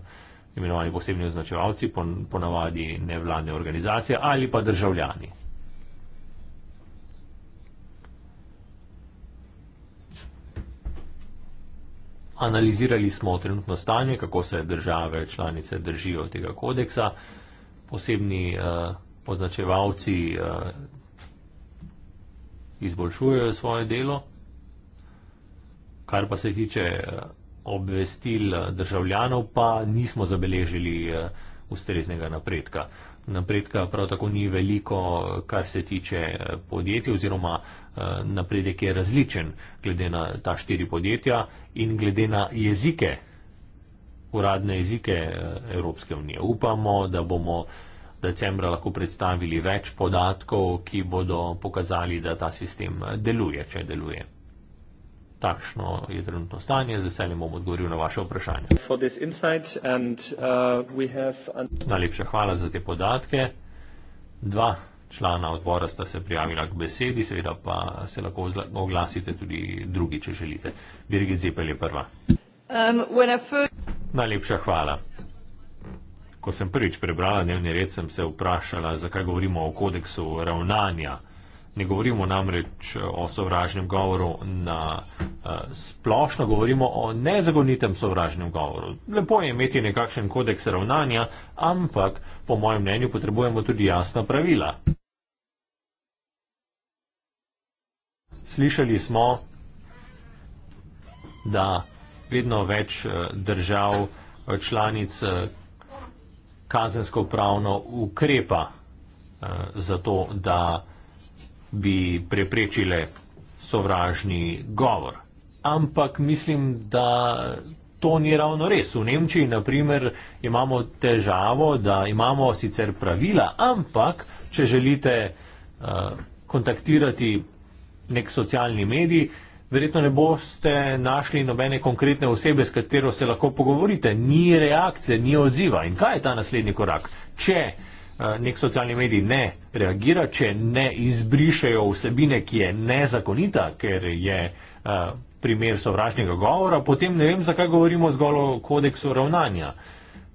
S1: imenovani posebni označevalci, ponavadi nevladne organizacije ali pa državljani. analizirali smo trenutno stanje, kako se države članice držijo tega kodeksa. Posebni uh, poznačevalci uh, izboljšujejo svoje delo. Kar pa se tiče eh, obvestil državljanov, pa nismo zabeležili uh, ustreznega napredka napredka prav tako ni veliko, kar se tiče eh, podjetij oziroma eh, napredek je različen glede na ta štiri podjetja in glede na jezike, uradne jezike eh, Evropske unije. Upamo, da bomo decembra lahko predstavili več podatkov, ki bodo pokazali, da ta sistem deluje, če deluje takšno je trenutno stanje. Z veseljem bom odgovoril na vaše vprašanje.
S5: And, uh,
S1: an... Najlepša hvala za te podatke. Dva člana odbora sta se prijavila k besedi, seveda pa se lahko oglasite tudi drugi, če želite. Birgit Zepel je prva.
S2: Um, first...
S1: Najlepša hvala. Ko sem prvič prebrala dnevni red, sem se vprašala, zakaj govorimo o kodeksu ravnanja. Ne govorimo namreč eh, o sovražnem govoru na eh, splošno, govorimo o nezagonitem sovražnem govoru. Lepo je imeti nekakšen kodeks ravnanja, ampak po mojem mnenju potrebujemo tudi jasna pravila. Slišali smo, da vedno več eh, držav članic kazensko pravno ukrepa za to, da bi preprečile sovražni govor. Ampak mislim, da to ni ravno res. V Nemčiji, na primer, imamo težavo, da imamo sicer pravila, ampak če želite uh, kontaktirati nek socialni medij, verjetno ne boste našli nobene konkretne osebe, s katero se lahko pogovorite. Ni reakcije, ni odziva. In kaj je ta naslednji korak? Če Eh, nek socialni medij ne reagira, če ne izbrišejo vsebine, ki je nezakonita, ker je eh, primer sovražnega govora, potem ne vem, zakaj govorimo zgolj o kodeksu ravnanja.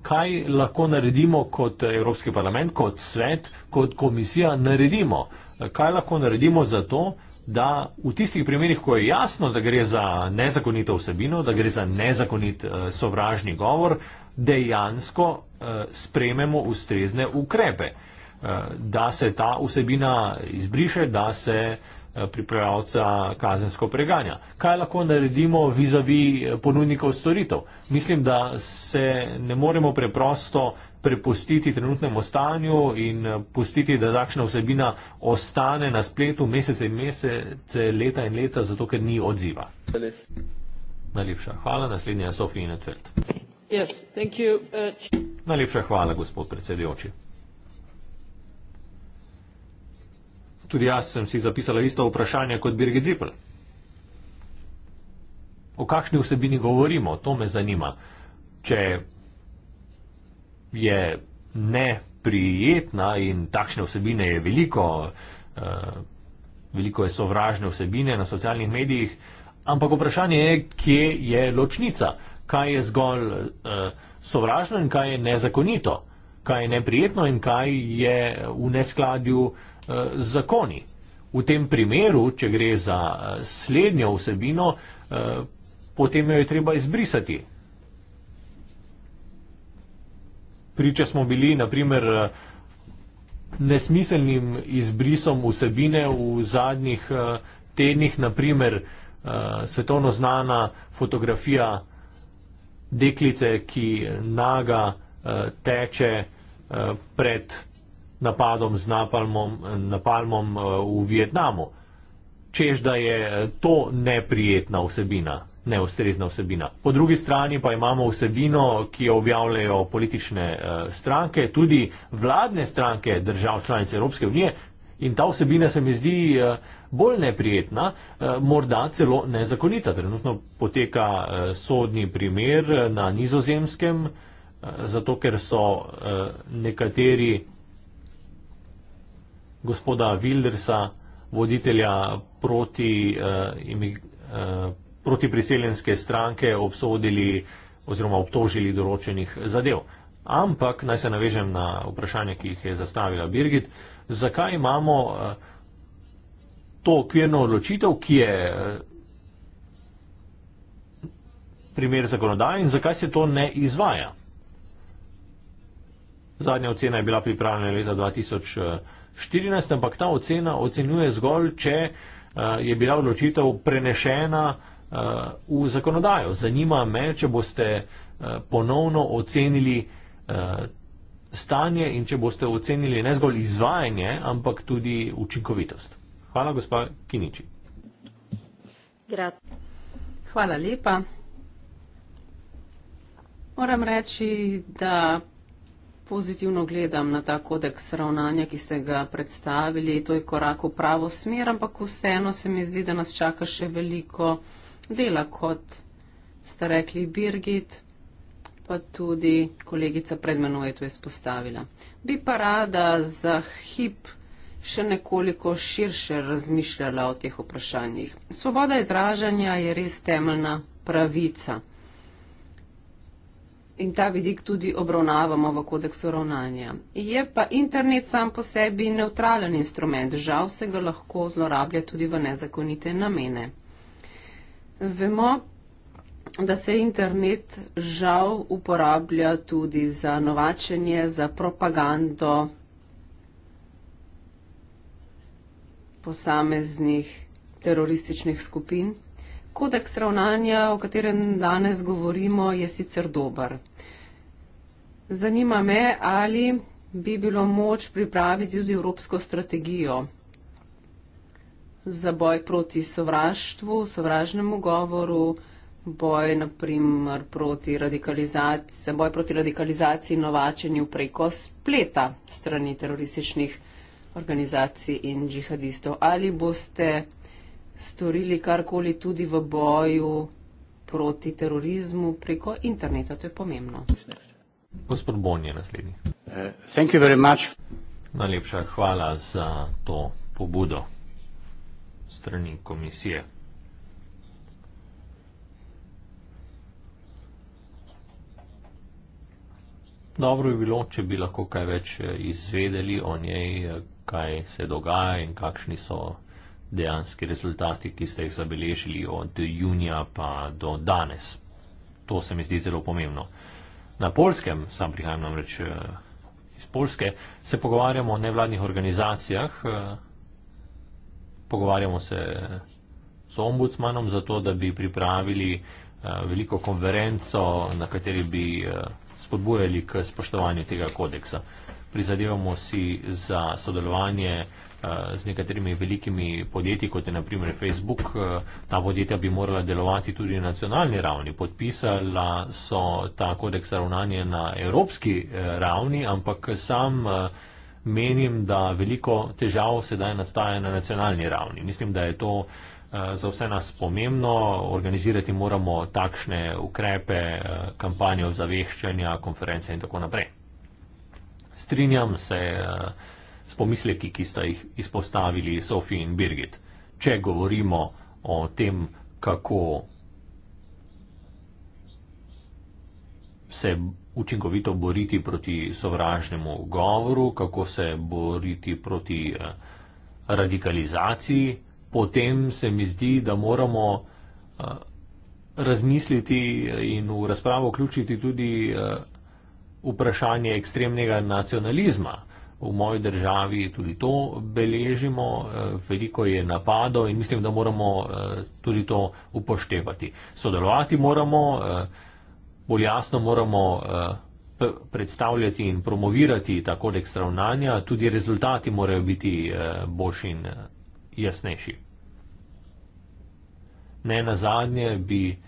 S1: Kaj lahko naredimo kot Evropski parlament, kot svet, kot komisija, naredimo? Eh, kaj lahko naredimo za to, da v tistih primerih, ko je jasno, da gre za nezakonito vsebino, da gre za nezakonit eh, sovražni govor, dejansko eh, sprememo ustrezne ukrepe, eh, da se ta vsebina izbriše, da se pripravca kazensko preganja. Kaj lahko naredimo vizavi ponudnikov storitev? Mislim, da se ne moremo preprosto prepustiti trenutnemu stanju in eh, pustiti, da takšna vsebina ostane na spletu mesece in mesece, leta in leta, zato ker ni odziva. Najlepša hvala, naslednja je Sofija Netfeld.
S6: Yes, uh,
S1: Najlepša hvala, gospod predsedujoči. Tudi jaz sem si zapisala isto vprašanje kot Birgit Zipl. O kakšni vsebini govorimo, to me zanima. Če je neprijetna in takšne vsebine je veliko, eh, veliko je sovražne vsebine na socialnih medijih, ampak vprašanje je, kje je ločnica, kaj je zgolj eh, sovražno in kaj je nezakonito, kaj je neprijetno in kaj je v neskladju eh, z zakoni. V tem primeru, če gre za slednjo vsebino, potem jo je treba izbrisati, Priča smo bili, naprimer, eh, nesmiselnim izbrisom vsebine v zadnjih eh, tednih, naprimer, eh, svetovno znana fotografija deklice, ki naga teče pred napadom z napalmom, napalmom v Vietnamu. Čež, da je to neprijetna vsebina neustrezna vsebina. Po drugi strani pa imamo vsebino, ki jo objavljajo politične eh, stranke, tudi vladne stranke držav članic Evropske unije in ta vsebina se mi zdi eh, bolj neprijetna, eh, morda celo nezakonita. Trenutno poteka sodni primer na nizozemskem, zato ker so nekateri gospoda Wildersa, voditelja proti eh, imig, eh, protipriseljenske stranke obsodili oziroma obtožili določenih zadev. Ampak naj se navežem na vprašanje, ki jih je zastavila Birgit, zakaj imamo eh, to okvirno odločitev, ki je eh, primer zakonodaje in zakaj se to ne izvaja. Zadnja ocena je bila pripravljena leta 2014, ampak ta ocena ocenjuje zgolj, če eh, je bila odločitev prenešena uh, v zakonodajo. Zanima me, če boste uh, ponovno ocenili uh, stanje in če boste ocenili ne zgolj izvajanje, ampak tudi učinkovitost. Hvala, gospa Kiniči.
S4: Grat. Hvala lepa. Moram reči, da pozitivno gledam na ta kodeks ravnanja, ki ste ga predstavili. To je korak v pravo smer, ampak vseeno se mi zdi, da nas čaka še veliko dela kot ste rekli Birgit, pa tudi kolegica pred mano je to izpostavila. Bi pa rada za hip še nekoliko širše razmišljala o teh vprašanjih. Svoboda izražanja je res temeljna pravica. In ta vidik tudi obravnavamo v kodeksu ravnanja. Je pa internet sam po sebi neutralen instrument. Žal se ga lahko zlorablja tudi v nezakonite namene. Vemo, da se internet žal uporablja tudi za novačenje, za propagando posameznih terorističnih skupin. Kodeks ravnanja, o katerem danes govorimo, je sicer dober. Zanima me, ali bi bilo moč pripraviti tudi evropsko strategijo za boj proti sovraštvu, sovražnemu govoru, boj, naprimer, proti za boj proti radikalizaciji in novačenju preko spleta strani terorističnih organizacij in džihadistov. Ali boste storili karkoli tudi v boju proti terorizmu preko interneta? To je pomembno.
S1: Gospod Bon je naslednji. Uh, Najlepša hvala za to pobudo strani komisije. Dobro bi bilo, če bi lahko kaj več eh, izvedeli o njej, eh, kaj se dogaja in kakšni so dejanski rezultati, ki ste jih zabeležili od junija pa do danes. To se mi zdi zelo pomembno. Na polskem, sam prihajam namreč eh, iz Polske, se pogovarjamo o nevladnih organizacijah, pogovarjamo se s ombudsmanom za to, da bi pripravili eh, veliko konverenco, na kateri bi eh, spodbujali k spoštovanju tega kodeksa. Prizadevamo si za sodelovanje eh, z nekaterimi velikimi podjetji, kot je naprimer Facebook. Ta podjetja bi morala delovati tudi na nacionalni ravni. Podpisala so ta kodeks ravnanja na evropski ravni, ampak sam menim, da veliko težav sedaj nastaja na nacionalni ravni. Mislim, da je to eh, za vse nas pomembno. Organizirati moramo takšne ukrepe, eh, kampanjo zaveščanja, konference in tako naprej. Strinjam se eh, s pomisleki, ki sta jih izpostavili Sofi in Birgit. Če govorimo o tem, kako se učinkovito boriti proti sovražnemu govoru, kako se boriti proti eh, radikalizaciji, potem se mi zdi, da moramo eh, razmisliti in v razpravo vključiti tudi eh, vprašanje ekstremnega nacionalizma. V moji državi tudi to beležimo, veliko je napadov in mislim, da moramo tudi to upoštevati. Sodelovati moramo bolj jasno moramo eh, predstavljati in promovirati ta kodeks ravnanja, tudi rezultati morajo biti eh, boljši in eh, jasnejši. Ne na zadnje bi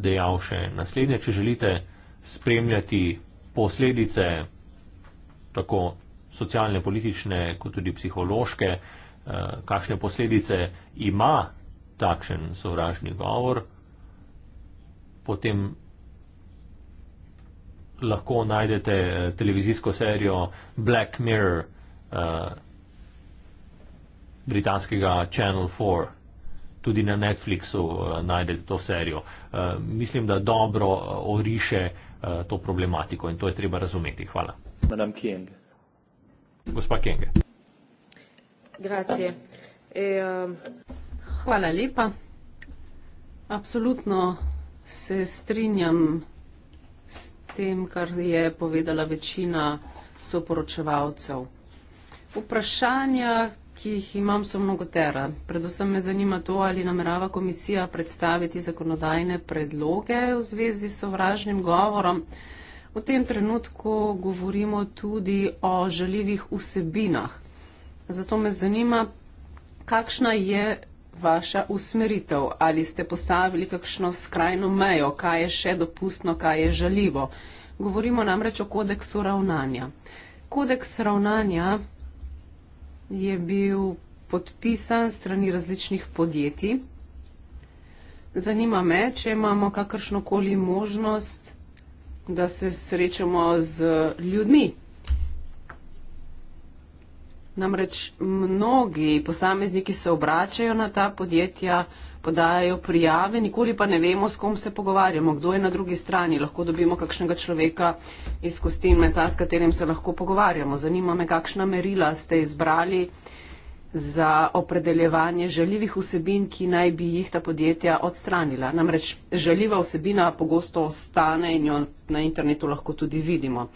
S1: dejal še naslednje, če želite spremljati posledice tako socialne, politične, kot tudi psihološke, kakšne posledice ima takšen sovražni govor, potem lahko najdete eh, televizijsko serijo Black Mirror uh, britanskega Channel 4. Tudi na Netflixu uh, najdete to serijo. Uh, mislim, da dobro oriše uh, to problematiko in to je treba razumeti. Hvala. Madame King. Gospa King.
S4: Grazie. E, um... Hvala lepa. Absolutno se strinjam tem, kar je povedala večina soporočevalcev. Vprašanja, ki jih imam, so mnogotera. Predvsem me zanima to, ali namerava komisija predstaviti zakonodajne predloge v zvezi s sovražnim govorom. V tem trenutku govorimo tudi o želivih vsebinah. Zato me zanima, kakšna je vaša usmeritev? Ali ste postavili kakšno skrajno mejo, kaj je še dopustno, kaj je žaljivo? Govorimo namreč o kodeksu ravnanja. Kodeks ravnanja je bil podpisan strani različnih podjetij. Zanima me, če imamo kakršnokoli možnost, da se srečamo z ljudmi, Namreč mnogi posamezniki se obračajo na ta podjetja, podajajo prijave, nikoli pa ne vemo, s kom se pogovarjamo, kdo je na drugi strani. Lahko dobimo kakšnega človeka iz kostin mesa, s katerim se lahko pogovarjamo. Zanima me, kakšna merila ste izbrali za opredeljevanje žaljivih vsebin, ki naj bi jih ta podjetja odstranila. Namreč žaljiva vsebina pogosto ostane in jo na internetu lahko tudi vidimo.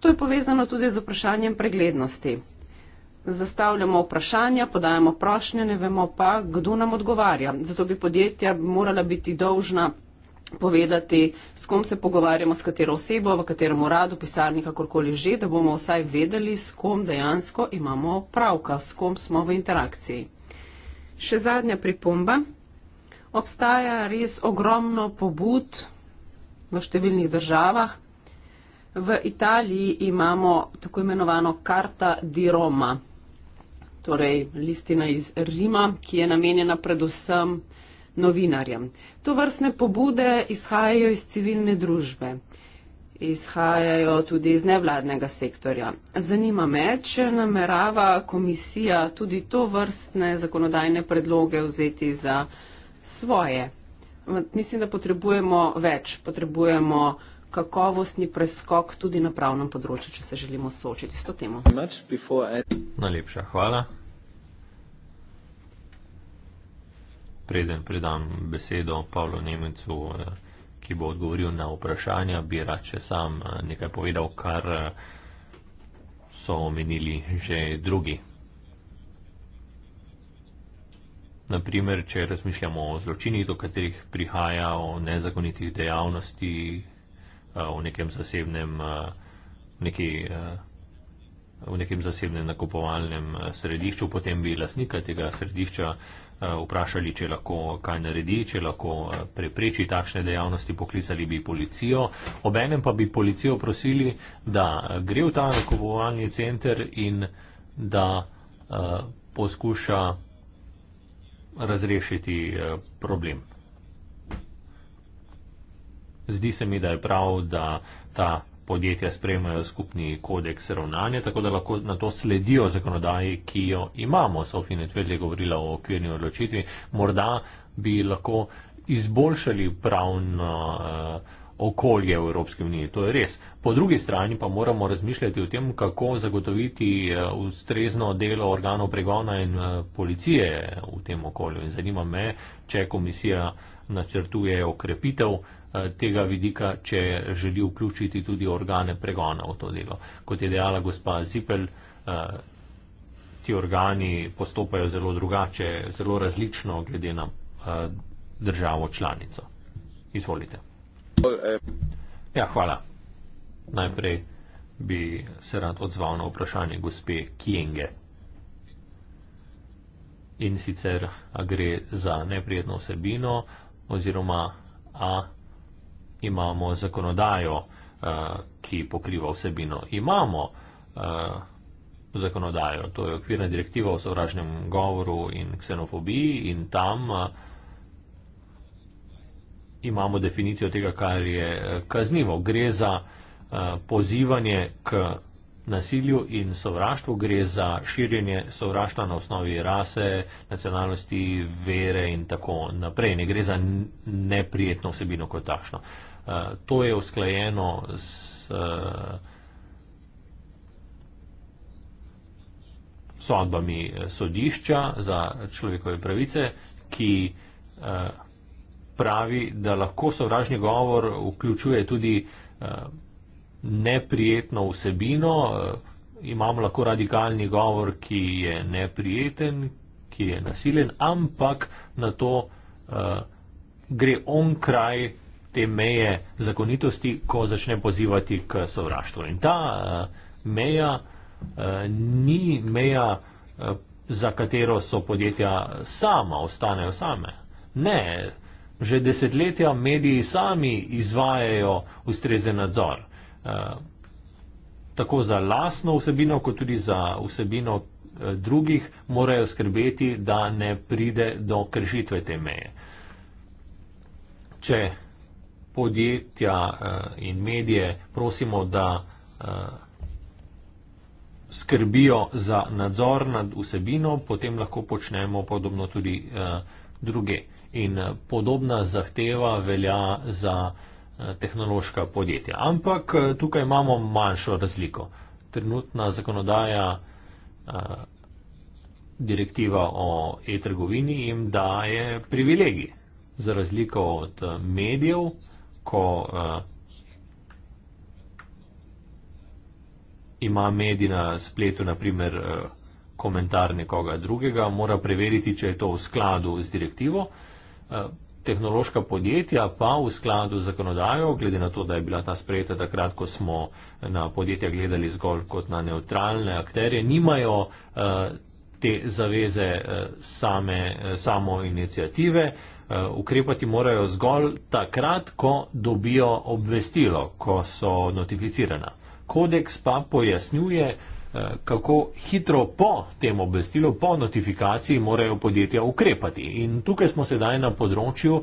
S4: To je povezano tudi z vprašanjem preglednosti zastavljamo vprašanja, podajamo prošnje, ne vemo pa, kdo nam odgovarja. Zato bi podjetja morala biti dolžna povedati, s kom se pogovarjamo, s katero osebo, v katerem uradu, pisarni, kakorkoli že, da bomo vsaj vedeli, s kom dejansko imamo pravka, s kom smo v interakciji. Še zadnja pripomba. Obstaja res ogromno pobud v številnih državah. V Italiji imamo tako imenovano karta di Roma torej listina iz Rima, ki je namenjena predvsem novinarjem. To vrstne pobude izhajajo iz civilne družbe, izhajajo tudi iz nevladnega sektorja. Zanima me, če namerava komisija tudi to vrstne zakonodajne predloge vzeti za svoje. Mislim, da potrebujemo več. Potrebujemo kakovostni preskok tudi na pravnem področju, če se želimo soočiti s to temo. Najlepša
S1: hvala. Preden predam besedo Pavlu Nemcu, eh, ki bo odgovoril na vprašanja, bi rad še sam eh, nekaj povedal, kar eh, so omenili že drugi. Naprimer, če razmišljamo o zločinih, do katerih prihaja, o nezakonitih dejavnostih, v nekem zasebnem, neki, v nekem zasebnem nakupovalnem središču, potem bi lasnika tega središča vprašali, če lahko kaj naredi, če lahko prepreči takšne dejavnosti, poklicali bi policijo. Obenem pa bi policijo prosili, da gre v ta nakupovalni center in da poskuša razrešiti problem. Zdi se mi, da je prav, da ta podjetja spremajo skupni kodeks ravnanja, tako da lahko na to sledijo zakonodaji, ki jo imamo. Sofina Tvedli je govorila o okvirni odločitvi. Morda bi lahko izboljšali pravno eh, okolje v Evropski uniji. To je res. Po drugi strani pa moramo razmišljati o tem, kako zagotoviti eh, ustrezno delo organov pregona in eh, policije v tem okolju. In zanima me, če komisija načrtuje okrepitev Eh, tega vidika, če želi vključiti tudi organe pregona v to delo. Kot je dejala gospa Zipel, eh, ti organi postopajo zelo drugače, zelo različno glede na eh, državo članico. Izvolite. Ja, hvala. Najprej bi se rad odzval na vprašanje gospe Kienge. In sicer gre za neprijetno vsebino oziroma a imamo zakonodajo, eh, ki pokriva vsebino. Imamo eh, zakonodajo, to je okvirna direktiva o sovražnem govoru in ksenofobiji in tam eh, imamo definicijo tega, kar je kaznivo. Gre za pozivanje k nasilju in sovraštvu, gre za širjenje sovraštva na osnovi rase, nacionalnosti, vere in tako naprej. Ne gre za neprijetno vsebino kot takšno. Uh, Eh, to je usklajeno z uh, eh, sodbami eh, sodišča za človekove pravice, ki uh, pravi, da lahko sovražni govor vključuje tudi uh, neprijetno vsebino. Uh, imamo lahko radikalni govor, ki je neprijeten, ki je nasilen, ampak na to uh, gre on kraj te meje zakonitosti, ko začne pozivati k sovraštvu. In ta uh, meja uh, ni meja, uh, za katero so podjetja sama, ostanejo same. Ne, že desetletja mediji sami izvajajo ustrezen nadzor. Uh, tako za lasno vsebino, kot tudi za vsebino uh, drugih, morajo skrbeti, da ne pride do kršitve te meje. Če podjetja eh, in medije prosimo, da eh, skrbijo za nadzor nad vsebino, potem lahko počnemo podobno tudi eh, druge. In podobna zahteva velja za tehnološka podjetja. Ampak tukaj imamo manjšo razliko. Trenutna zakonodaja, direktiva o e-trgovini jim daje privilegije. Za razliko od medijev, ko uh, ima medij na spletu, naprimer, uh, eh, komentar nekoga drugega, mora preveriti, če je to v skladu z direktivo. Uh, tehnološka podjetja pa v skladu z zakonodajo, glede na to, da je bila ta sprejeta takrat, ko smo na podjetja gledali zgolj kot na neutralne akterje, nimajo uh, te zaveze uh, same, uh, samo inicijative. Uh, Eh, ukrepati morajo zgolj takrat, ko dobijo obvestilo, ko so notificirana. Kodeks pa pojasnjuje, eh, kako hitro po tem obvestilu, po notifikaciji morajo podjetja ukrepati. In tukaj smo sedaj na področju,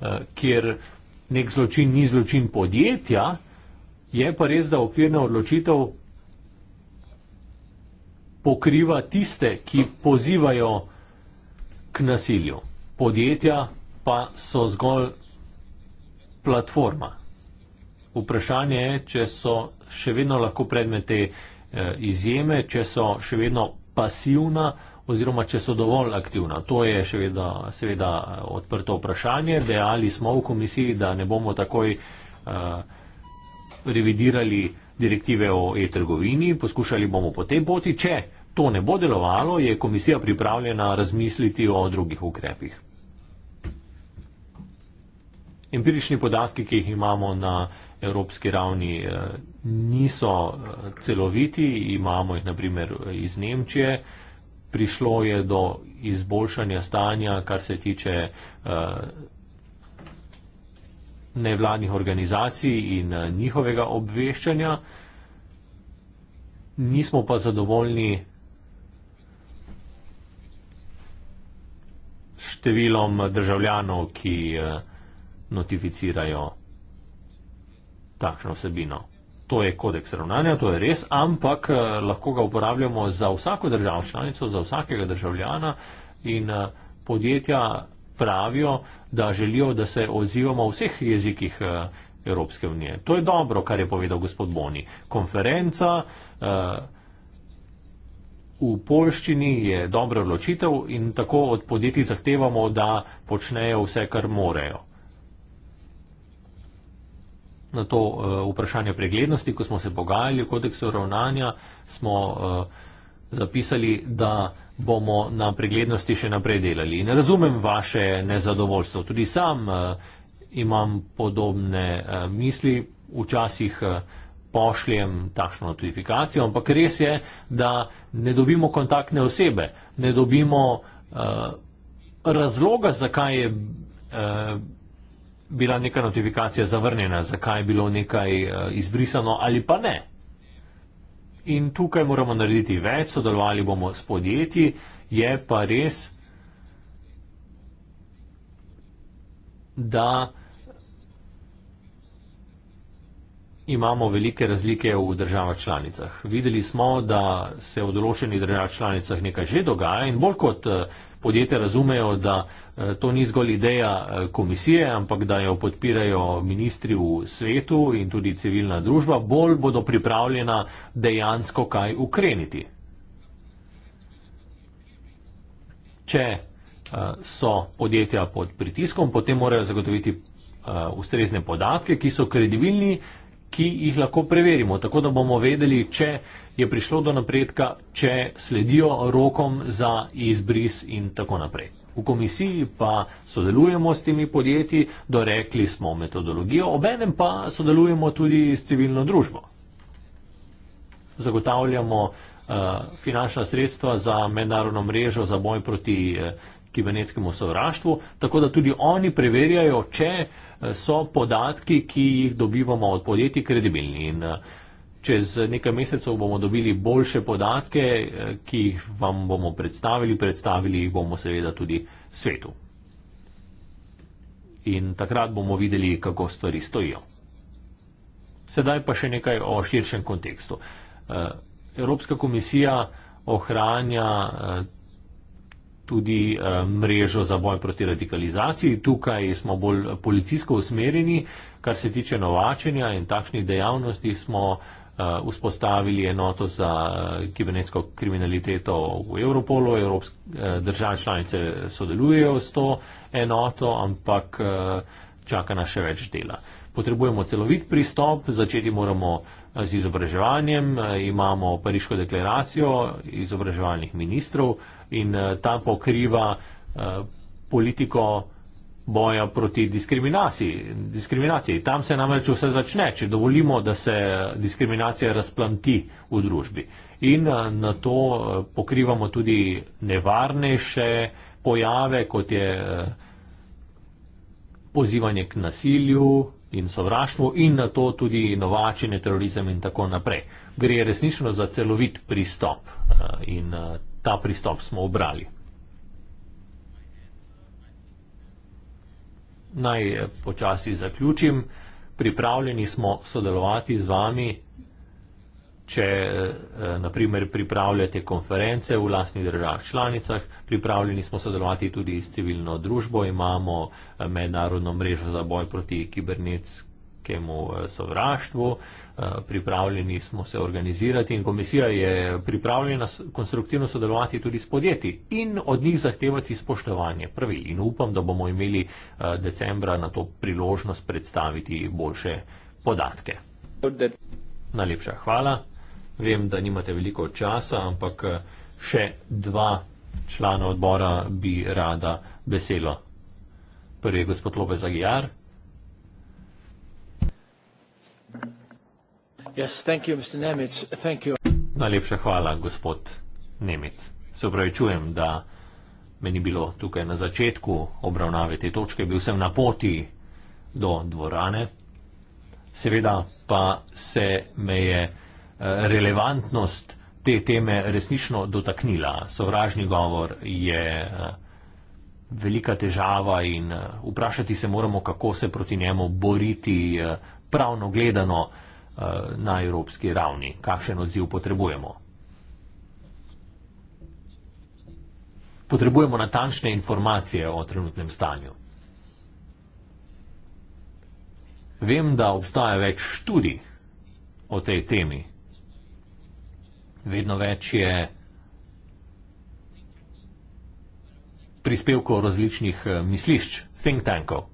S1: eh, kjer nek zločin ni zločin podjetja, je pa res, da okvirna odločitev pokriva tiste, ki pozivajo k nasilju. Podjetja pa so zgolj platforma. Vprašanje je, če so še vedno lahko predmete eh, izjeme, če so še vedno pasivna oziroma če so dovolj aktivna. To je še vedno seveda eh, odprto vprašanje. Dejali smo v komisiji, da ne bomo takoj eh, revidirali direktive o e-trgovini, poskušali bomo po tej poti. Če to ne bo delovalo, je komisija pripravljena razmisliti o drugih ukrepih empirični podatki, ki jih imamo na evropski ravni, eh, niso eh, celoviti. Imamo jih naprimer iz Nemčije. Prišlo je do izboljšanja stanja, kar se tiče eh, nevladnih organizacij in njihovega obveščanja. Nismo pa zadovoljni številom državljanov, ki notificirajo takšno vsebino. To je kodeks ravnanja, to je res, ampak eh, lahko ga uporabljamo za vsako državo članico, za vsakega državljana in eh, podjetja pravijo, da želijo, da se odzivamo v vseh jezikih eh, Evropske unije. To je dobro, kar je povedal gospod Boni. Konferenca v polščini je dobra vločitev in tako od podjetij zahtevamo, da počnejo vse, kar morejo na to uh, vprašanje preglednosti, ko smo se pogajali o kodeksu ravnanja, smo uh, zapisali, da bomo na preglednosti še naprej delali. In razumem vaše nezadovoljstvo. Tudi sam uh, imam podobne uh, misli, včasih uh, pošljem takšno notifikacijo, ampak res je, da ne dobimo kontaktne osebe, ne dobimo uh, razloga, zakaj je. Uh, bila neka notifikacija zavrnjena, zakaj je bilo nekaj eh, izbrisano ali pa ne. In tukaj moramo narediti več, sodelovali bomo s podjetji, je pa res, da imamo velike razlike v državah članicah. Videli smo, da se v določenih državah članicah nekaj že dogaja in bolj kot eh, podjetja razumejo, da eh, to ni zgolj ideja eh, komisije, ampak da jo podpirajo ministri v svetu in tudi civilna družba, bolj bodo pripravljena dejansko kaj ukreniti. Če eh, so podjetja pod pritiskom, potem morajo zagotoviti ustrezne podatke, ki so kredibilni, ki jih lahko preverimo, tako da bomo vedeli, če je prišlo do napredka, če sledijo rokom za izbris in tako naprej. V komisiji pa sodelujemo s temi podjetji, dorekli smo metodologijo, obenem pa sodelujemo tudi s civilno družbo. Zagotavljamo uh, finančna sredstva za mednarodno mrežo za boj proti uh, kibernetskemu sovraštvu, tako da tudi oni preverjajo, če uh, so podatki, ki jih dobivamo od podjetij, kredibilni. In eh, čez nekaj mesecev bomo dobili boljše podatke, eh, ki jih vam bomo predstavili, predstavili jih bomo seveda tudi svetu. In takrat bomo videli, kako stvari stojijo. Sedaj pa še nekaj o širšem kontekstu. Eh, Evropska komisija ohranja tudi eh, mrežo za boj proti radikalizaciji. Tukaj smo bolj policijsko usmerjeni, kar se tiče novačenja in takšnih dejavnosti smo eh, vzpostavili enoto za eh, kibernetsko kriminaliteto v Europolu. Države članice sodelujejo s to enoto, ampak čaka nas še več dela. Potrebujemo celovit pristop, začeti moramo z izobraževanjem. Imamo Pariško deklaracijo izobraževalnih ministrov, in eh, ta pokriva eh, politiko boja proti diskriminaciji. diskriminaciji. Tam se namreč vse začne, če dovolimo, da se diskriminacija razplanti v družbi. In eh, na to pokrivamo tudi nevarnejše pojave, kot je pozivanje k nasilju in sovraštvu in na to tudi novačine, terorizem in tako naprej. Gre resnično za celovit pristop in ta pristop smo obrali. Naj eh, počasi zaključim. Pripravljeni smo sodelovati z vami, če eh, naprimer pripravljate konference v lasnih državah članicah, pripravljeni smo sodelovati tudi s civilno družbo, imamo eh, mednarodno mrežo za boj proti kibernetskemu sovraštvu. Eh, pripravljeni smo se organizirati in komisija je pripravljena konstruktivno sodelovati tudi s podjetji in od njih zahtevati spoštovanje pravil. In upam, da bomo imeli eh, decembra na to priložnost predstaviti boljše podatke. Najlepša hvala. Vem, da nimate veliko časa, ampak eh, še dva člana odbora bi rada besedo. Prvi je gospod Lopez Agijar.
S6: Yes, thank you, Mr. Nemec. Thank you.
S1: Najlepša hvala, gospod Nemec. Se upravičujem, da me ni bilo tukaj na začetku obravnave te točke, bil sem na poti do dvorane. Seveda pa se me je eh, relevantnost te teme resnično dotaknila. Sovražni govor je eh, velika težava in eh, vprašati se moramo, kako se proti njemu boriti pravno gledano. Eh, na evropski ravni, kakšen odziv potrebujemo. Potrebujemo natančne informacije o trenutnem stanju. Vem, da obstaja več študij o tej temi. Vedno več je prispevkov različnih eh, mislišč, think tankov.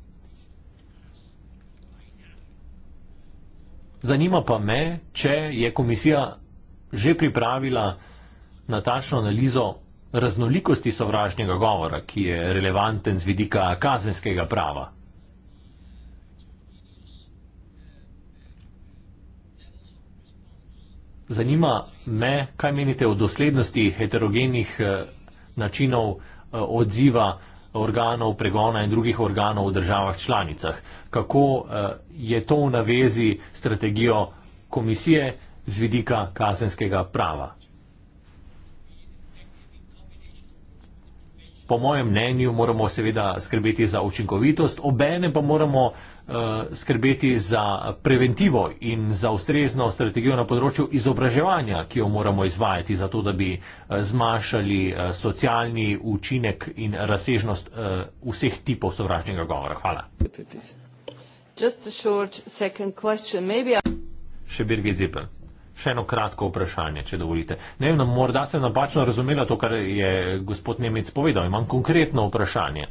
S1: Zanima pa me, če je komisija že pripravila na tačno analizo raznolikosti sovražnega govora, ki je relevanten z vidika kazenskega prava. Zanima me, kaj menite o doslednosti heterogenih eh, načinov eh, odziva organov pregona in drugih organov v državah članicah. Kako eh, je to v navezi strategijo komisije z vidika kazenskega prava? Po mojem mnenju moramo seveda skrbeti za učinkovitost, obene pa moramo Eh, skrbeti za preventivo in za ustrezno strategijo na področju izobraževanja, ki jo moramo izvajati, zato da bi eh, zmanjšali eh, socialni učinek in razsežnost vseh tipov sovražnega govora. Hvala. Še Birgit Zipel. Še eno kratko vprašanje, če dovolite. Ne vem, morda sem napačno razumela to, kar je gospod Nemec povedal. Imam konkretno vprašanje.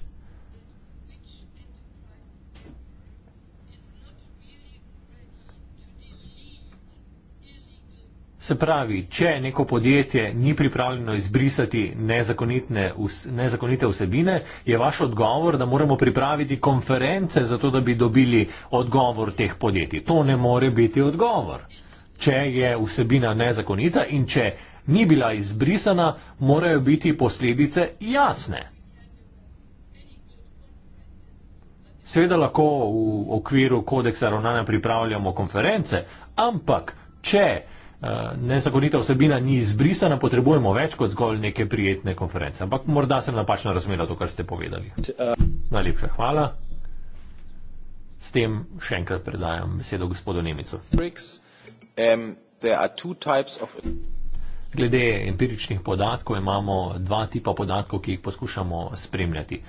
S1: Se pravi, če neko podjetje ni pripravljeno izbrisati nezakonite vsebine, je vaš odgovor, da moramo pripraviti konference za to, da bi dobili odgovor teh podjetij. To ne more biti odgovor. Če je vsebina nezakonita in če ni bila izbrisana, morajo biti posledice jasne. Seveda lahko v okviru kodeksa ravnanja pripravljamo konference, ampak če nezakonita vsebina ni izbrisana, potrebujemo več kot zgolj neke prijetne konference. Ampak morda sem napačno razumela to, kar ste povedali. Najlepša hvala. S tem še enkrat predajam besedo gospodu Nemicu. Um, Glede empiričnih podatkov imamo dva tipa podatkov, ki jih poskušamo spremljati.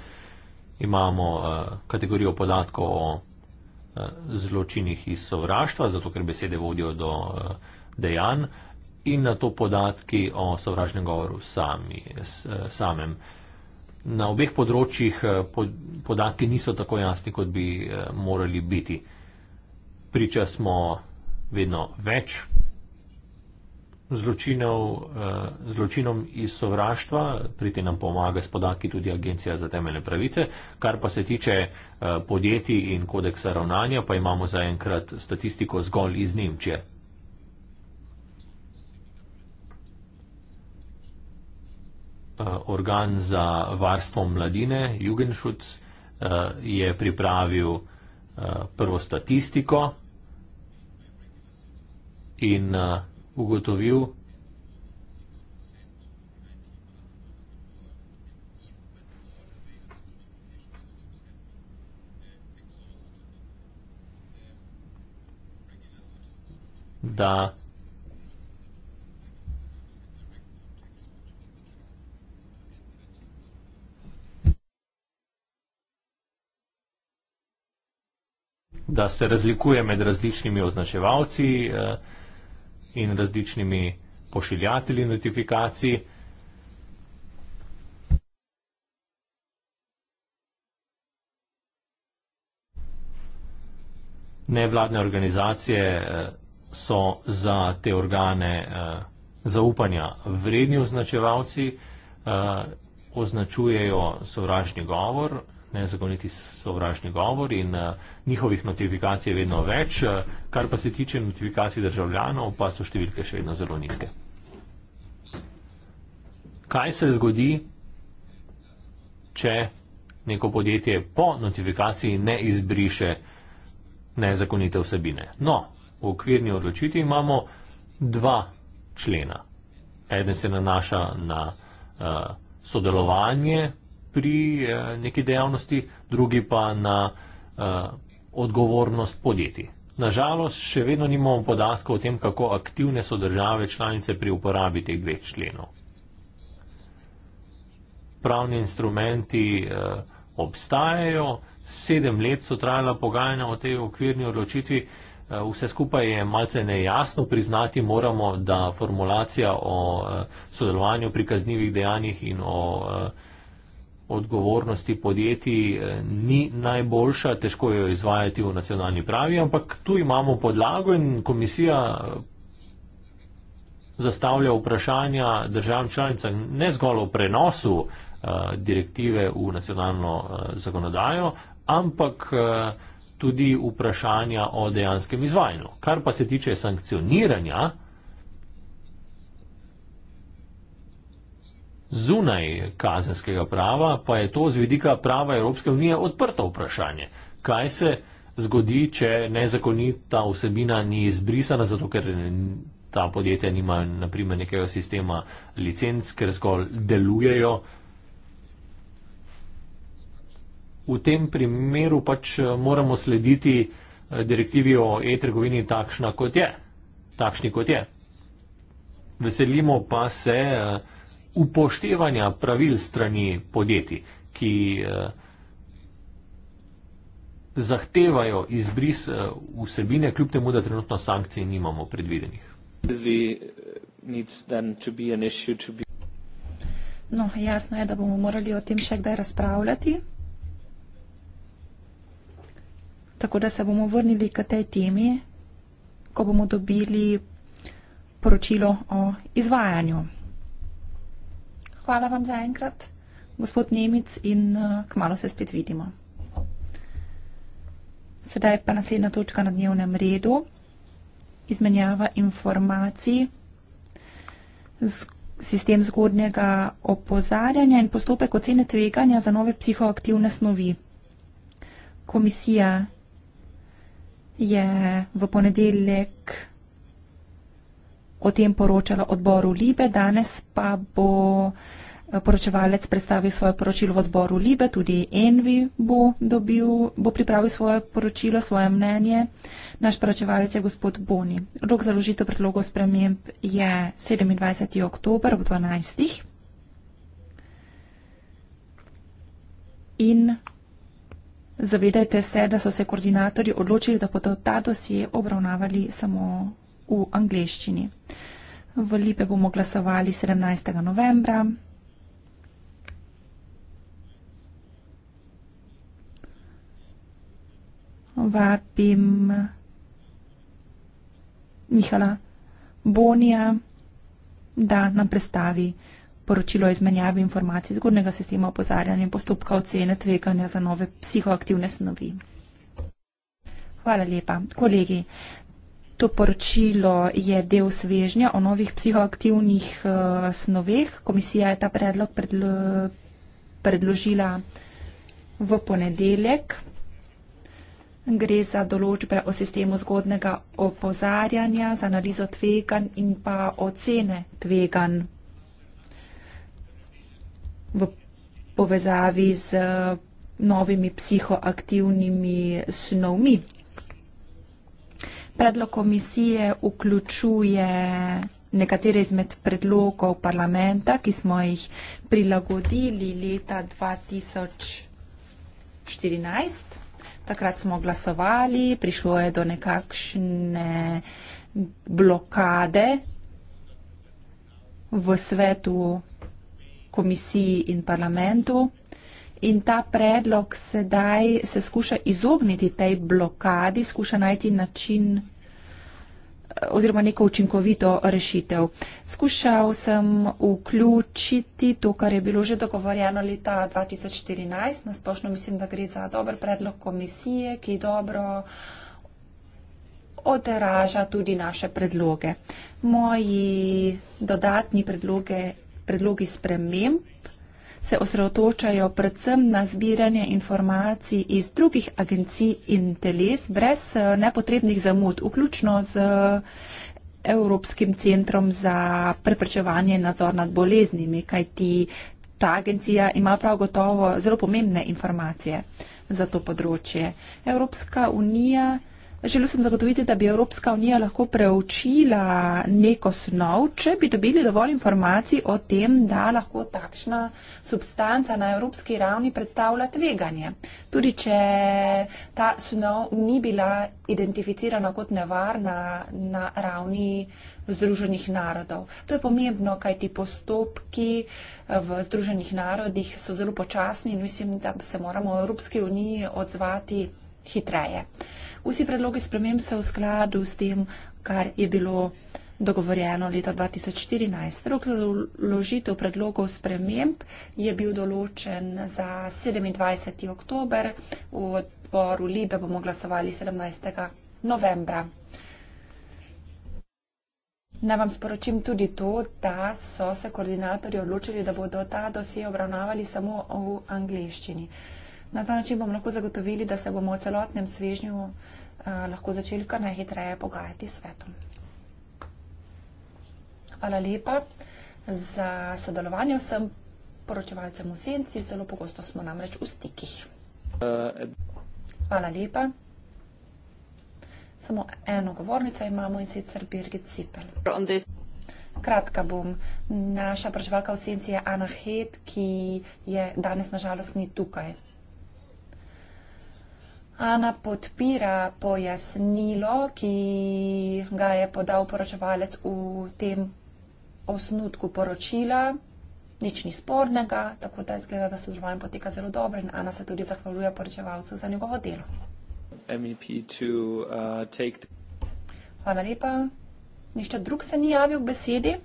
S1: Imamo uh, kategorijo podatkov o uh, zločinih iz sovraštva, zato ker besede vodijo do uh, dejanj in na to podatki o sovražnem govoru sami, eh, samem. Na obeh področjih eh, podatki niso tako jasni, kot bi eh, morali biti. Priča smo vedno več zločinov, zločinom iz sovraštva, pri tem nam pomaga s podatki tudi Agencija za temeljne pravice. Kar pa se tiče podjetij in kodeksa ravnanja, pa imamo zaenkrat statistiko zgolj iz Nemčije. Eh, organ za varstvo mladine, Jugendschutz, eh, je pripravil eh, prvo statistiko in ugotovil, da da se razlikuje med različnimi označevalci eh, in različnimi pošiljatelji notifikacij. Nevladne organizacije eh, so za te organe eh, zaupanja vredni označevalci, označujejo sovražni govor, nezakoniti sovražni govor in uh, njihovih notifikacij je vedno več. Uh, kar pa se tiče notifikacij državljanov, pa so številke še vedno zelo nizke. Kaj se zgodi, če neko podjetje po notifikaciji ne izbriše nezakonite vsebine? No, v okvirni odločitvi imamo dva člena. Eden se nanaša na uh, sodelovanje pri eh, neki dejavnosti, drugi pa na eh, odgovornost podjetij. Nažalost, še vedno nimamo podatkov o tem, kako aktivne so države članice pri uporabi teh dveh členov. Pravni instrumenti eh, obstajajo, sedem let so trajala pogajanja o tej okvirni odločitvi, vse skupaj je malce nejasno, priznati moramo, da formulacija o sodelovanju pri kaznjivih dejanjih in o odgovornosti podjetij eh, ni najboljša, težko jo izvajati v nacionalni pravi, ampak tu imamo podlago in komisija eh, zastavlja vprašanja državam članicam ne zgolj o prenosu eh, direktive v nacionalno zakonodajo, ampak tudi vprašanja o dejanskem izvajanju. Kar pa se tiče sankcioniranja, zunaj kazenskega prava, pa je to z vidika prava Evropske unije odprto vprašanje. Kaj se zgodi, če nezakonita vsebina ni izbrisana, zato ker ta podjetja nimajo naprimer nekega sistema licenc, ker zgolj delujejo. V tem primeru pač eh, moramo slediti eh, direktivi o e-trgovini takšna kot je. Takšni kot je. Veselimo pa se, eh, upoštevanja pravil strani podjetij, ki eh, zahtevajo izbris eh, vsebine, kljub temu, da trenutno sankcij nimamo predvidenih. Eh,
S3: no, jasno je, da bomo morali o tem še kdaj razpravljati. Tako da se bomo vrnili k tej temi, ko bomo dobili poročilo o izvajanju. Hvala vam zaenkrat, gospod Nemec, in uh, eh, kmalo se spet vidimo. Sedaj pa naslednja točka na dnevnem redu. Izmenjava informacij, sistem zgodnjega opozarjanja in postopek ocene tveganja za nove psihoaktivne snovi. Komisija je v ponedeljek o tem poročala odboru Libe, danes pa bo eh, poročevalec predstavil svoje poročilo v odboru Libe, tudi Envi bo, dobil, bo pripravil svoje poročilo, svoje mnenje. Naš poročevalec je gospod Boni. Rok za ložitev predlogov sprememb je 27. oktober ob 12. In zavedajte se, da so se koordinatorji odločili, da bodo ta dosje obravnavali samo v angleščini. V Lipe bomo glasovali 17. novembra. Vabim Mihala Bonija, da nam predstavi poročilo o izmenjavi informacij zgornjega sistema opozarjanja in postopka ocene tveganja za nove psihoaktivne snovi. Hvala lepa. Kolegi, To poročilo je del svežnja o novih psihoaktivnih uh, snoveh. Komisija je ta predlog predlo predložila v ponedeljek. Gre za določbe o sistemu zgodnega opozarjanja, za analizo tvegan in pa ocene tvegan v povezavi z novimi psihoaktivnimi snovmi. Predlog komisije vključuje nekatere izmed predlogov parlamenta, ki smo jih prilagodili leta 2014. Takrat smo glasovali, prišlo je do nekakšne blokade v svetu komisiji in parlamentu in ta predlog sedaj se skuša izogniti tej blokadi, skuša najti način eh, oziroma neko učinkovito rešitev. Skušal sem vključiti to, kar je bilo že dogovorjeno leta 2014. Nasplošno mislim, da gre za dober predlog komisije, ki dobro odraža tudi naše predloge. Moji dodatni predloge, predlogi sprememb se osredotočajo predvsem na zbiranje informacij iz drugih agencij in teles brez eh, nepotrebnih zamud, vključno z eh, Evropskim centrom za preprečevanje nadzor nad boleznimi, kajti ta agencija ima prav gotovo zelo pomembne informacije za to področje. Evropska unija Želel sem zagotoviti, da bi Evropska unija lahko preučila neko snov, če bi dobili dovolj informacij o tem, da lahko takšna substanca na evropski ravni predstavlja tveganje. Tudi če ta snov ni bila identificirana kot nevarna na ravni Združenih narodov. To je pomembno, kaj ti postopki eh, v Združenih narodih so zelo počasni in mislim, da se moramo v Evropski uniji odzvati hitreje. Vsi predlogi sprememb so v skladu s tem, kar je bilo dogovorjeno leta 2014. Rok za vložitev predlogov sprememb je bil določen za 27. oktober, v odboru Libe bomo glasovali 17. novembra. Naj vam sporočim tudi to, da so se koordinatorji odločili, da bodo ta dosje obravnavali samo v angliščini. Uh, Na ta način bomo lahko zagotovili, da se bomo v celotnem svežnju eh, lahko začeli kar najhitreje pogajati s svetom. Hvala lepa za sodelovanje vsem poročevalcem v senci, zelo pogosto smo namreč v stikih. Hvala lepa. Samo eno govornico imamo in sicer Birgit Cipel. Kratka bom. Naša praževalka v senci je Ana Het, ki je danes nažalost ni tukaj. Ana podpira pojasnilo, ki ga je podal poročevalec v tem osnutku poročila. Nič ni spornega, tako da izgleda, da sodelovanje poteka zelo dobro in Ana se tudi zahvaljuje poročevalcu za njegovo delo.
S5: MEP to, uh, take...
S3: Hvala lepa. Nišče drug se ni javil k besedi.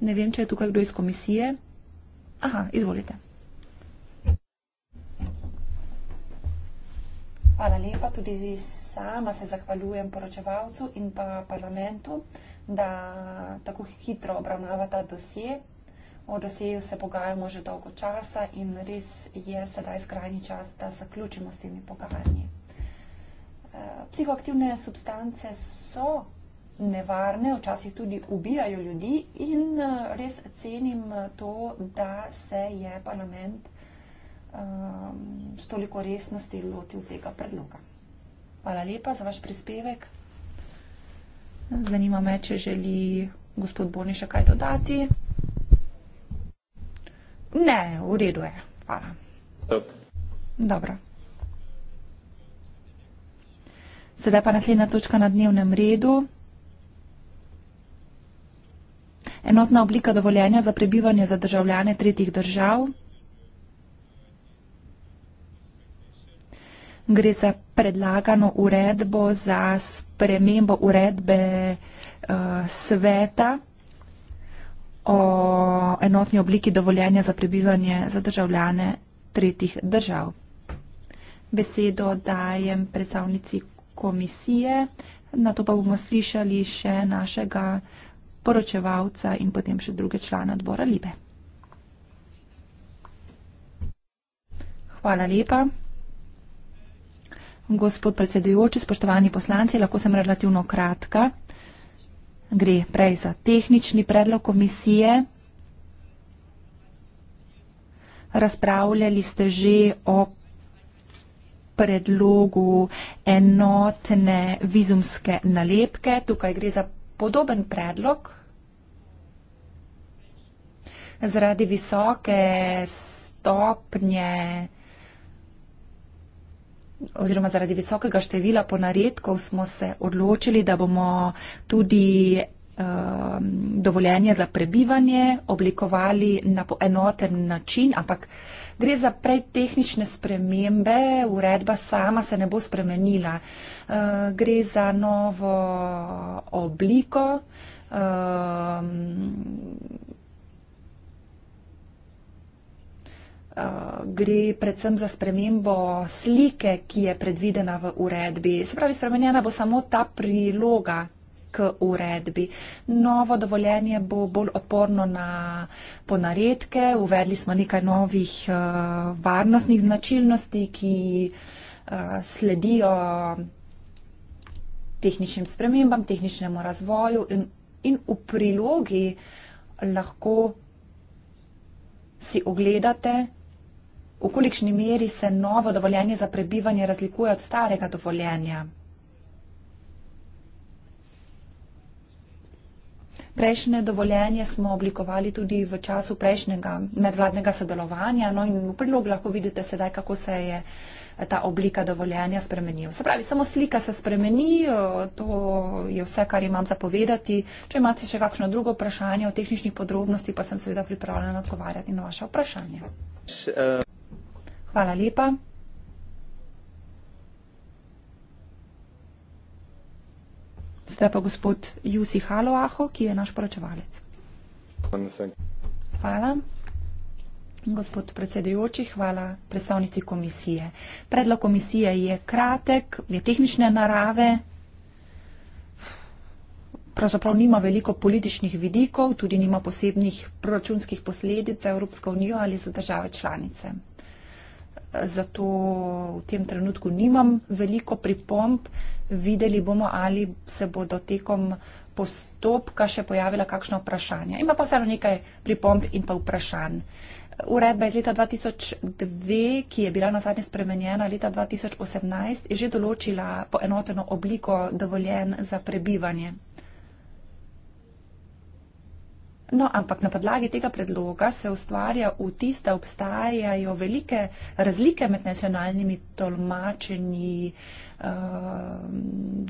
S3: Ne vem, če je tukaj kdo iz komisije. Aha, izvolite. Hvala lepa. Tudi sama se zahvaljujem poročevalcu in pa parlamentu, da tako hitro obravnava ta dosje. O dosjeju se pogajamo že dolgo časa in res je sedaj skrajni čas, da zaključimo s temi pogajanji. Eh, psihoaktivne substance so nevarne, včasih tudi ubijajo ljudi in eh, res cenim to, da se je parlament. Um, s toliko resnosti lotil tega predloga. Hvala lepa za vaš prispevek. Zanima me, če želi gospod Boni še kaj dodati. Ne, v redu je. Hvala. Dobro. Sedaj pa naslednja točka na dnevnem redu. Enotna oblika dovoljenja za prebivanje za državljane tretjih držav. gre za predlagano uredbo za spremembo uredbe uh, sveta o enotni obliki dovoljenja za prebivanje za državljane tretjih držav. Besedo dajem predstavnici komisije, na to pa bomo slišali še našega poročevalca in potem še druge člane odbora Libe. Hvala lepa. Gospod predsedujoči, spoštovani poslanci, lahko sem relativno kratka. Gre prej za tehnični predlog komisije. Razpravljali ste že o predlogu enotne vizumske nalepke. Tukaj gre za podoben predlog. Zaradi visoke stopnje oziroma zaradi visokega števila ponaredkov smo se odločili, da bomo tudi um, dovoljenje za prebivanje oblikovali na enoten način, ampak gre za prej tehnične spremembe, uredba sama se ne bo spremenila. Uh, gre za novo obliko. Um, Eh, gre predvsem za spremembo slike, ki je predvidena v uredbi. Se pravi, spremenjena bo samo ta priloga k uredbi. Novo dovoljenje bo bolj odporno na ponaredke, uvedli smo nekaj novih uh, varnostnih značilnosti, ki uh, sledijo tehničnim spremembam, tehničnemu razvoju in, in v prilogi lahko si ogledate V kolikšni meri se novo dovoljenje za prebivanje razlikuje od starega dovoljenja? Prejšnje dovoljenje smo oblikovali tudi v času prejšnjega medvladnega sodelovanja. No in v prilogu lahko vidite sedaj, kako se je eh, ta oblika dovoljenja spremenil. Se pravi, samo slika se spremeni, eh, to je vse, kar imam za povedati. Če imate še kakšno drugo vprašanje o tehničnih podrobnosti, pa sem seveda pripravljena odgovarjati na vaše vprašanje. Uh... Hvala lepa. Zdaj pa gospod Jusi Haloaho, ki je naš poročevalec. Hvala. Gospod predsedujoči, hvala predstavnici komisije. Predlog komisije je kratek, je tehnične narave, pravzaprav nima veliko političnih vidikov, tudi nima posebnih proračunskih posledic za Evropsko unijo ali za države članice zato v tem trenutku nimam veliko pripomp. Videli bomo, ali se bodo tekom postopka še pojavila kakšna vprašanja. Ima pa vseeno nekaj pripomp in pa vprašanj. Uredba iz leta 2002, ki je bila nazadnje spremenjena leta 2018, je že določila poenoteno obliko dovoljen za prebivanje No, ampak na podlagi tega predloga se ustvarja vtis, da obstajajo velike razlike med nacionalnimi tolmačenji um,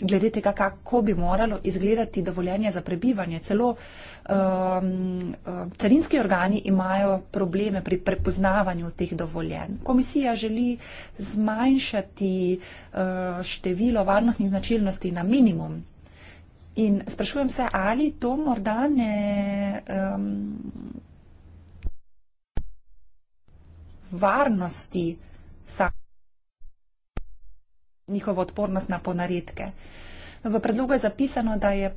S3: glede tega, kako bi moralo izgledati dovoljenje za prebivanje. Celo um, carinski organi imajo probleme pri prepoznavanju teh dovoljenj. Komisija želi zmanjšati uh, število varnostnih značilnosti na minimum. In sprašujem se, ali to morda ne. Um, varnosti, njihovo odpornost na ponaredke. V predlogu je zapisano, da je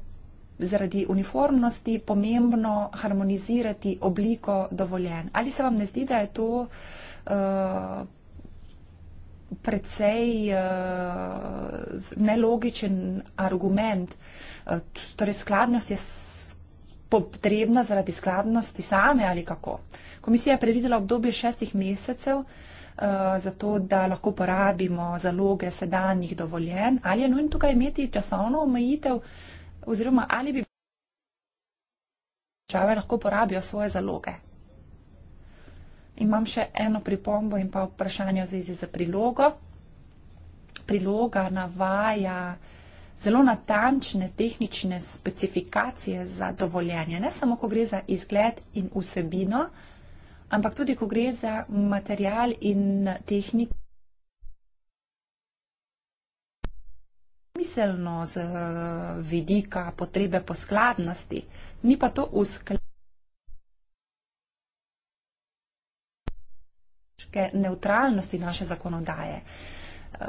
S3: zaradi uniformnosti pomembno harmonizirati obliko dovoljen. Ali se vam ne zdi, da je to uh, precej eh, nelogičen argument. Eh, torej, skladnost je potrebna zaradi skladnosti same ali kako. Komisija je predvidela obdobje šestih mesecev eh, za to, da lahko porabimo zaloge sedanjih dovoljen. Ali je nujno tukaj imeti časovno omejitev oziroma ali bi države lahko porabijo svoje zaloge? Imam še eno pripombo in pa vprašanje v zvezi z prilogo. Priloga navaja zelo natančne tehnične specifikacije za dovoljenje. Ne samo, ko gre za izgled in vsebino, ampak tudi, ko gre za material in tehniko. Miselno z eh, vidika potrebe po skladnosti, ni pa to v skladnosti. točke neutralnosti naše zakonodaje. Eh,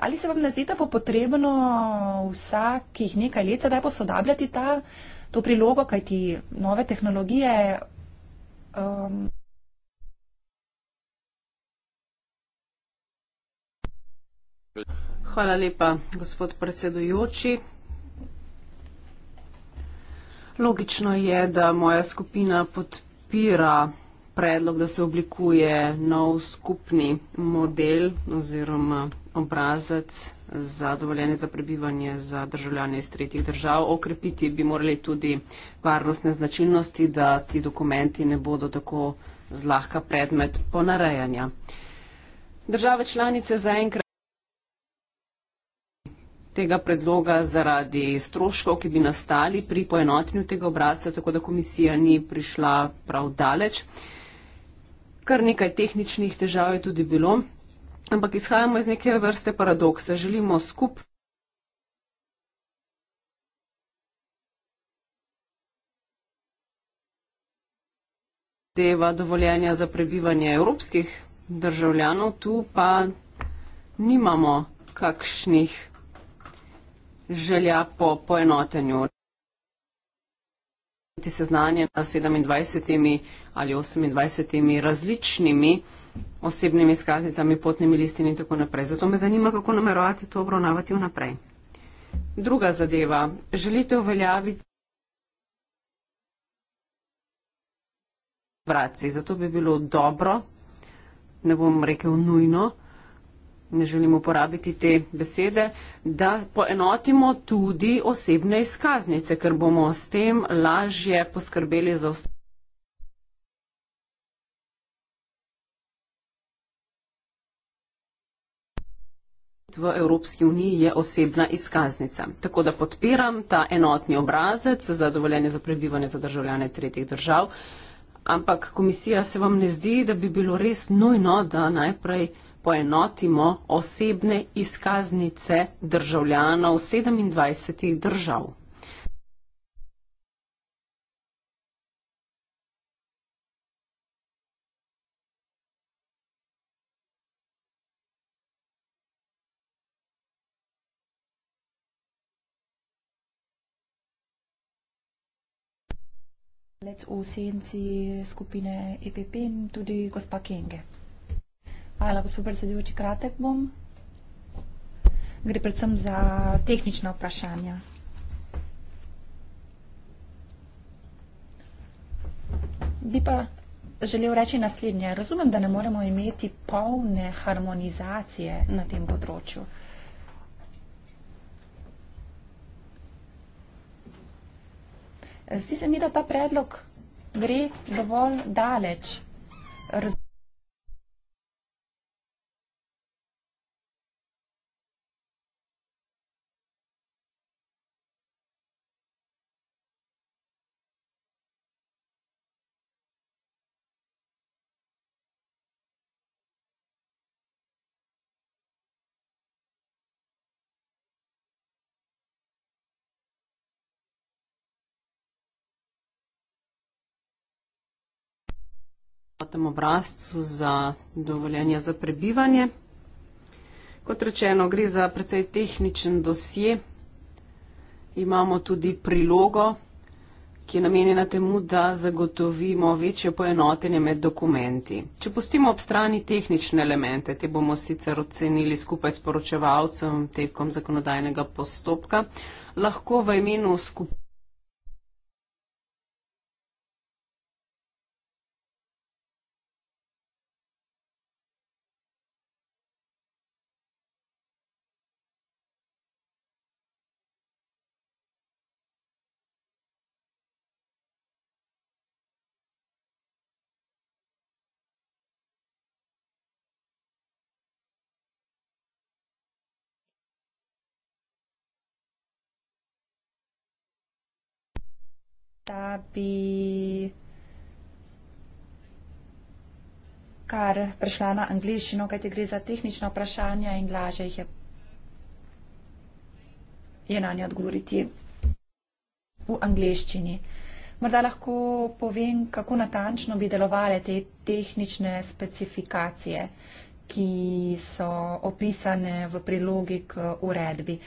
S3: ali se vam ne zdi, da bo potrebno vsakih nekaj let sedaj posodabljati ta, to prilogo, kaj ti nove tehnologije. Um,
S4: Hvala lepa, gospod predsedujoči. Logično je, da moja skupina podpira predlog, da se oblikuje nov skupni model oziroma obrazec za dovoljenje za prebivanje za državljane iz tretjih držav. Okrepiti bi morali tudi varnostne značilnosti, da ti dokumenti ne bodo tako zlahka predmet ponarejanja. Države članice zaenkrat tega predloga zaradi stroškov, ki bi nastali pri poenotnju tega obrazca, tako da komisija ni prišla prav daleč kar nekaj tehničnih težav je tudi bilo, ampak izhajamo iz neke vrste paradoksa. Želimo skup. Deva dovoljenja za prebivanje evropskih državljanov, tu pa nimamo kakšnih želja po poenotenju biti seznanjena s 27 ali 28 različnimi osebnimi izkaznicami, potnimi listini in tako naprej. Zato me zanima, kako namerovate to obravnavati vnaprej. Druga zadeva. Želite uveljaviti vraci. Zato bi bilo dobro, ne bom rekel nujno, ne želim uporabiti te besede, da poenotimo tudi osebne izkaznice, ker bomo s tem lažje poskrbeli za ostale. v Evropski uniji je osebna izkaznica. Tako da podpiram ta enotni obrazec za dovoljenje za prebivanje za državljane tretjih držav, ampak komisija se vam ne zdi, da bi bilo res nujno, da najprej poenotimo osebne izkaznice državljanov 27 držav.
S3: Let's OCNC skupine EPP in tudi gospa Kenge. Hvala, gospod predsedujoči, kratek bom. Gre predvsem za tehnična vprašanja. Bi pa želel reči naslednje. Razumem, da ne moremo imeti polne harmonizacije na tem področju. Zdi se mi, da ta predlog gre dovolj daleč.
S4: enotnem obrazcu za dovoljenje za prebivanje. Kot rečeno, gre za precej tehničen dosje. Imamo tudi prilogo, ki je namenjena temu, da zagotovimo večje poenotenje med dokumenti. Če pustimo ob strani tehnične elemente, te bomo sicer ocenili skupaj s poročevalcem tekom zakonodajnega postopka, lahko v imenu skupine.
S3: bi kar prišla na angliščino, kajti gre za tehnična vprašanja in lažje jih je, je na nje odgovoriti v angliščini. Morda lahko povem, kako natančno bi delovale te tehnične specifikacije, ki so opisane v prilogi k uredbi.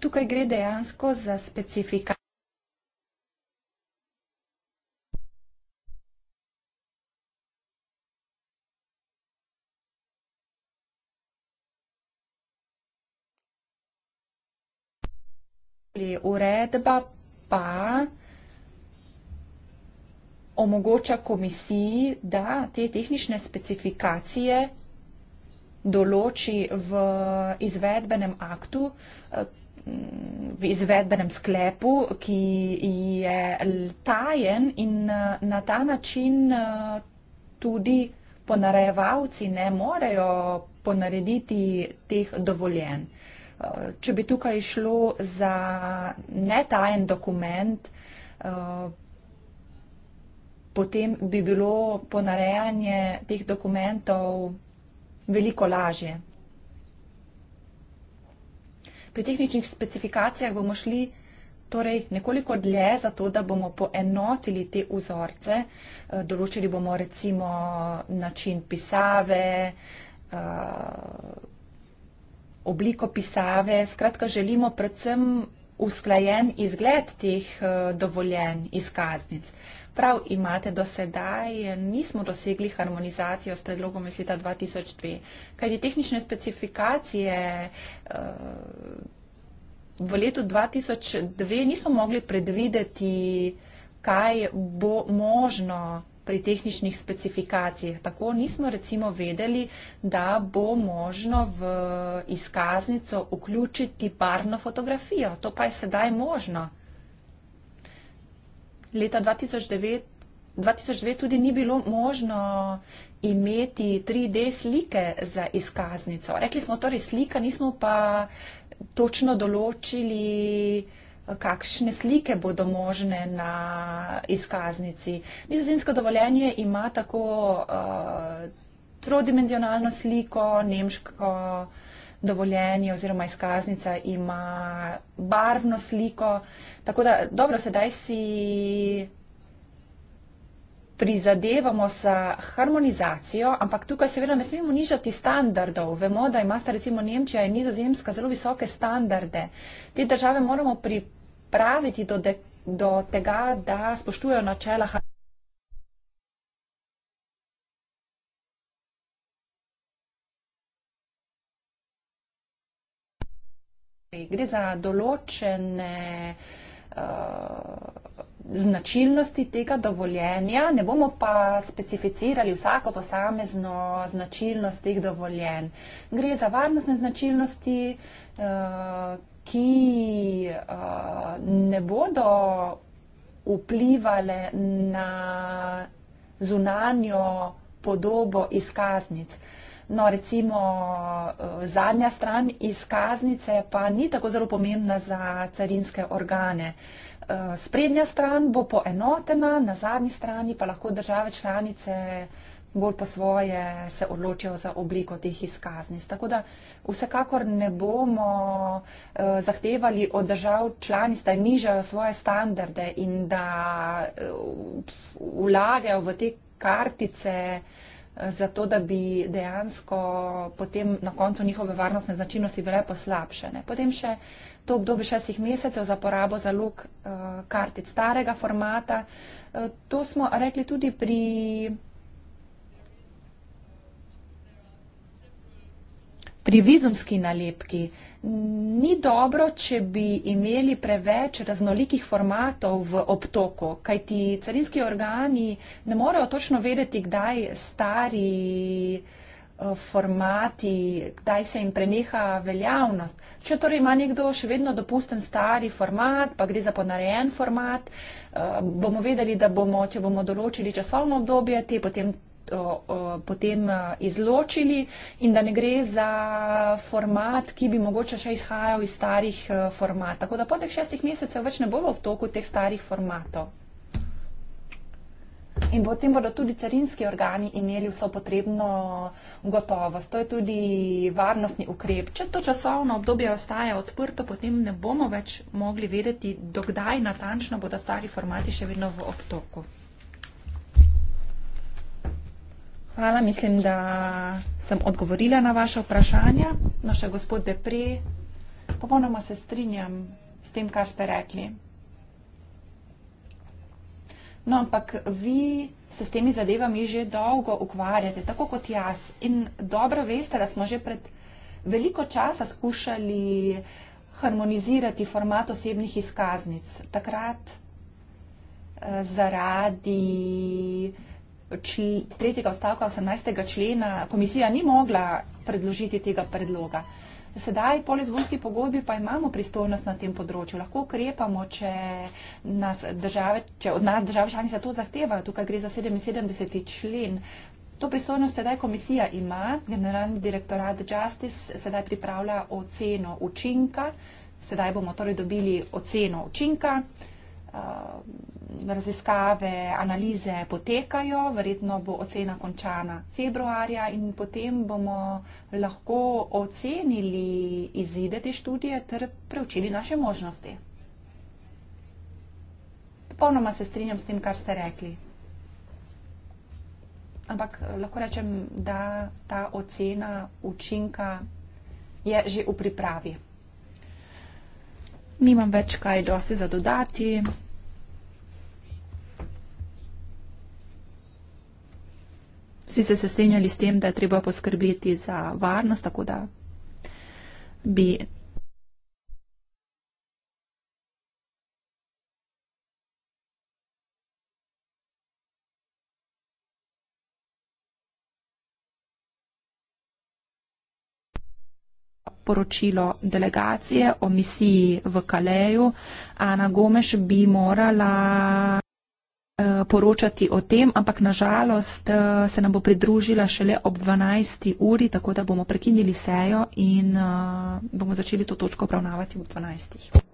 S3: Tukaj gre dejansko za specifikacije. uredba pa omogoča komisiji, da te tehnične specifikacije določi v izvedbenem aktu, v izvedbenem sklepu, ki je tajen in eh, na ta način eh, tudi ponarejevalci ne morejo ponarediti teh dovoljenj če bi tukaj šlo za netajen dokument, eh, potem bi bilo ponarejanje teh dokumentov veliko lažje. Pri tehničnih specifikacijah bomo šli torej nekoliko dlje za to, da bomo poenotili te vzorce. Eh, določili bomo recimo način pisave, eh, obliko pisave. Skratka, želimo predvsem usklajen izgled teh eh, dovoljen izkaznic. Prav imate do sedaj, nismo dosegli harmonizacijo s predlogom iz leta 2002, kajti tehnične specifikacije eh, v letu 2002 nismo mogli predvideti, kaj bo možno pri tehničnih specifikacijah. Tako nismo recimo vedeli, da bo možno v izkaznico vključiti barno fotografijo. To pa je sedaj možno. Leta 2009, 2009 tudi ni bilo možno imeti 3D slike za izkaznico. Rekli smo torej slika, nismo pa točno določili kakšne slike bodo možne na izkaznici. Nizozemsko dovoljenje ima tako uh, trodimenzionalno sliko, nemško dovoljenje oziroma izkaznica ima barvno sliko. Tako da, dobro, sedaj si prizadevamo za harmonizacijo, ampak tukaj seveda ne smemo nižati standardov. Vemo, da imata recimo Nemčija in Nizozemska zelo visoke standarde. Te države moramo pripraviti do, de, do tega, da spoštujejo načela harmonizacije. Gre za določene Eh, značilnosti tega dovoljenja, ne bomo pa specificirali vsako posamezno značilnost teh dovoljen. Gre za varnostne značilnosti, eh, ki eh, ne bodo vplivale na zunanjo podobo izkaznic. No, recimo eh, zadnja stran izkaznice pa ni tako zelo pomembna za carinske organe. Eh, sprednja stran bo poenotena, na zadnji strani pa lahko države članice bolj po svoje se odločijo za obliko teh izkaznic. Tako da vsekakor ne bomo eh, zahtevali od držav članic, da nižajo svoje standarde in da vlagajo v te kartice zato da bi dejansko potem na koncu njihove varnostne značilnosti bile poslabšene. Potem še to obdobje šestih mesecev za porabo zalog eh, kartic starega formata. Eh, to smo rekli tudi pri. pri vizumski nalepki ni dobro, če bi imeli preveč raznolikih formatov v obtoku, kajti carinski organi ne morejo točno vedeti, kdaj stari eh, formati, kdaj se jim preneha veljavnost. Če torej ima nekdo še vedno dopusten stari format, pa gre za ponarejen format, eh, bomo vedeli, da bomo, če bomo določili časovno obdobje, te potem potem eh, izločili in da ne gre za format, ki bi mogoče še izhajal iz starih eh, formatov. Tako da po teh šestih mesecev več ne bo v obtoku teh starih formatov. In potem bodo tudi carinski organi imeli vso potrebno gotovost. To je tudi varnostni ukrep. Če to časovno obdobje ostaje odprto, potem ne bomo več mogli vedeti, dokdaj natančno bodo stari formati še vedno v obtoku. Hvala, mislim, da sem odgovorila na vaše vprašanje. No, še gospod Depri, popolnoma se strinjam s tem, kar ste rekli. No, ampak vi se s temi zadevami že dolgo ukvarjate, tako kot jaz. In dobro veste, da smo že pred veliko časa skušali harmonizirati format osebnih izkaznic. Takrat eh, zaradi eh, či tretjega odstavka 18. člena komisija ni mogla predložiti tega predloga. Sedaj po lezbonski pogodbi pa imamo pristojnost na tem področju. Lahko ukrepamo, če, nas države, če od nas države članice to zahtevajo. Tukaj gre za 77. člen. To pristojnost sedaj komisija ima. Generalni direktorat Justice sedaj pripravlja oceno učinka. Sedaj bomo torej dobili oceno učinka. Uh, raziskave, analize potekajo, verjetno bo ocena končana februarja in potem bomo lahko ocenili izide te študije ter preučili naše možnosti. Popolnoma se strinjam s tem, kar ste rekli. Ampak eh, lahko rečem, da ta ocena učinka je že v pripravi. Nimam več kaj dosti za dodati. Vsi ste se strinjali s tem, da je treba poskrbeti za varnost, tako da bi. poročilo delegacije o misiji v Kaleju. Ana Gomeš bi morala. Eh, poročati o tem, ampak nažalost eh, se nam bo pridružila šele ob 12. uri, tako da bomo prekinili sejo in eh, bomo začeli to točko obravnavati ob 12.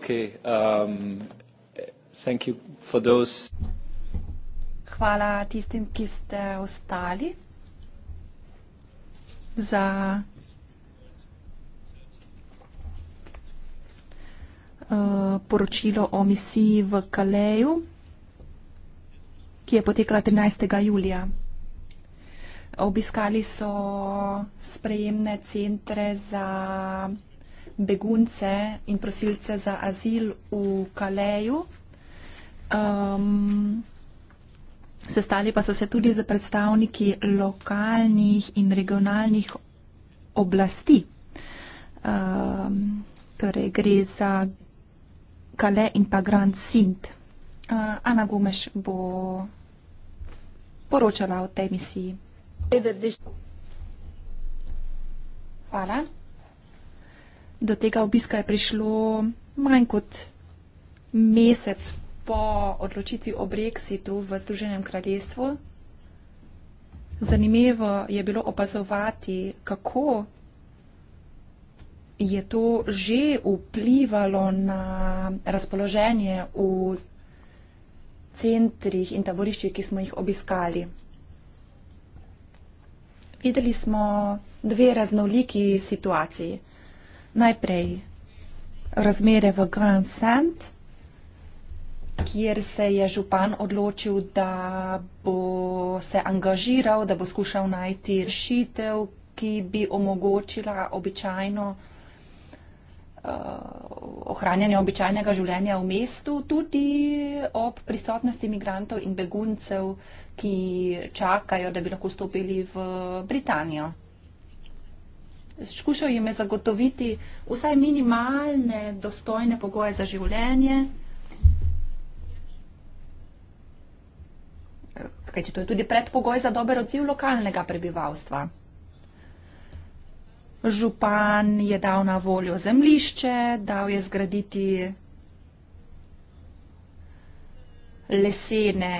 S5: Okay, um, thank you for those.
S3: Hvala tistim, ki ste ostali za uh, poročilo o misiji v Kaleju, ki je potekala 13. julija. Obiskali so sprejemne centre za begunce in prosilce za azil v Kaleju. Um, sestali pa so se tudi za predstavniki lokalnih in regionalnih oblasti. Um, torej gre za Kale in pa Grand Sint. Uh, Ana Gumeš bo poročala o tej misiji. Hvala do tega obiska je prišlo manj kot mesec po odločitvi o Brexitu v Združenem kraljestvu. Zanimivo je bilo opazovati, kako je to že vplivalo na razpoloženje v centrih in taboriščih, ki smo jih obiskali. Videli smo dve raznoliki situaciji najprej razmere v Grand Sand, kjer se je župan odločil, da bo se angažiral, da bo skušal najti rešitev, ki bi omogočila običajno eh, ohranjanje običajnega življenja v mestu, tudi ob prisotnosti imigrantov in beguncev, ki čakajo, da bi lahko stopili v Britanijo skušal jim je zagotoviti vsaj minimalne dostojne pogoje za življenje. Kajti to je tudi predpogoj za dober odziv lokalnega prebivalstva. Župan je dal na voljo zemlišče, dal je zgraditi lesene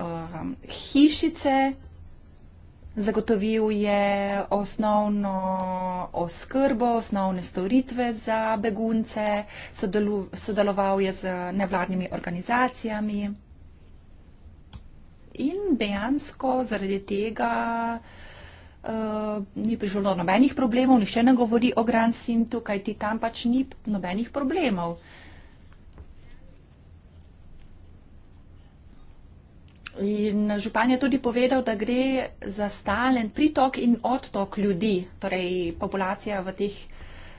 S3: uh, hišice, Zagotovil je osnovno oskrbo, osnovne storitve za begunce, sodeloval je z nevladnimi organizacijami in dejansko zaradi tega uh, ni prišlo do nobenih problemov. Nihče ne govori o Grand Sintu, kajti tam pač ni nobenih problemov. Uh, In župan je tudi povedal, da gre za stalen pritok in odtok ljudi, torej populacija v teh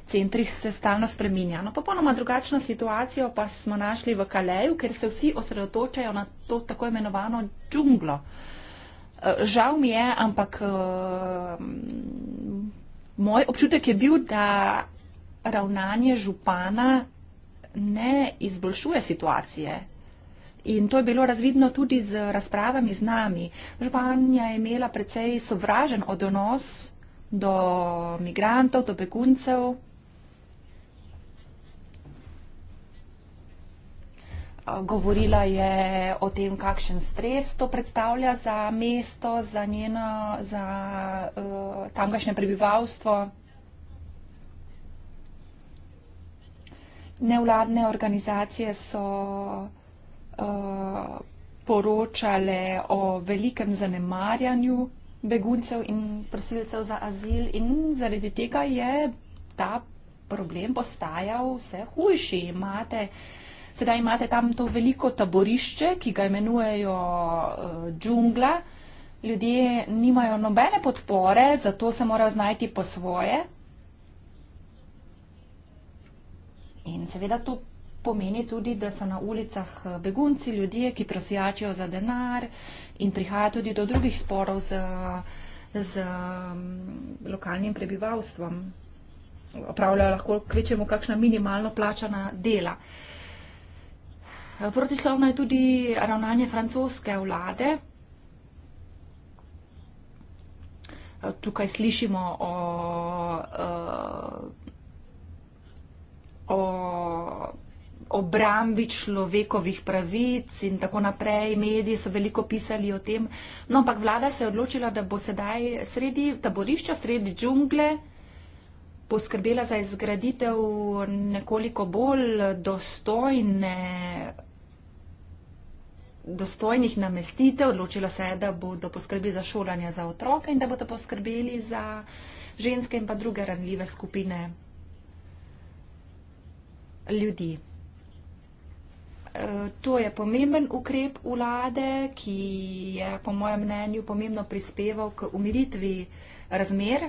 S3: centrih se stalno spreminja. No, popolnoma drugačno situacijo pa smo našli v Kaleju, ker se vsi osredotočajo na to tako imenovano džunglo. Eh, žal mi je, ampak uh, moj občutek je bil, da ravnanje župana ne izboljšuje situacije, In to je bilo razvidno tudi z razpravami z nami. Županja je imela precej sovražen odnos do migrantov, do beguncev. Govorila je o tem, kakšen stres to predstavlja za mesto, za, njeno, za uh, tamkajšnje prebivalstvo. Nevladne organizacije so Eh, poročale o velikem zanemarjanju beguncev in prosilcev za azil in zaradi tega je ta problem postajal vse hujši. Imate, sedaj imate tam to veliko taborišče, ki ga imenujejo uh, džungla. Ljudje nimajo nobene podpore, zato se morajo znajti po svoje. In seveda to pomeni tudi, da so na ulicah eh, begunci, ljudje, ki prosijačijo za denar in prihaja tudi do drugih sporov z, z mm, lokalnim prebivalstvom. Opravljajo lahko kvečemo kakšna minimalno plačana dela. Protislovno je tudi ravnanje francoske vlade. Tukaj slišimo o, eh, o obrambi človekovih pravic in tako naprej. Mediji so veliko pisali o tem. No, ampak vlada se je odločila, da bo sedaj sredi taborišča, sredi džungle poskrbela za izgraditev nekoliko bolj dostojne, dostojnih namestitev. Odločila se je, da bodo poskrbeli za šolanje za otroke in da bodo poskrbeli za ženske in pa druge ranljive skupine ljudi. Eh, to je pomemben ukrep vlade, ki je po mojem mnenju pomembno prispeval k umiritvi razmer.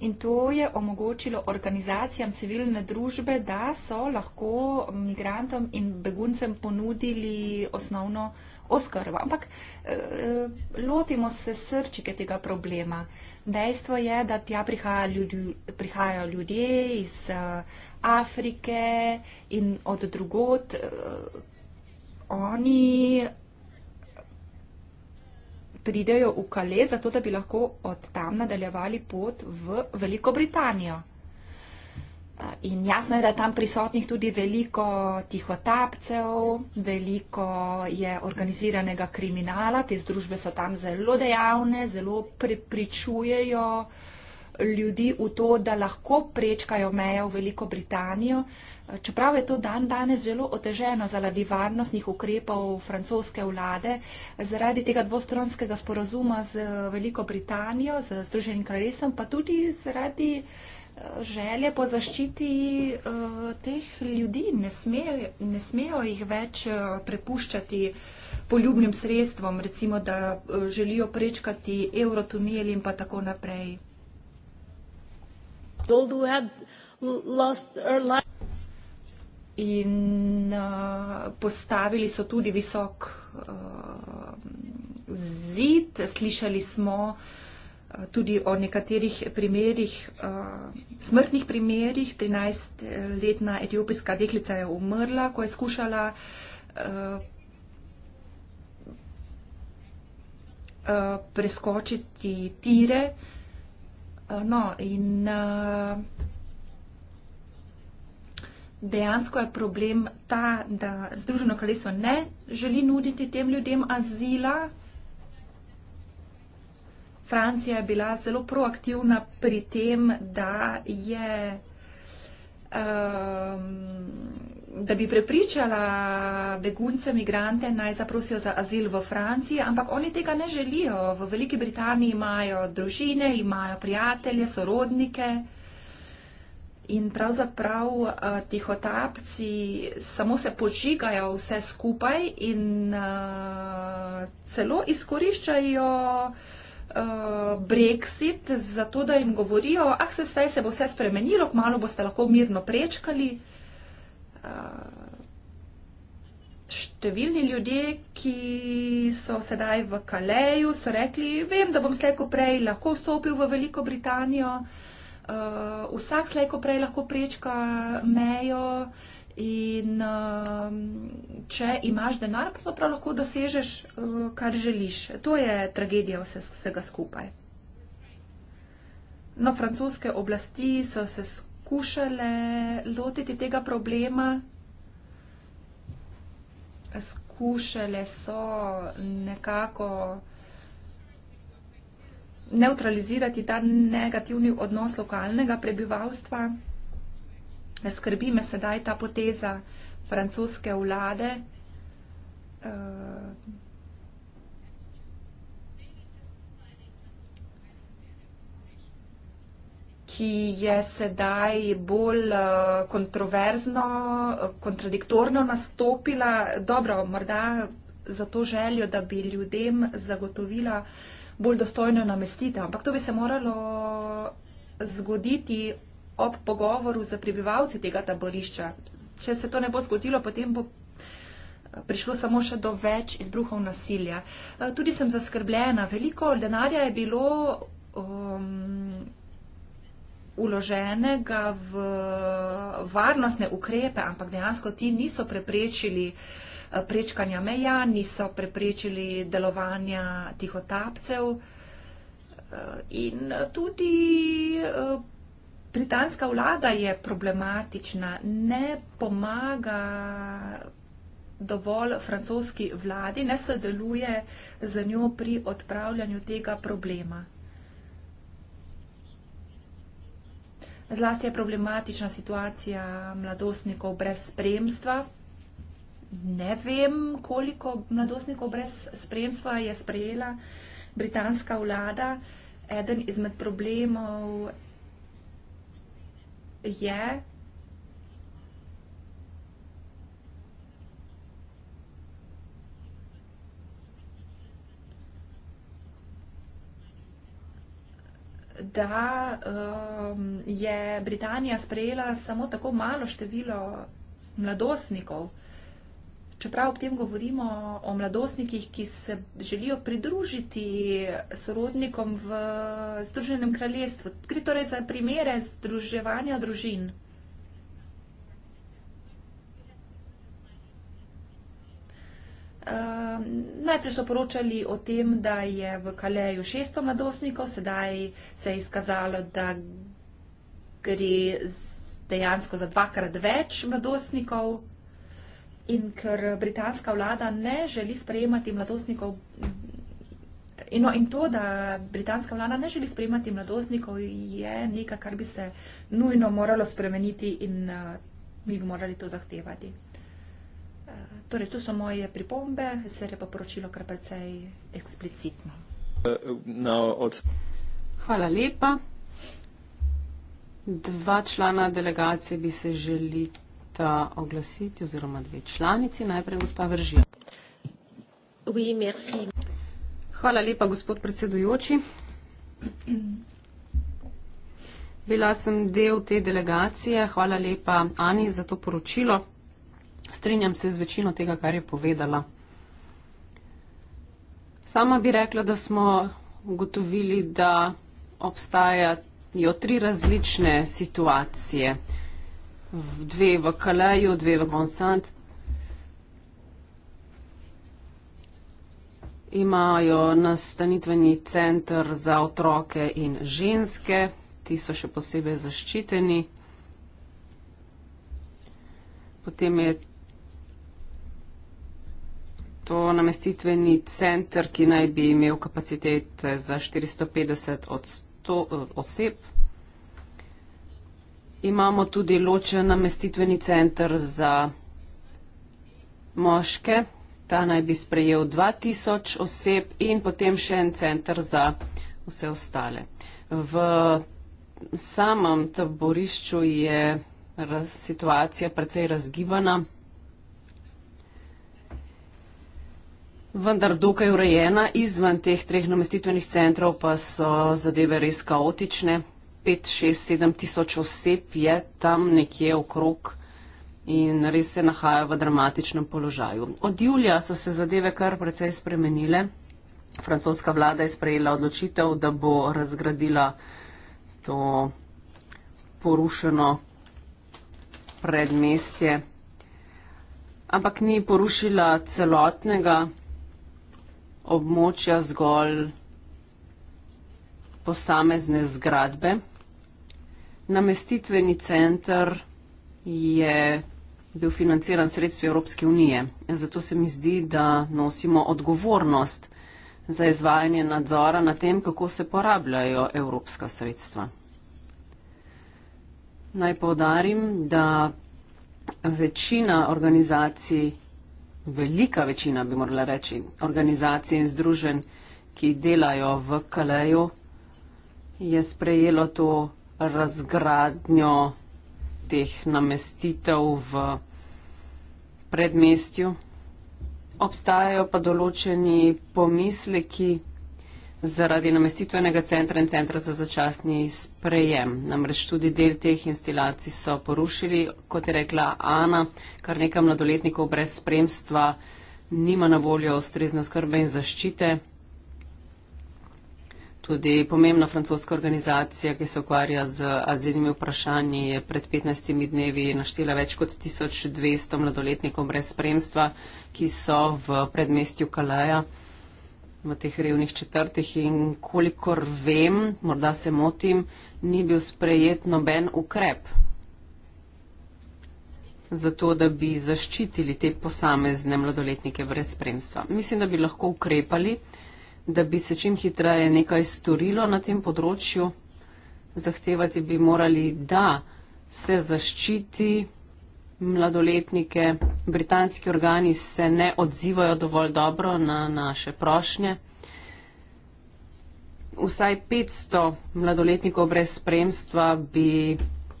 S3: In to je omogočilo organizacijam civilne družbe, da so lahko migrantom in beguncem ponudili osnovno oskrbo. Ampak eh, lotimo se srčike tega problema. Dejstvo je, da tja prihaja ljudi, prihajajo ljudje iz eh, Afrike in od drugot. Eh, oni pridejo v Kale, zato da bi lahko od tam nadaljevali pot v Veliko Britanijo. Eh, in jasno je, da je tam prisotnih tudi veliko tihotapcev, veliko je organiziranega kriminala, te združbe so tam zelo dejavne, zelo prepričujejo ljudi v to, da lahko prečkajo mejo v Veliko Britanijo, eh, čeprav je to dan danes zelo oteženo zaradi varnostnih ukrepov francoske vlade, zaradi tega dvostranskega sporazuma z Veliko Britanijo, z Združenim kraljestvom, pa tudi zaradi uh, želje po zaščiti eh, teh ljudi. Ne smejo, ne smejo jih več eh, prepuščati poljubnim sredstvom, recimo, da eh, želijo prečkati eurotunel in pa tako naprej. In uh, postavili so tudi visok uh, zid, slišali smo uh, tudi o nekaterih primerjih, eh, smrtnih primerjih. 13-letna etiopijska deklica je umrla, ko je skušala eh, eh, preskočiti tire. No, in dejansko je problem ta, da Združeno kraljestvo ne želi nuditi tem ljudem azila, Francija je bila zelo proaktivna pri tem, da je. Um, da bi prepričala begunce, migrante, naj zaprosijo za azil v Franciji, ampak oni tega ne želijo. V Veliki Britaniji imajo družine, imajo prijatelje, sorodnike in pravzaprav uh, tihotapci samo se požigajo vse skupaj in uh, celo izkoriščajo uh, Eh, Brexit, zato da jim govorijo, ah, se zdaj se bo vse spremenilo, kmalo boste lahko mirno prečkali. Eh, številni ljudje, ki so sedaj v Kaleju, so rekli, vem, da bom slejko prej lahko vstopil v Veliko Britanijo, eh, vsak slejko prej lahko prečka mejo. In um, če imaš denar, pravzaprav lahko dosežeš, uh, kar želiš. To je tragedija vse, vsega skupaj. No, francoske oblasti so se skušale lotiti tega problema. Skušale so nekako neutralizirati ta negativni odnos lokalnega prebivalstva me skrbi me sedaj ta poteza francoske vlade. Eh, ki je sedaj bolj eh, kontroverzno, kontradiktorno nastopila, dobro, morda za to željo, da bi ljudem zagotovila bolj dostojno namestitev. Ampak to bi se moralo zgoditi ob pogovoru z prebivalci tega taborišča. Če se to ne bo zgodilo, potem bo eh, prišlo samo še do več izbruhov nasilja. Eh, tudi sem zaskrbljena. Veliko denarja je bilo um, uloženega v varnostne ukrepe, ampak dejansko ti niso preprečili eh, prečkanja meja, niso preprečili delovanja tihotapcev in tudi. Uh, Britanska vlada je problematična, ne pomaga dovolj francoski vladi, ne sodeluje z njo pri odpravljanju tega problema. Zlasti je problematična situacija mladostnikov brez spremstva. Ne vem, koliko mladostnikov brez spremstva je sprejela britanska vlada. Eden izmed problemov je. Da um, je Britanija sprejela samo tako malo število mladostnikov, Čeprav ob tem govorimo o mladostnikih, ki se želijo pridružiti sorodnikom v Združenem kraljestvu. Gre torej za primere združevanja družin. Um, najprej so poročali o tem, da je v Kaleju 600 mladostnikov, sedaj se je izkazalo, da gre dejansko za dvakrat več mladostnikov in ker britanska vlada ne želi sprejemati mladostnikov. No, in to, da britanska vlada ne želi sprejemati mladostnikov, je nekaj, kar bi se nujno moralo spremeniti in uh, mi bi morali to zahtevati. Eh, torej, tu so moje pripombe, ser je pa poročilo kar precej eksplicitno. Hvala lepa. Dva
S4: člana delegacije bi se želite želita oglasiti oziroma dve članici. Najprej gospa Vržija. Oui, Hvala lepa, gospod predsedujoči. Bila sem del te delegacije. Hvala lepa Ani za to poročilo. Strenjam se z večino tega, kar je povedala. Sama bi rekla, da smo ugotovili, da obstajajo tri različne situacije dve v Kaleju, dve v Monsant. Imajo nastanitveni center za otroke in ženske, ti so še posebej zaščiteni. Potem je to namestitveni center, ki naj bi imel kapacitet za 450 odsto, oseb imamo tudi ločen namestitveni center za moške, ta naj bi sprejel 2000 oseb in potem še en center za vse ostale. V samem taborišču je situacija precej razgibana, vendar dokaj urejena, izven teh treh namestitvenih centrov pa so zadeve res kaotične. 5, 6, 7 tisoč oseb je tam nekje okrog in res se nahaja v dramatičnem položaju. Od julija so se zadeve kar precej spremenile. Francoska vlada je sprejela odločitev, da bo razgradila to porušeno predmestje, ampak ni porušila celotnega območja zgolj posamezne zgradbe. Namestitveni center je bil financiran sredstvo Evropske unije. Zato se mi zdi, da nosimo odgovornost za izvajanje nadzora na tem, kako se porabljajo evropska sredstva. Naj povdarim, da večina organizacij, velika večina bi morala reči, organizacij in združen, ki delajo v KLE-ju, je sprejelo to razgradnjo teh namestitev v predmestju. Obstajajo pa določeni pomisleki zaradi namestitvenega centra in centra za začasni sprejem. Namreč tudi del teh instalacij so porušili, kot je rekla Ana, kar nekaj mladoletnikov brez spremstva nima na voljo ustrezne skrbe in zaščite. Tudi pomembna francoska organizacija, ki se ukvarja z azilnimi vprašanji, je pred 15 dnevi naštela več kot 1200 mladoletnikov brez spremstva, ki so v predmestju Kalaja v teh revnih četrtih in kolikor vem, morda se motim, ni bil sprejet noben ukrep za to, da bi zaščitili te posamezne mladoletnike brez spremstva. Mislim, da bi lahko ukrepali, da bi se čim hitreje nekaj storilo na tem področju. Zahtevati bi morali, da se zaščiti mladoletnike. Britanski organi se ne odzivajo dovolj dobro na naše prošnje. Vsaj 500 mladoletnikov brez spremstva bi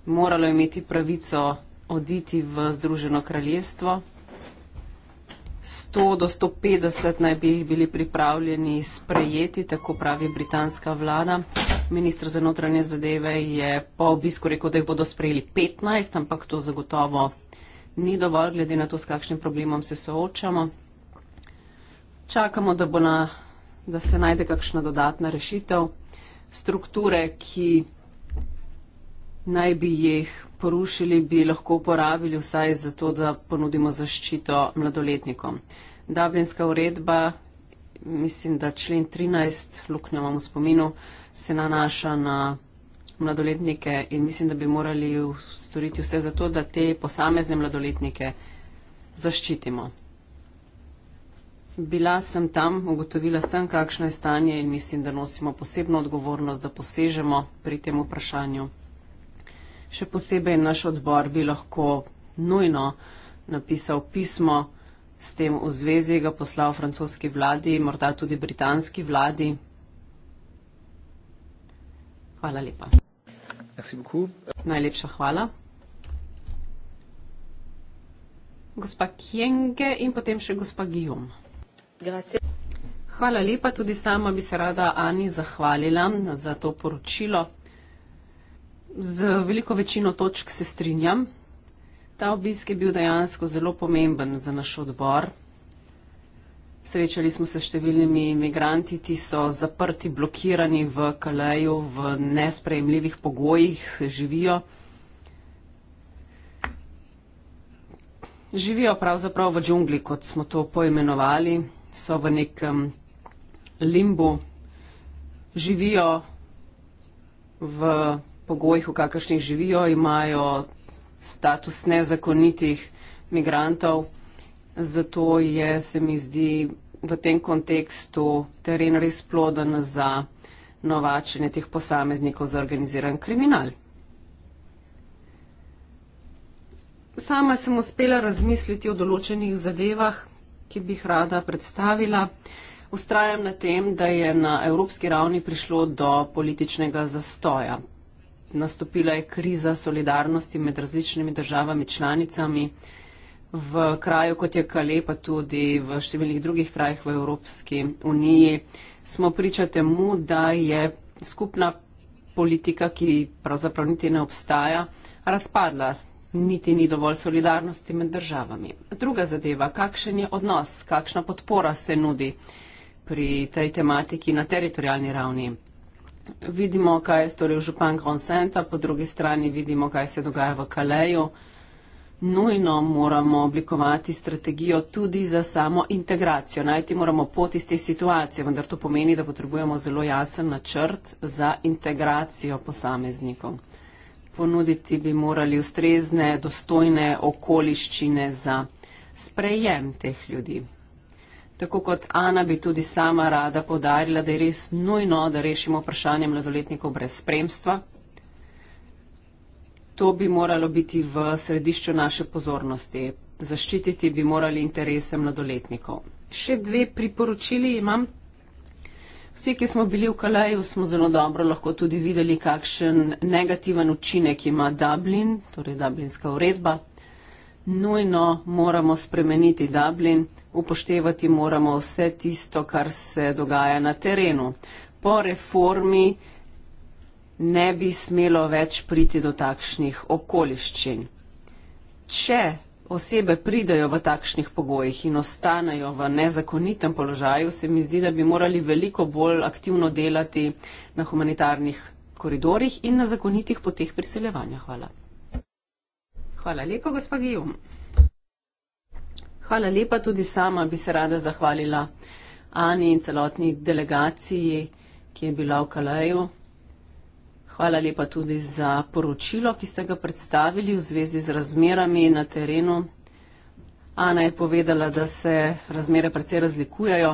S4: moralo imeti pravico oditi v Združeno kraljestvo. 100 do 150 naj bi jih bili pripravljeni sprejeti, tako pravi britanska vlada. Ministr za notranje zadeve je po obisku rekel, da jih bodo sprejeli 15, ampak to zagotovo ni dovolj, glede na to, s kakšnim problemom se soočamo. Čakamo, da, na, da se najde kakšna dodatna rešitev. Strukture, ki naj bi jih porušili, bi lahko uporabili vsaj za to, da ponudimo zaščito mladoletnikom. Dublinska uredba, mislim, da člen 13, luknjo vam v spominu, se nanaša na mladoletnike in mislim, da bi morali storiti vse za to, da te posamezne mladoletnike zaščitimo. Bila sem tam, ugotovila sem, kakšno je stanje in mislim, da nosimo posebno odgovornost, da posežemo pri tem vprašanju še posebej naš odbor bi lahko nujno napisal pismo s tem v zvezi, ga poslal francoski vladi, morda tudi britanski vladi. Hvala lepa. Najlepša hvala. Gospa Kjenge in potem še gospa Gijom. Hvala lepa, tudi sama bi se rada Ani zahvalila za to poročilo z veliko večino točk se strinjam. Ta obisk je bil dejansko zelo pomemben za naš odbor. Srečali smo se s številnimi imigranti, ki so zaprti, blokirani v Kaleju, v nesprejemljivih pogojih, živijo. Živijo pravzaprav v džungli, kot smo to poimenovali, so v nekem limbu, živijo v pogojih, v kakršnih živijo, imajo status nezakonitih migrantov. Zato je, se mi zdi, v tem kontekstu teren res ploden za novačenje teh posameznikov za organiziran kriminal. Sama sem uspela razmisliti o določenih zadevah, ki bi jih rada predstavila. Ustrajam na tem, da je na evropski ravni prišlo do političnega zastoja nastopila je kriza solidarnosti med različnimi državami članicami. V kraju kot je Kale, pa tudi v številnih drugih krajih v Evropski uniji, smo priča temu, da je skupna politika, ki pravzaprav niti ne obstaja, razpadla. Niti ni dovolj solidarnosti med državami. Druga zadeva, kakšen je odnos, kakšna podpora se nudi pri tej tematiki na teritorijalni ravni vidimo, kaj je storil župan Gronsenta, po drugi strani vidimo, kaj se dogaja v Kaleju. Nujno moramo oblikovati strategijo tudi za samo integracijo. Najti moramo pot iz te situacije, vendar to pomeni, da potrebujemo zelo jasen načrt za integracijo posameznikov. Ponuditi bi morali ustrezne, dostojne okoliščine za sprejem teh ljudi. Tako kot Ana bi tudi sama rada podarila, da je res nujno, da rešimo vprašanje mladoletnikov brez spremstva. To bi moralo biti v središču naše pozornosti. Zaščititi bi morali interese mladoletnikov. Še dve priporočili imam. Vsi, ki smo bili v Kalaju, smo zelo dobro lahko tudi videli, kakšen negativen učinek ima Dublin, torej Dublinska uredba nujno moramo spremeniti Dublin, upoštevati moramo vse tisto, kar se dogaja na terenu. Po reformi ne bi smelo več priti do takšnih okoliščin. Če osebe pridajo v takšnih pogojih in ostanejo v nezakonitem položaju, se mi zdi, da bi morali veliko bolj aktivno delati na humanitarnih koridorjih in na zakonitih poteh priseljevanja. Hvala. Hvala lepa, gospa Gijom. Hvala lepa, tudi sama bi se rada zahvalila Ani in celotni delegaciji, ki je bila v Kalaju. Hvala lepa tudi za poročilo, ki ste ga predstavili v zvezi z razmerami na terenu. Ana je povedala, da se razmere precej razlikujejo.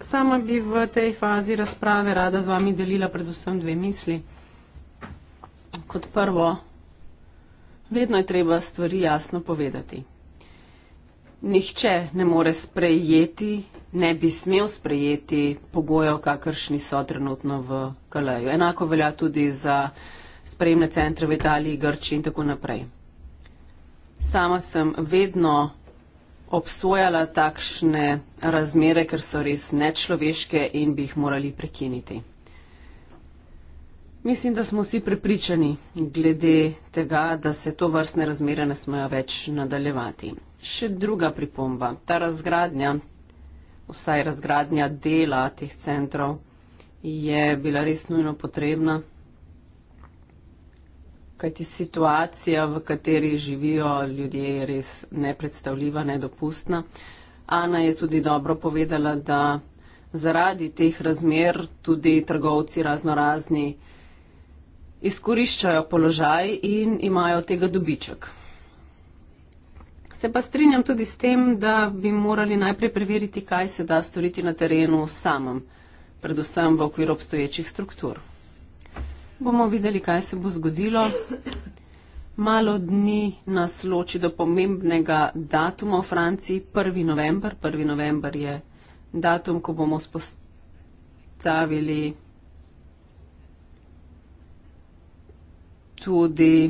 S4: Sama bi v tej fazi razprave rada z vami delila predvsem dve misli. Kot prvo, Vedno je treba stvari jasno povedati. Nihče ne more sprejeti, ne bi smel sprejeti pogojev, kakršni so trenutno v Kaleju. Enako velja tudi za sprejemne centre v Italiji, Grči in tako naprej. Sama sem vedno obsojala takšne razmere, ker so res nečloveške in bi jih morali prekiniti. Mislim, da smo vsi prepričani glede tega, da se to vrstne razmere ne smejo več nadaljevati. Še druga pripomba, ta razgradnja, vsaj razgradnja dela teh centrov, je bila res nujno potrebna, kajti situacija, v kateri živijo ljudje, je res nepredstavljiva, nedopustna. Ana je tudi dobro povedala, da zaradi teh razmer tudi trgovci razno razni, izkoriščajo položaj in imajo od tega dobiček. Se pa strinjam tudi s tem, da bi morali najprej preveriti, kaj se da storiti na terenu samem, predvsem v okviru obstoječih struktur. Bomo videli, kaj se bo zgodilo. Malo dni nas loči do pomembnega datuma v Franciji, 1. november. 1. november je datum, ko bomo spostavili tudi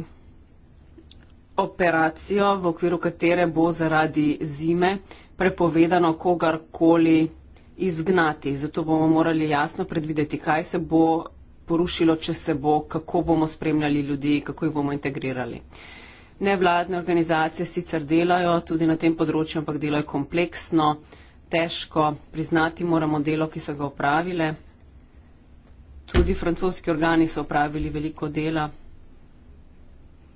S4: operacijo, v okviru katere bo zaradi zime prepovedano kogarkoli izgnati. Zato bomo morali jasno predvideti, kaj se bo porušilo, če se bo, kako bomo spremljali ljudi, kako jih bomo integrirali. Nevladne organizacije sicer delajo tudi na tem področju, ampak delajo kompleksno, težko, priznati moramo delo, ki so ga opravile. Tudi francoski organi so opravili veliko dela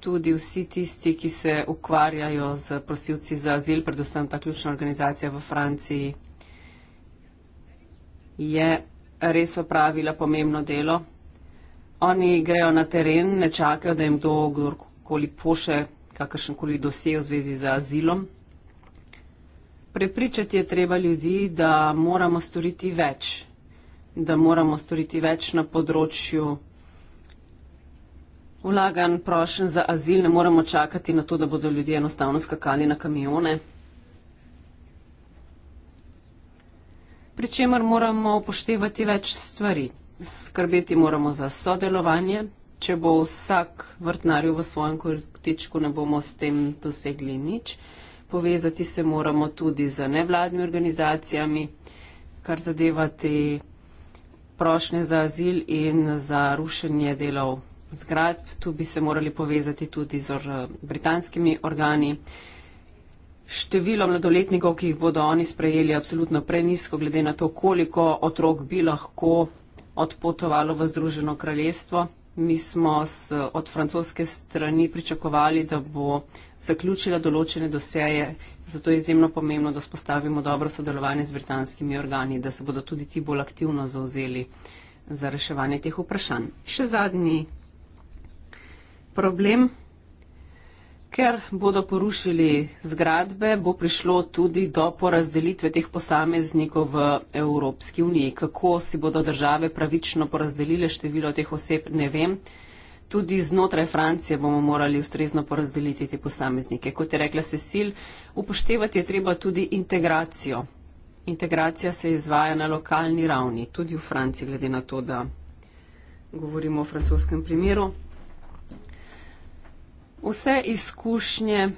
S4: tudi vsi tisti, ki se ukvarjajo z prosilci za azil, predvsem ta ključna organizacija v Franciji, je res opravila pomembno delo. Oni grejo na teren, ne čakajo, da jim kdo kdorkoli poše kakršenkoli dosej v zvezi z azilom. Prepričati je treba ljudi, da moramo storiti več, da moramo storiti več na področju vlaganj prošen za azil, ne moremo čakati na to, da bodo ljudje enostavno skakali na kamione. Pričemer moramo upoštevati več stvari. Skrbeti moramo za sodelovanje. Če bo vsak vrtnaril v svojem kotičku, ne bomo s tem dosegli nič. Povezati se moramo tudi z nevladnimi organizacijami, kar zadeva te prošnje za azil in za rušenje delov zgradb. Tu bi se morali povezati tudi z eh, britanskimi organi. Število mladoletnikov, ki jih bodo oni sprejeli, je absolutno prenisko, glede na to, koliko otrok bi lahko odpotovalo v Združeno kraljestvo. Mi smo s, od francoske strani pričakovali, da bo zaključila določene doseje, zato je izjemno pomembno, da spostavimo dobro sodelovanje z britanskimi organi, da se bodo tudi ti bolj aktivno zauzeli za reševanje teh vprašanj. Še zadnji problem, ker bodo porušili zgradbe, bo prišlo tudi do porazdelitve teh posameznikov v Evropski uniji. Kako si bodo države pravično porazdelile število teh oseb, ne vem. Tudi znotraj Francije bomo morali ustrezno porazdeliti te posameznike. Kot je rekla Cecil, upoštevati je treba tudi integracijo. Integracija se izvaja na lokalni ravni, tudi v Franciji, glede na to, da govorimo o francoskem primeru vse izkušnje,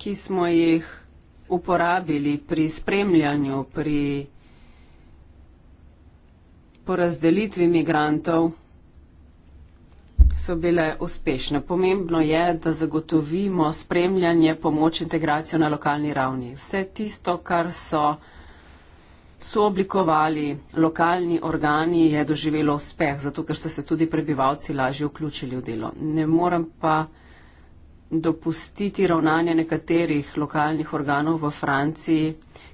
S4: ki smo jih uporabili pri spremljanju, pri porazdelitvi migrantov, so bile uspešne. Pomembno je, da zagotovimo spremljanje, pomoč, integracijo na lokalni ravni. Vse tisto, kar so sooblikovali lokalni organi, je doživelo uspeh, zato ker so se tudi prebivalci lažje vključili v delo. Ne moram pa dopustiti ravnanje nekaterih lokalnih organov v Franciji,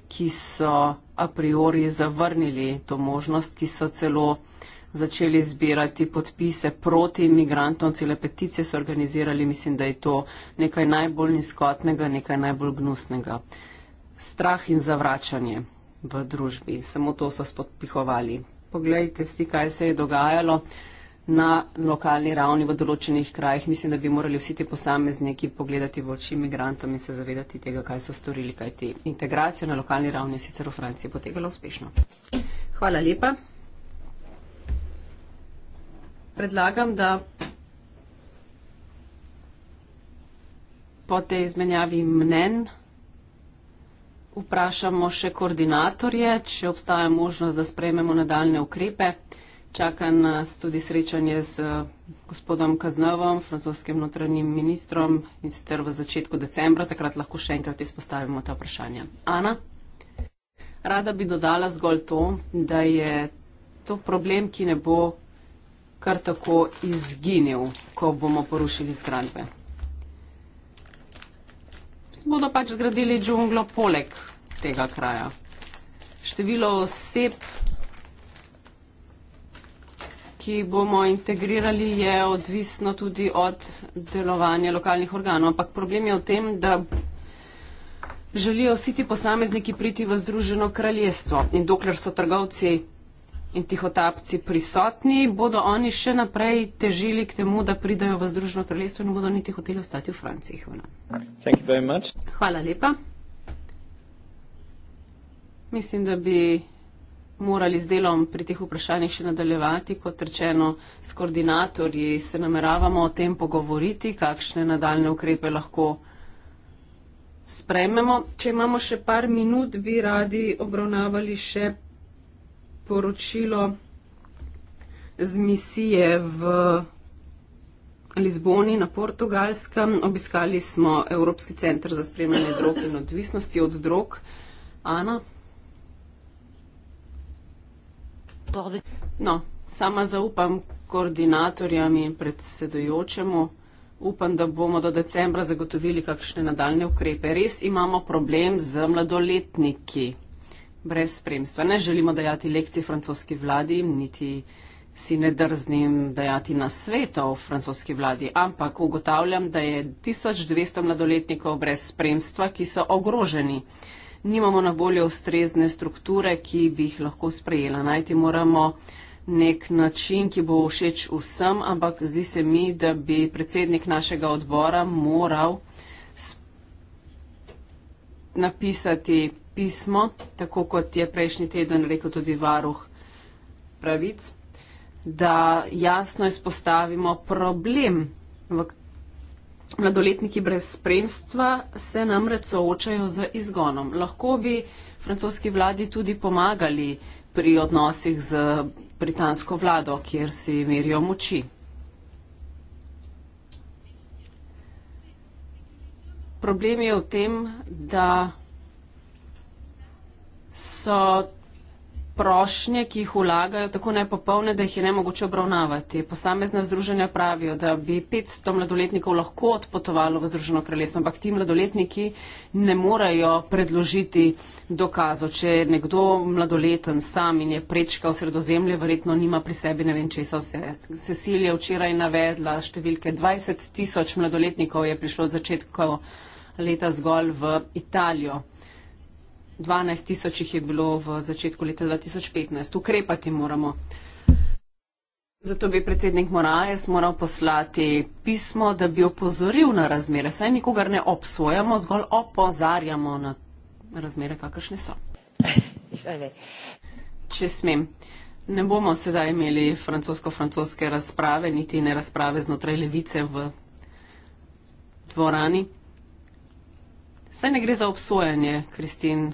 S4: ki so a priori zavrnili to možnost, ki so celo začeli zbirati podpise proti imigrantom, cele peticije so organizirali, mislim, da je to nekaj najbolj nizkotnega, nekaj najbolj gnusnega. Strah in zavračanje v družbi. Samo to so spodpihovali. Poglejte si, kaj se je dogajalo na lokalni ravni v določenih krajih. Mislim, da bi morali vsi ti posamezniki pogledati v oči imigrantom in se zavedati tega, kaj so storili, kaj te integracije na lokalni ravni je sicer v Franciji potekala uspešno. Hvala lepa. Predlagam, da po tej izmenjavi mnen vprašamo še koordinatorje, če obstaja možnost, da sprejmemo nadaljne ukrepe. Čaka nas tudi srečanje z eh, gospodom Kaznovom, francoskim notranjim ministrom in sicer v začetku decembra, takrat lahko še enkrat izpostavimo ta vprašanja. Ana, rada bi dodala zgolj to, da je to problem, ki ne bo kar tako izginil, ko bomo porušili zgradbe bodo pač zgradili džunglo poleg tega kraja. Število oseb, ki bomo integrirali, je odvisno tudi od delovanja lokalnih organov. Ampak problem je v tem, da želijo vsi ti posamezniki priti v Združeno kraljestvo. In dokler so trgovci in tihotapci prisotni, bodo oni še naprej težili k temu, da pridajo v Združeno kraljestvo in bodo niti hoteli ostati v Franciji.
S5: Hvala,
S4: Hvala lepa. Mislim, da bi morali z delom pri teh vprašanjih še nadaljevati. Kot rečeno, s koordinatorji se nameravamo o tem pogovoriti, kakšne nadaljne ukrepe lahko sprememo. Če imamo še par minut, bi radi obravnavali še poročilo z misije v Lizboni na Portugalskem. Obiskali smo Evropski centr za spremljanje drog in odvisnosti od drog. Ana? No, sama zaupam koordinatorjem in predsedujočemu. Upam, da bomo do decembra zagotovili kakšne nadaljne ukrepe. Res imamo problem z mladoletniki brez spremstva. Ne želimo dajati lekcij francoski vladi, niti si ne drznim dajati na sveto v francoski vladi, ampak ugotavljam, da je 1200 mladoletnikov brez spremstva, ki so ogroženi. Nimamo na voljo ustrezne strukture, ki bi jih lahko sprejela. Najti moramo nek način, ki bo všeč vsem, ampak zdi se mi, da bi predsednik našega odbora moral napisati pismo, tako kot je prejšnji teden rekel tudi varuh pravic, da jasno izpostavimo problem. Mladoletniki brez spremstva se namreč soočajo z izgonom. Lahko bi francoski vladi tudi pomagali pri odnosih z britansko vlado, kjer si merijo moči. Problem je v tem, da so prošnje, ki jih vlagajo, tako nepopolne, da jih je nemogoče obravnavati. Posamezna združenja pravijo, da bi 500 mladoletnikov lahko odpotovalo v Združeno kraljestvo, ampak ti mladoletniki ne morejo predložiti dokazov. Če je nekdo mladoleten sam in je prečkal sredozemlje, verjetno nima pri sebi ne vem, če so vse. Cecilija včeraj navedla številke 20 tisoč mladoletnikov je prišlo od začetka leta zgolj v Italijo. 12 tisoč jih je bilo v začetku leta 2015. Ukrepati moramo. Zato bi predsednik Morales moral poslati pismo, da bi opozoril na razmere. Saj nikogar ne obsojamo, zgolj opozarjamo na razmere, kakršne so. Če smem. Ne bomo sedaj imeli francosko-francoske razprave, niti ne razprave znotraj levice v dvorani. Saj ne gre za obsojanje, Kristin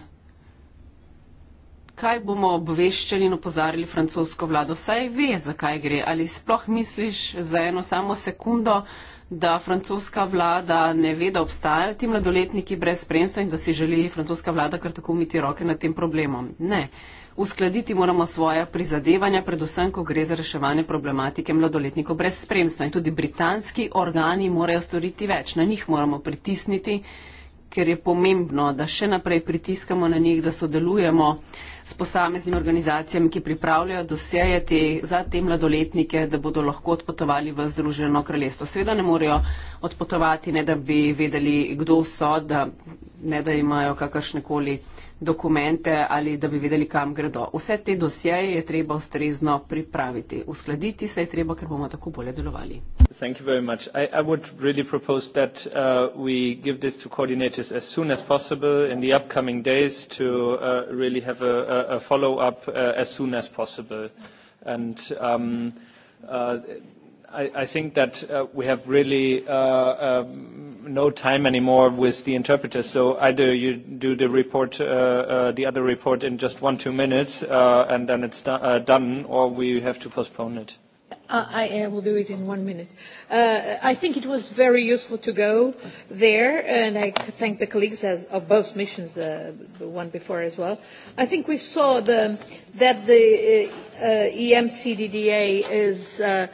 S4: kaj bomo obveščali in opozarjali francosko vlado? Saj ve, zakaj gre. Ali sploh misliš za eno samo sekundo, da francoska vlada ne ve, da obstajajo ti mladoletniki brez spremstva in da si želi francoska vlada kar tako umiti roke nad tem problemom? Ne. Uskladiti moramo svoja prizadevanja, predvsem, ko gre za reševanje problematike mladoletnikov brez spremstva. In tudi britanski organi morajo storiti več. Na njih moramo pritisniti ker je pomembno, da še naprej pritiskamo na njih, da sodelujemo s posameznimi organizacijami, ki pripravljajo dosjeje te, za te mladoletnike, da bodo lahko odpotovali v Združeno kraljestvo. Seveda ne morejo odpotovati, ne da bi vedeli, kdo so, da, ne da imajo kakršnekoli dokumente ali da bi vedeli, kam gredo. Vse te dosjeje je treba ustrezno pripraviti. Uskladiti se je treba, ker bomo tako bolje delovali.
S5: Thank you very much. I, I would really propose that uh, we give this to coordinators as soon as possible in the upcoming days to uh, really have a, a follow up uh, as soon as possible. And um, uh, I think that uh, we have really uh, um, no time anymore with the interpreters. So either you do the report, uh, uh, the other report, in just one two minutes, uh, and then it's do- uh, done, or we have to postpone it.
S2: Uh, I, I will do it in one minute. Uh, I think it was very useful to go there, and I thank the colleagues as, of both missions, the, the one before as well. I think we saw the, that the uh, EMCDDA is. Uh,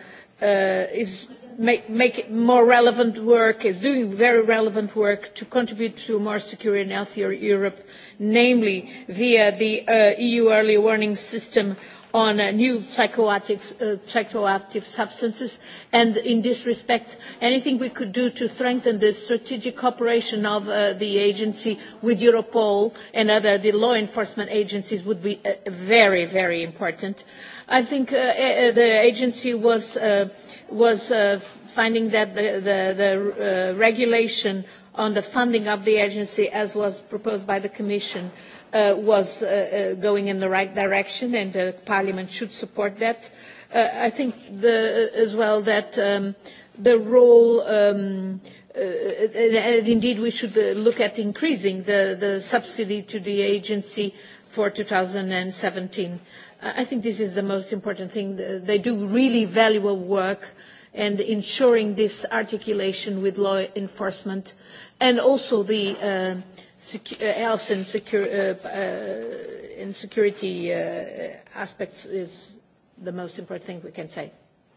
S2: uh, is make, make it more relevant work, is doing very relevant work to contribute to a more secure and healthier Europe, namely via the uh, EU early warning system on uh, new psychoactive, uh, psychoactive substances. And in this respect, anything we could do to strengthen the strategic cooperation of uh, the agency with Europol and other the law enforcement agencies would be uh, very, very important. Uh, I think uh, the agency was uh, was uh, finding that the the, the uh, regulation on the funding of the agency, as was proposed by the Commission, uh, was uh, uh, going in the right direction, and the Parliament should support that. Uh, I think the, uh, as well that um, the role. Um, uh, and uh, uh, indeed, we should look at increasing the, the subsidy to the agency for 2017. I think this is the most important thing. They do really valuable work and ensuring this articulation with law enforcement and also the uh, secu uh, health and, secu uh, uh, and security uh, aspects is the most important thing we can say.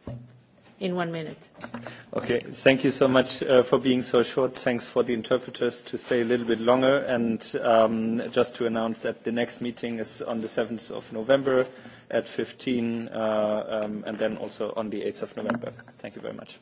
S2: Thank you
S5: thank you so much uh, for being so short thanks for the interpreters to stay a little bit longer and um, just to announce that the next meeting is on the seventh of november at fifteen uh, um, and then also on the eighth of november. thank you very much.